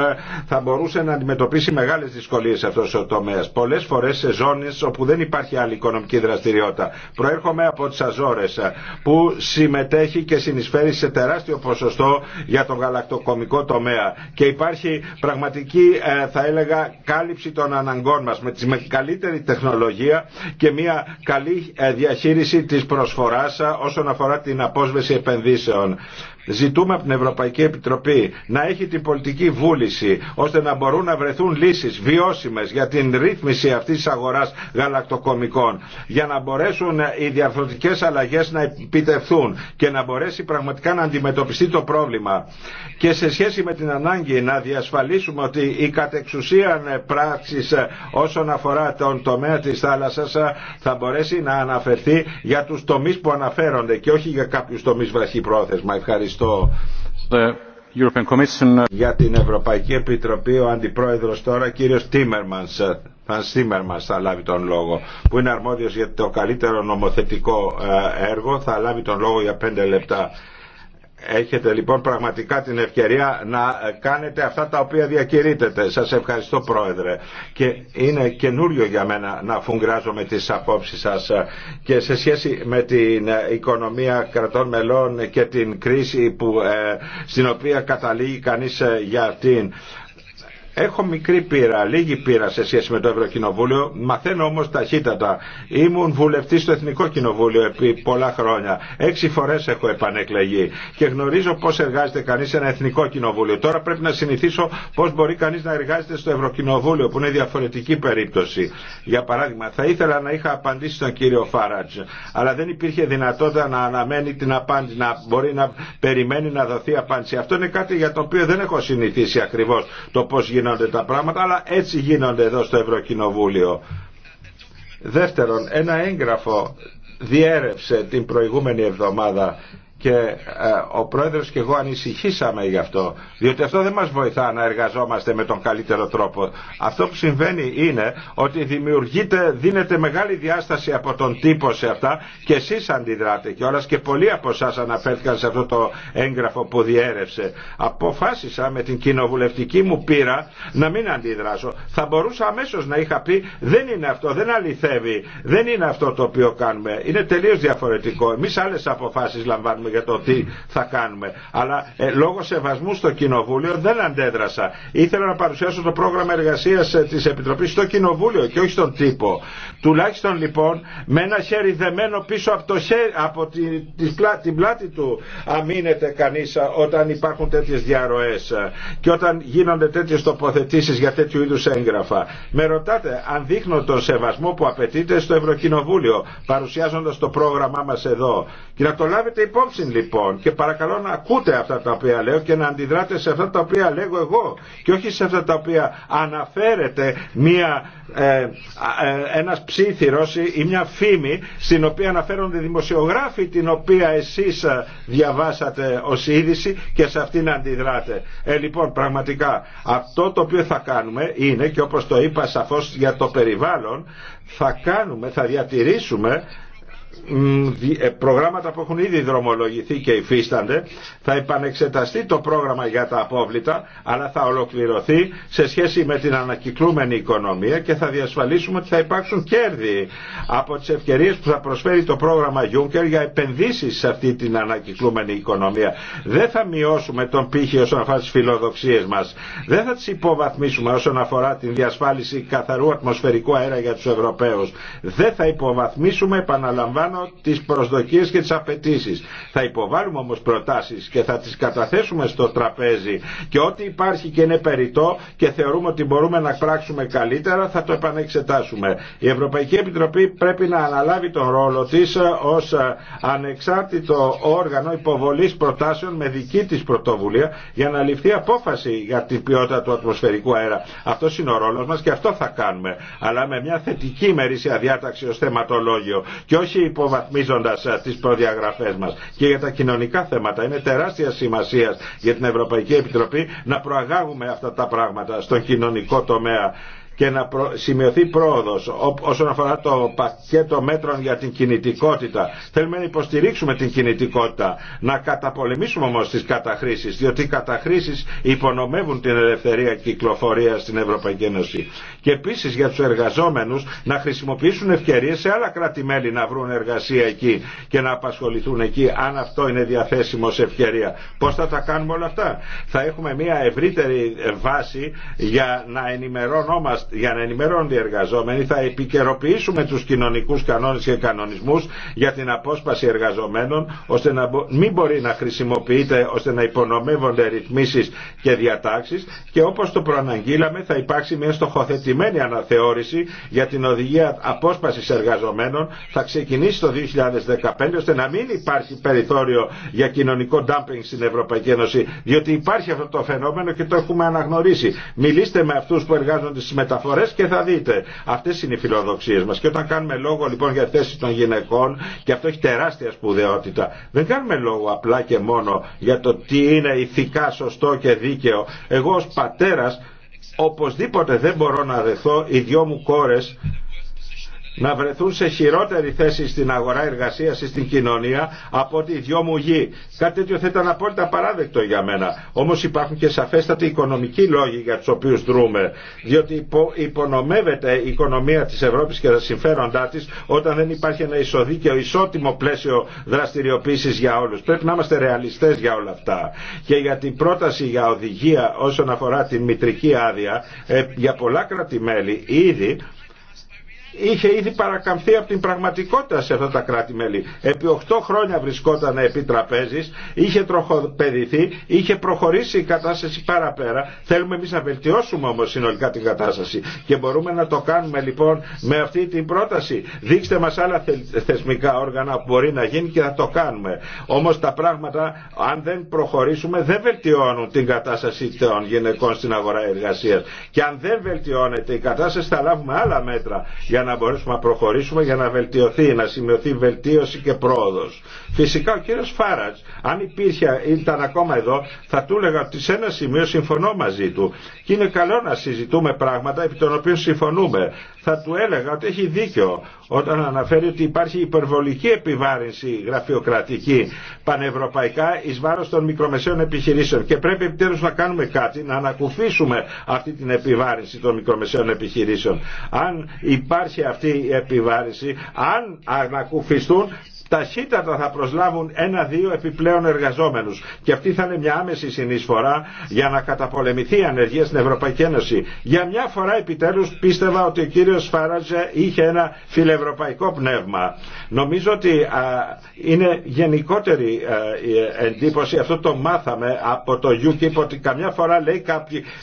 θα μπορούσε να αντιμετωπίσει μεγάλες δυσκολίες αυτός ο τομέας. Πολλές φορές σε ζώνες όπου δεν υπάρχει άλλη οικονομική δραστηριότητα. Προέρχομαι από τις Αζόρες που συμμετέχει και συνεισφέρει σε τεράστιο ποσοστό για τον γαλακτοκομικό τομέα και υπάρχει πραγματική ε, θα έλεγα κάλυψη των αναγκών μας με τη καλύτερη τεχνολογία και μια καλή ε, διαχείριση της προσφοράς ε, όσον αφορά την απόσβεση επέ επενδύσεων Ζητούμε από την Ευρωπαϊκή Επιτροπή να έχει την πολιτική βούληση ώστε να μπορούν να βρεθούν λύσεις βιώσιμες για την ρύθμιση αυτής της αγοράς γαλακτοκομικών για να μπορέσουν οι διαφορετικές αλλαγές να επιτευθούν και να μπορέσει πραγματικά να αντιμετωπιστεί το πρόβλημα. Και σε σχέση με την ανάγκη να διασφαλίσουμε ότι η κατεξουσία πράξης όσον αφορά τον τομέα της θάλασσας θα μπορέσει να αναφερθεί για τους τομείς που αναφέρονται και όχι για κάποιους τομείς βραχυπρόθεσμα. Ευχαριστώ. Ευχαριστώ. Uh, για την Ευρωπαϊκή Επιτροπή ο Αντιπρόεδρος τώρα κύριος Τίμερμανς ε, θα λάβει τον λόγο που είναι αρμόδιος για το καλύτερο νομοθετικό ε, έργο θα λάβει τον λόγο για πέντε λεπτά. Έχετε λοιπόν πραγματικά την ευκαιρία να κάνετε αυτά τα οποία διακηρύτετε. Σας ευχαριστώ Πρόεδρε. Και είναι καινούριο για μένα να με τις απόψεις σας και σε σχέση με την οικονομία κρατών μελών και την κρίση που, ε, στην οποία καταλήγει κανείς ε, για την... Έχω μικρή πείρα, λίγη πείρα σε σχέση με το Ευρωκοινοβούλιο, μαθαίνω όμω ταχύτατα. Ήμουν βουλευτή στο Εθνικό Κοινοβούλιο επί πολλά χρόνια. Έξι φορέ έχω επανεκλεγεί και γνωρίζω πώ εργάζεται κανεί σε ένα Εθνικό Κοινοβούλιο. Τώρα πρέπει να συνηθίσω πώ μπορεί κανεί να εργάζεται στο Ευρωκοινοβούλιο που είναι διαφορετική περίπτωση. Για παράδειγμα, θα ήθελα να είχα απαντήσει στον κύριο Φάρατζ, αλλά δεν υπήρχε δυνατότητα να αναμένει την απάντηση, να μπορεί να περιμένει να δοθεί απάντηση. Αυτό είναι κάτι για το οποίο δεν έχω συνηθίσει ακριβώ το γίνεται γίνονται τα πράγματα, αλλά έτσι γίνονται εδώ στο Ευρωκοινοβούλιο. Δεύτερον, ένα έγγραφο διέρευσε την προηγούμενη εβδομάδα και ε, ο πρόεδρος και εγώ ανησυχήσαμε γι' αυτό διότι αυτό δεν μας βοηθά να εργαζόμαστε με τον καλύτερο τρόπο αυτό που συμβαίνει είναι ότι δημιουργείται δίνεται μεγάλη διάσταση από τον τύπο σε αυτά και εσείς αντιδράτε και όλας και πολλοί από εσά αναφέρθηκαν σε αυτό το έγγραφο που διέρευσε αποφάσισα με την κοινοβουλευτική μου πείρα να μην αντιδράσω θα μπορούσα αμέσω να είχα πει δεν είναι αυτό, δεν αληθεύει δεν είναι αυτό το οποίο κάνουμε είναι τελείως διαφορετικό εμείς άλλες αποφάσεις λαμβάνουμε για το τι θα κάνουμε. Αλλά ε, λόγω σεβασμού στο Κοινοβούλιο δεν αντέδρασα. Ήθελα να παρουσιάσω το πρόγραμμα εργασία ε, τη Επιτροπή στο Κοινοβούλιο και όχι στον τύπο. Τουλάχιστον λοιπόν με ένα χέρι δεμένο πίσω από, το χέρι, από τη, τη, την πλάτη του αμήνεται κανεί ε, όταν υπάρχουν τέτοιε διαρροέ ε, και όταν γίνονται τέτοιε τοποθετήσει για τέτοιου είδου έγγραφα. Με ρωτάτε αν δείχνω τον σεβασμό που απαιτείται στο Ευρωκοινοβούλιο παρουσιάζοντα το πρόγραμμά μα εδώ. Και να το λάβετε υπόψη λοιπόν και παρακαλώ να ακούτε αυτά τα οποία λέω και να αντιδράτε σε αυτά τα οποία λέγω εγώ και όχι σε αυτά τα οποία αναφέρεται μια, ε, ε, ένας ψήθυρος ή μια φήμη στην οποία αναφέρονται δημοσιογράφοι την οποία εσείς ε, διαβάσατε ως είδηση και σε αυτήν αντιδράτε. Ε, λοιπόν, πραγματικά αυτό το οποίο θα κάνουμε είναι και όπως το είπα σαφώς για το περιβάλλον θα κάνουμε, θα διατηρήσουμε ε, προγράμματα που έχουν ήδη δρομολογηθεί και υφίστανται. Θα επανεξεταστεί το πρόγραμμα για τα απόβλητα, αλλά θα ολοκληρωθεί σε σχέση με την ανακυκλούμενη οικονομία και θα διασφαλίσουμε ότι θα υπάρξουν κέρδη από τις ευκαιρίες που θα προσφέρει το πρόγραμμα Juncker για επενδύσεις σε αυτή την ανακυκλούμενη οικονομία. Δεν θα μειώσουμε τον πύχη όσον αφορά τις φιλοδοξίες μας. Δεν θα τις υποβαθμίσουμε όσον αφορά την διασφάλιση καθαρού ατμοσφαιρικού αέρα για τους Ευρωπαίους. Δεν θα υποβαθμίσουμε, επαναλαμβάνω, της τις προσδοκίες και τι απαιτήσει. Θα υποβάλουμε όμως προτάσεις και θα τις καταθέσουμε στο τραπέζι και ό,τι υπάρχει και είναι περιττό και θεωρούμε ότι μπορούμε να πράξουμε καλύτερα θα το επανεξετάσουμε. Η Ευρωπαϊκή Επιτροπή πρέπει να αναλάβει τον ρόλο της ε, ως ε, ανεξάρτητο όργανο υποβολής προτάσεων με δική της πρωτοβουλία για να ληφθεί απόφαση για την ποιότητα του ατμοσφαιρικού αέρα. Αυτό είναι ο ρόλος μας και αυτό θα κάνουμε. Αλλά με μια θετική μερίσια διάταξη ω θεματολόγιο και όχι υποβαθμίζοντας ε, τις προδιαγραφές μας. Και για τα κοινωνικά θέματα είναι τεράστια σημασία για την Ευρωπαϊκή Επιτροπή να προαγάγουμε αυτά τα πράγματα στον κοινωνικό τομέα και να σημειωθεί πρόοδο όσον αφορά το πακέτο μέτρων για την κινητικότητα. Θέλουμε να υποστηρίξουμε την κινητικότητα, να καταπολεμήσουμε όμω τι καταχρήσει, διότι οι καταχρήσει υπονομεύουν την ελευθερία κυκλοφορία στην Ευρωπαϊκή Ένωση. Και επίση για του εργαζόμενου να χρησιμοποιήσουν ευκαιρίε σε άλλα κράτη-μέλη να βρουν εργασία εκεί και να απασχοληθούν εκεί, αν αυτό είναι διαθέσιμο σε ευκαιρία. Πώ θα τα κάνουμε όλα αυτά. Θα έχουμε μια ευρύτερη βάση για να ενημερώνουμε για να ενημερώνονται οι εργαζόμενοι θα επικαιροποιήσουμε τους κοινωνικούς κανόνες και κανονισμούς για την απόσπαση εργαζομένων ώστε να μην μπορεί να χρησιμοποιείται ώστε να υπονομεύονται ρυθμίσεις και διατάξεις και όπως το προαναγγείλαμε θα υπάρξει μια στοχοθετημένη αναθεώρηση για την οδηγία απόσπασης εργαζομένων θα ξεκινήσει το 2015 ώστε να μην υπάρχει περιθώριο για κοινωνικό ντάμπινγκ στην Ευρωπαϊκή Ένωση διότι υπάρχει αυτό το φαινόμενο και το έχουμε αναγνωρίσει. Μιλήστε με αυτούς που εργάζονται στις αναφορές και θα δείτε. Αυτές είναι οι φιλοδοξίες μας. Και όταν κάνουμε λόγο λοιπόν για θέσεις των γυναικών και αυτό έχει τεράστια σπουδαιότητα. Δεν κάνουμε λόγο απλά και μόνο για το τι είναι ηθικά σωστό και δίκαιο. Εγώ ως πατέρας οπωσδήποτε δεν μπορώ να δεθώ οι δυο μου κόρες να βρεθούν σε χειρότερη θέση στην αγορά εργασία ή στην κοινωνία από ότι οι δυο μου γη. Κάτι τέτοιο θα ήταν απόλυτα παράδεκτο για μένα. Όμω υπάρχουν και σαφέστατοι οικονομικοί λόγοι για του οποίου δρούμε. Διότι υπονομεύεται η οικονομία τη Ευρώπη και τα συμφέροντά τη όταν δεν υπάρχει ένα ισοδίκαιο, ισότιμο πλαίσιο δραστηριοποίηση για όλου. Πρέπει να είμαστε ρεαλιστέ για όλα αυτά. Και για την πρόταση για οδηγία όσον αφορά την μητρική άδεια, ε, για πολλά κράτη-μέλη ήδη είχε ήδη παρακαμφθεί από την πραγματικότητα σε αυτά τα κράτη-μέλη. Επί 8 χρόνια βρισκόταν επί τραπέζης, είχε τροχοπεδηθεί, είχε προχωρήσει η κατάσταση παραπέρα. Θέλουμε εμείς να βελτιώσουμε όμως συνολικά την κατάσταση και μπορούμε να το κάνουμε λοιπόν με αυτή την πρόταση. Δείξτε μας άλλα θεσμικά όργανα που μπορεί να γίνει και θα το κάνουμε. Όμως τα πράγματα αν δεν προχωρήσουμε δεν βελτιώνουν την κατάσταση των γυναικών στην αγορά εργασίας. Και αν δεν βελτιώνεται η κατάσταση θα λάβουμε άλλα μέτρα για να μπορέσουμε να προχωρήσουμε, για να βελτιωθεί, να σημειωθεί βελτίωση και πρόοδος. Φυσικά ο κύριος Φάρατς αν υπήρχε, ήταν ακόμα εδώ, θα του έλεγα ότι σε ένα σημείο συμφωνώ μαζί του. Και είναι καλό να συζητούμε πράγματα επί των οποίων συμφωνούμε. Θα του έλεγα ότι έχει δίκιο όταν αναφέρει ότι υπάρχει υπερβολική επιβάρυνση γραφειοκρατική πανευρωπαϊκά εις βάρος των μικρομεσαίων επιχειρήσεων και πρέπει επιτέλου να κάνουμε κάτι, να ανακουφίσουμε αυτή την επιβάρυνση των μικρομεσαίων επιχειρήσεων. Αν υπάρχει περάσει αυτή η επιβάρηση αν ανακουφιστούν ταχύτατα θα προσλάβουν ένα-δύο επιπλέον εργαζόμενους και αυτή θα είναι μια άμεση συνεισφορά για να καταπολεμηθεί η ανεργία στην Ευρωπαϊκή Ένωση. Για μια φορά επιτέλους πίστευα ότι ο κύριος Φάραζε είχε ένα φιλευρωπαϊκό πνεύμα. Νομίζω ότι είναι γενικότερη η εντύπωση, αυτό το μάθαμε από το UKIP ότι καμιά φορά λέει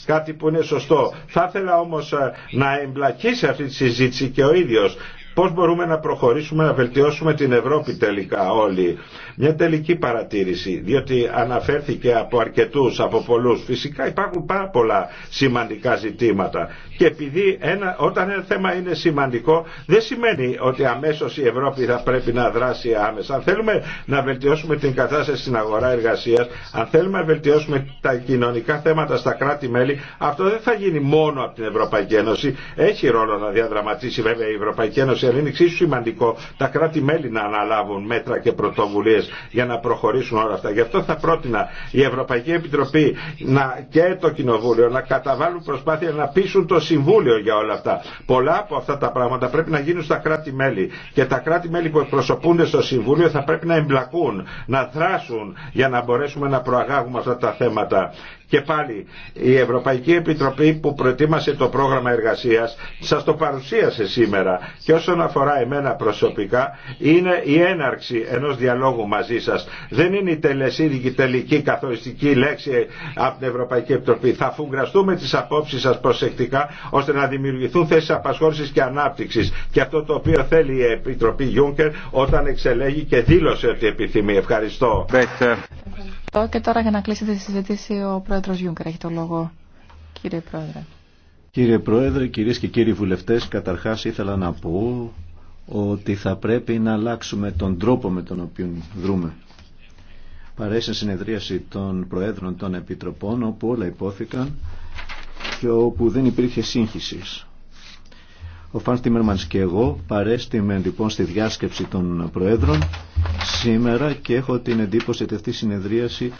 κάτι που είναι σωστό. Θα ήθελα όμως να εμπλακεί αυτή τη συζήτηση και ο ίδιος Πώς μπορούμε να προχωρήσουμε να βελτιώσουμε την Ευρώπη τελικά όλοι μια τελική παρατήρηση, διότι αναφέρθηκε από αρκετούς, από πολλούς. Φυσικά υπάρχουν πάρα πολλά σημαντικά ζητήματα και επειδή ένα, όταν ένα θέμα είναι σημαντικό δεν σημαίνει ότι αμέσως η Ευρώπη θα πρέπει να δράσει άμεσα. Αν θέλουμε να βελτιώσουμε την κατάσταση στην αγορά εργασίας, αν θέλουμε να βελτιώσουμε τα κοινωνικά θέματα στα κράτη-μέλη, αυτό δεν θα γίνει μόνο από την Ευρωπαϊκή Ένωση. Έχει ρόλο να διαδραματίσει βέβαια η Ευρωπαϊκή Ένωση, αλλά είναι εξίσου σημαντικό τα κράτη-μέλη να αναλάβουν μέτρα και πρωτοβουλίε για να προχωρήσουν όλα αυτά. Γι' αυτό θα πρότεινα η Ευρωπαϊκή Επιτροπή να, και το Κοινοβούλιο να καταβάλουν προσπάθεια να πείσουν το Συμβούλιο για όλα αυτά. Πολλά από αυτά τα πράγματα πρέπει να γίνουν στα κράτη-μέλη και τα κράτη-μέλη που εκπροσωπούνται στο Συμβούλιο θα πρέπει να εμπλακούν, να δράσουν για να μπορέσουμε να προαγάγουμε αυτά τα θέματα. Και πάλι η Ευρωπαϊκή Επιτροπή που προετοίμασε το πρόγραμμα εργασίας σας το παρουσίασε σήμερα και όσον αφορά εμένα προσωπικά είναι η έναρξη ενός διαλόγου μαζί σας. Δεν είναι η τελεσίδικη τελική καθοριστική λέξη από την Ευρωπαϊκή Επιτροπή. Θα φουγκραστούμε τις απόψεις σας προσεκτικά ώστε να δημιουργηθούν θέσεις απασχόλησης και ανάπτυξης και αυτό το οποίο θέλει η Επιτροπή Juncker όταν εξελέγει και δήλωσε ότι επιθυμεί. Ευχαριστώ. Ευχαριστώ. Και τώρα για να κλείσετε τη συζήτηση ο Πρόεδρος Γιούγκερ έχει το λόγο. Κύριε Πρόεδρε. Κύριε Πρόεδρε, κυρίες και κύριοι βουλευτές, καταρχάς ήθελα να πω ότι θα πρέπει να αλλάξουμε τον τρόπο με τον οποίο δρούμε. Παρέσει συνεδρίαση των Προέδρων των Επιτροπών όπου όλα υπόθηκαν και όπου δεν υπήρχε σύγχυσης. Ο Φαν Τίμερμαν και εγώ παρέστημε λοιπόν στη διάσκεψη των Προέδρων σήμερα και έχω την εντύπωση ότι αυτή η συνεδρίαση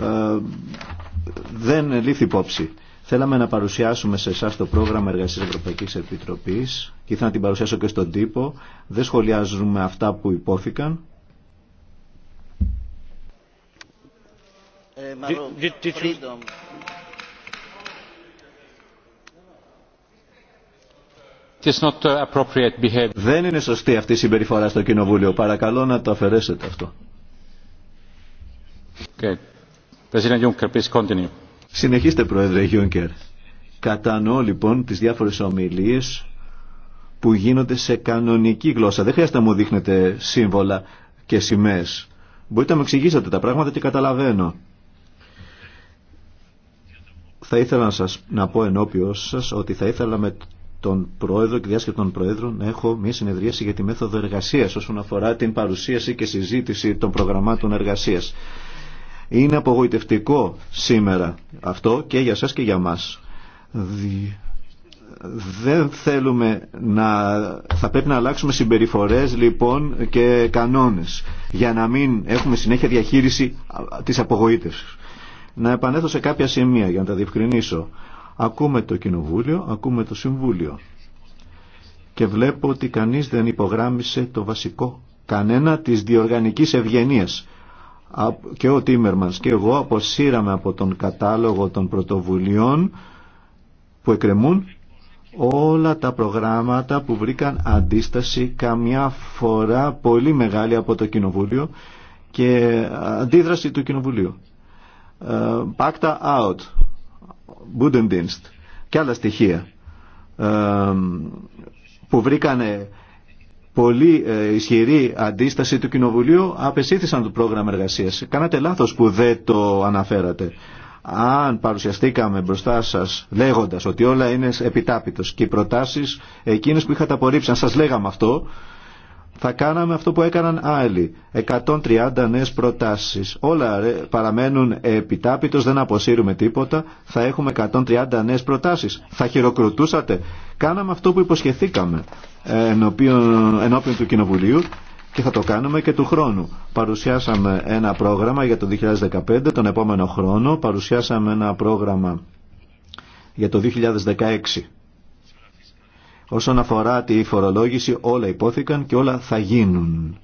ε, δεν λήφθη υπόψη. Θέλαμε να παρουσιάσουμε σε εσά το πρόγραμμα εργασία Ευρωπαϊκή Επιτροπή και ήθελα να την παρουσιάσω και στον τύπο. Δεν σχολιάζουμε αυτά που υπόθηκαν. Ε, Uh, Δεν είναι σωστή αυτή η συμπεριφορά στο Κοινοβούλιο. Παρακαλώ να το αφαιρέσετε αυτό. Okay. Συνεχίστε, Πρόεδρε Γιούνκερ. Κατανοώ λοιπόν τις διάφορες ομιλίες που γίνονται σε κανονική γλώσσα. Δεν χρειάζεται να μου δείχνετε σύμβολα και σημαίες. Μπορείτε να μου εξηγήσετε τα πράγματα και καταλαβαίνω. Θα ήθελα να σας να πω ενώπιος σας ότι θα ήθελα με τον Πρόεδρο και διάσκεψη των έχω μια συνεδρίαση για τη μέθοδο εργασία όσον αφορά την παρουσίαση και συζήτηση των προγραμμάτων εργασία. Είναι απογοητευτικό σήμερα αυτό και για σας και για μας. Δεν θέλουμε να... Θα πρέπει να αλλάξουμε συμπεριφορές λοιπόν και κανόνες για να μην έχουμε συνέχεια διαχείριση της απογοήτευσης. Να επανέλθω σε κάποια σημεία για να τα διευκρινίσω. Ακούμε το Κοινοβούλιο, ακούμε το Συμβούλιο. Και βλέπω ότι κανείς δεν υπογράμμισε το βασικό κανένα της διοργανικής ευγενίας. Και ο Τίμερμανς και εγώ αποσύραμε από τον κατάλογο των πρωτοβουλειών που εκκρεμούν όλα τα προγράμματα που βρήκαν αντίσταση καμιά φορά πολύ μεγάλη από το Κοινοβούλιο και αντίδραση του Κοινοβουλίου. Πάκτα ε, out. Budendienst και άλλα στοιχεία ε, που βρήκανε πολύ ε, ισχυρή αντίσταση του Κοινοβουλίου απεσήθησαν το πρόγραμμα εργασίας. Κάνατε λάθος που δεν το αναφέρατε. Αν παρουσιαστήκαμε μπροστά σας λέγοντας ότι όλα είναι επιτάπητος και οι προτάσεις εκείνες που είχατε απορρίψει, αν σας λέγαμε αυτό, θα κάναμε αυτό που έκαναν άλλοι. 130 νέες προτάσεις. Όλα παραμένουν επιτάπητος, δεν αποσύρουμε τίποτα. Θα έχουμε 130 νέες προτάσεις. Θα χειροκροτούσατε. Κάναμε αυτό που υποσχεθήκαμε ε, ενώπιον του Κοινοβουλίου και θα το κάνουμε και του χρόνου. Παρουσιάσαμε ένα πρόγραμμα για το 2015, τον επόμενο χρόνο. Παρουσιάσαμε ένα πρόγραμμα για το 2016. Όσον αφορά τη φορολόγηση όλα υπόθηκαν και όλα θα γίνουν.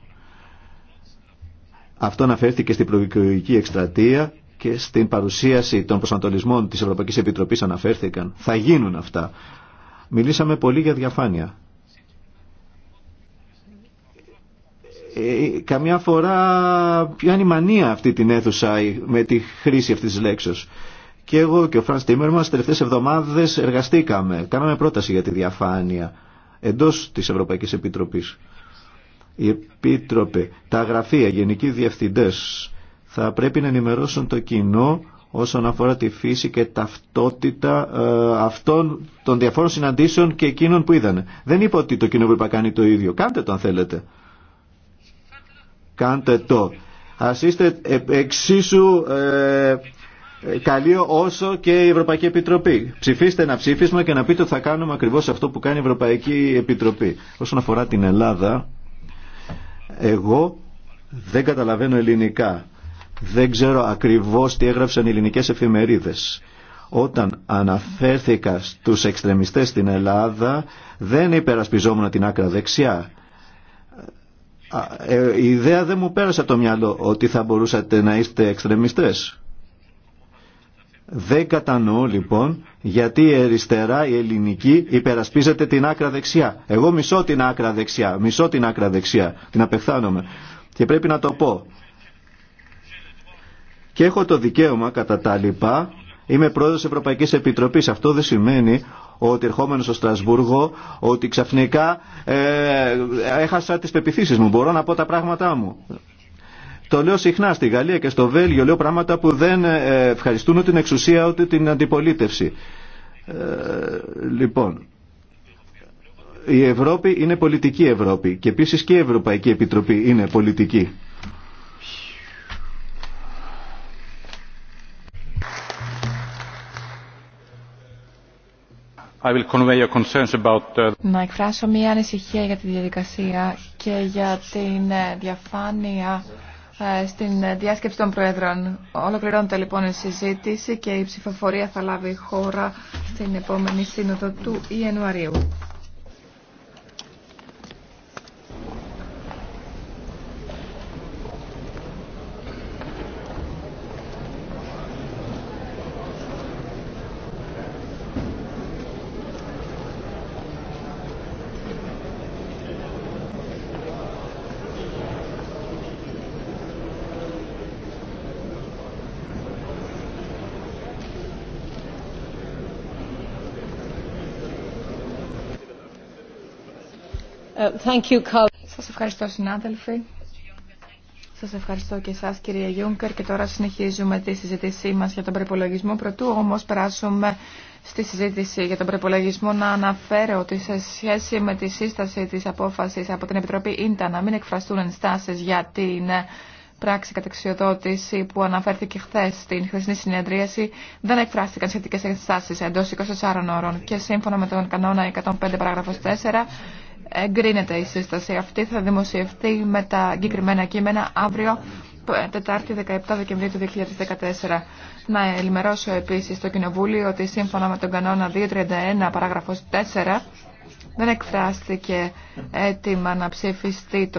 Αυτό αναφέρθηκε στην προεκλογική εκστρατεία και στην παρουσίαση των προσανατολισμών της Ευρωπαϊκής Επιτροπής αναφέρθηκαν. Θα γίνουν αυτά. Μιλήσαμε πολύ για διαφάνεια. Ε, καμιά φορά πιάνει μανία αυτή την αίθουσα με τη χρήση αυτής της λέξης. Και εγώ και ο Φραν Τίμερ μα τελευταίε εβδομάδε εργαστήκαμε. Κάναμε πρόταση για τη διαφάνεια εντό τη Ευρωπαϊκή Επιτροπή. Οι επίτροποι, τα γραφεία, γενικοί διευθυντέ θα πρέπει να ενημερώσουν το κοινό όσον αφορά τη φύση και ταυτότητα ε, αυτών των διαφόρων συναντήσεων και εκείνων που είδανε. Δεν είπα ότι το κοινό που είπα κάνει το ίδιο. Κάντε το αν θέλετε. Κάντε το. Ας είστε εξίσου ε, ε, καλεί όσο και η Ευρωπαϊκή Επιτροπή. Ψηφίστε ένα ψήφισμα και να πείτε ότι θα κάνουμε ακριβώς αυτό που κάνει η Ευρωπαϊκή Επιτροπή. Όσον αφορά την Ελλάδα, εγώ δεν καταλαβαίνω ελληνικά. Δεν ξέρω ακριβώς τι έγραψαν οι ελληνικές εφημερίδες. Όταν αναφέρθηκα στους εξτρεμιστές στην Ελλάδα, δεν υπερασπιζόμουν την άκρα δεξιά. Ε, η ιδέα δεν μου πέρασε το μυαλό ότι θα μπορούσατε να είστε εξτρεμιστές. Δεν κατανοώ λοιπόν γιατί η αριστερά η ελληνική υπερασπίζεται την άκρα δεξιά. Εγώ μισώ την άκρα δεξιά, μισώ την άκρα δεξιά, την απεχθάνομαι. Και πρέπει να το πω. Και έχω το δικαίωμα κατά τα λοιπά, είμαι πρόεδρος Ευρωπαϊκής Επιτροπής. Αυτό δεν σημαίνει ότι ερχόμενο στο Στρασβούργο, ότι ξαφνικά ε, έχασα τις πεπιθήσεις μου. Μπορώ να πω τα πράγματά μου. Το λέω συχνά στη Γαλλία και στο Βέλγιο, λέω πράγματα που δεν ε, ευχαριστούν ούτε την εξουσία ούτε την αντιπολίτευση. Ε, λοιπόν, η Ευρώπη είναι πολιτική Ευρώπη και επίση και η Ευρωπαϊκή Επιτροπή είναι πολιτική. I will convey your concerns about... Uh, Να εκφράσω μια ανησυχία για τη διαδικασία και για την ε, διαφάνεια ε, στην διάσκεψη των Προέδρων. Ολοκληρώνεται λοιπόν η συζήτηση και η ψηφοφορία θα λάβει χώρα στην επόμενη σύνοδο του Ιανουαρίου. Ε, Σας ευχαριστώ συνάδελφοι. Σας ευχαριστώ και εσάς κύριε Γιούγκερ και τώρα συνεχίζουμε τη συζήτησή μας για τον προπολογισμό. Πρωτού όμως περάσουμε στη συζήτηση για τον προπολογισμό να αναφέρω ότι σε σχέση με τη σύσταση της απόφασης από την Επιτροπή Ίντα να μην εκφραστούν ενστάσεις για την ε, πράξη καταξιοδότηση που αναφέρθηκε χθε στην χθεσινή συνεδρίαση δεν εκφράστηκαν σχετικέ ενστάσει εντό 24 ώρων και σύμφωνα με τον κανόνα 105 παράγραφο 4 εγκρίνεται η σύσταση αυτή. Θα δημοσιευτεί με τα εγκεκριμένα κείμενα αύριο, Τετάρτη 17 Δεκεμβρίου του 2014. Να ενημερώσω επίση το Κοινοβούλιο ότι σύμφωνα με τον κανόνα 231 παράγραφος 4 δεν εκφράστηκε έτοιμα να ψηφιστεί το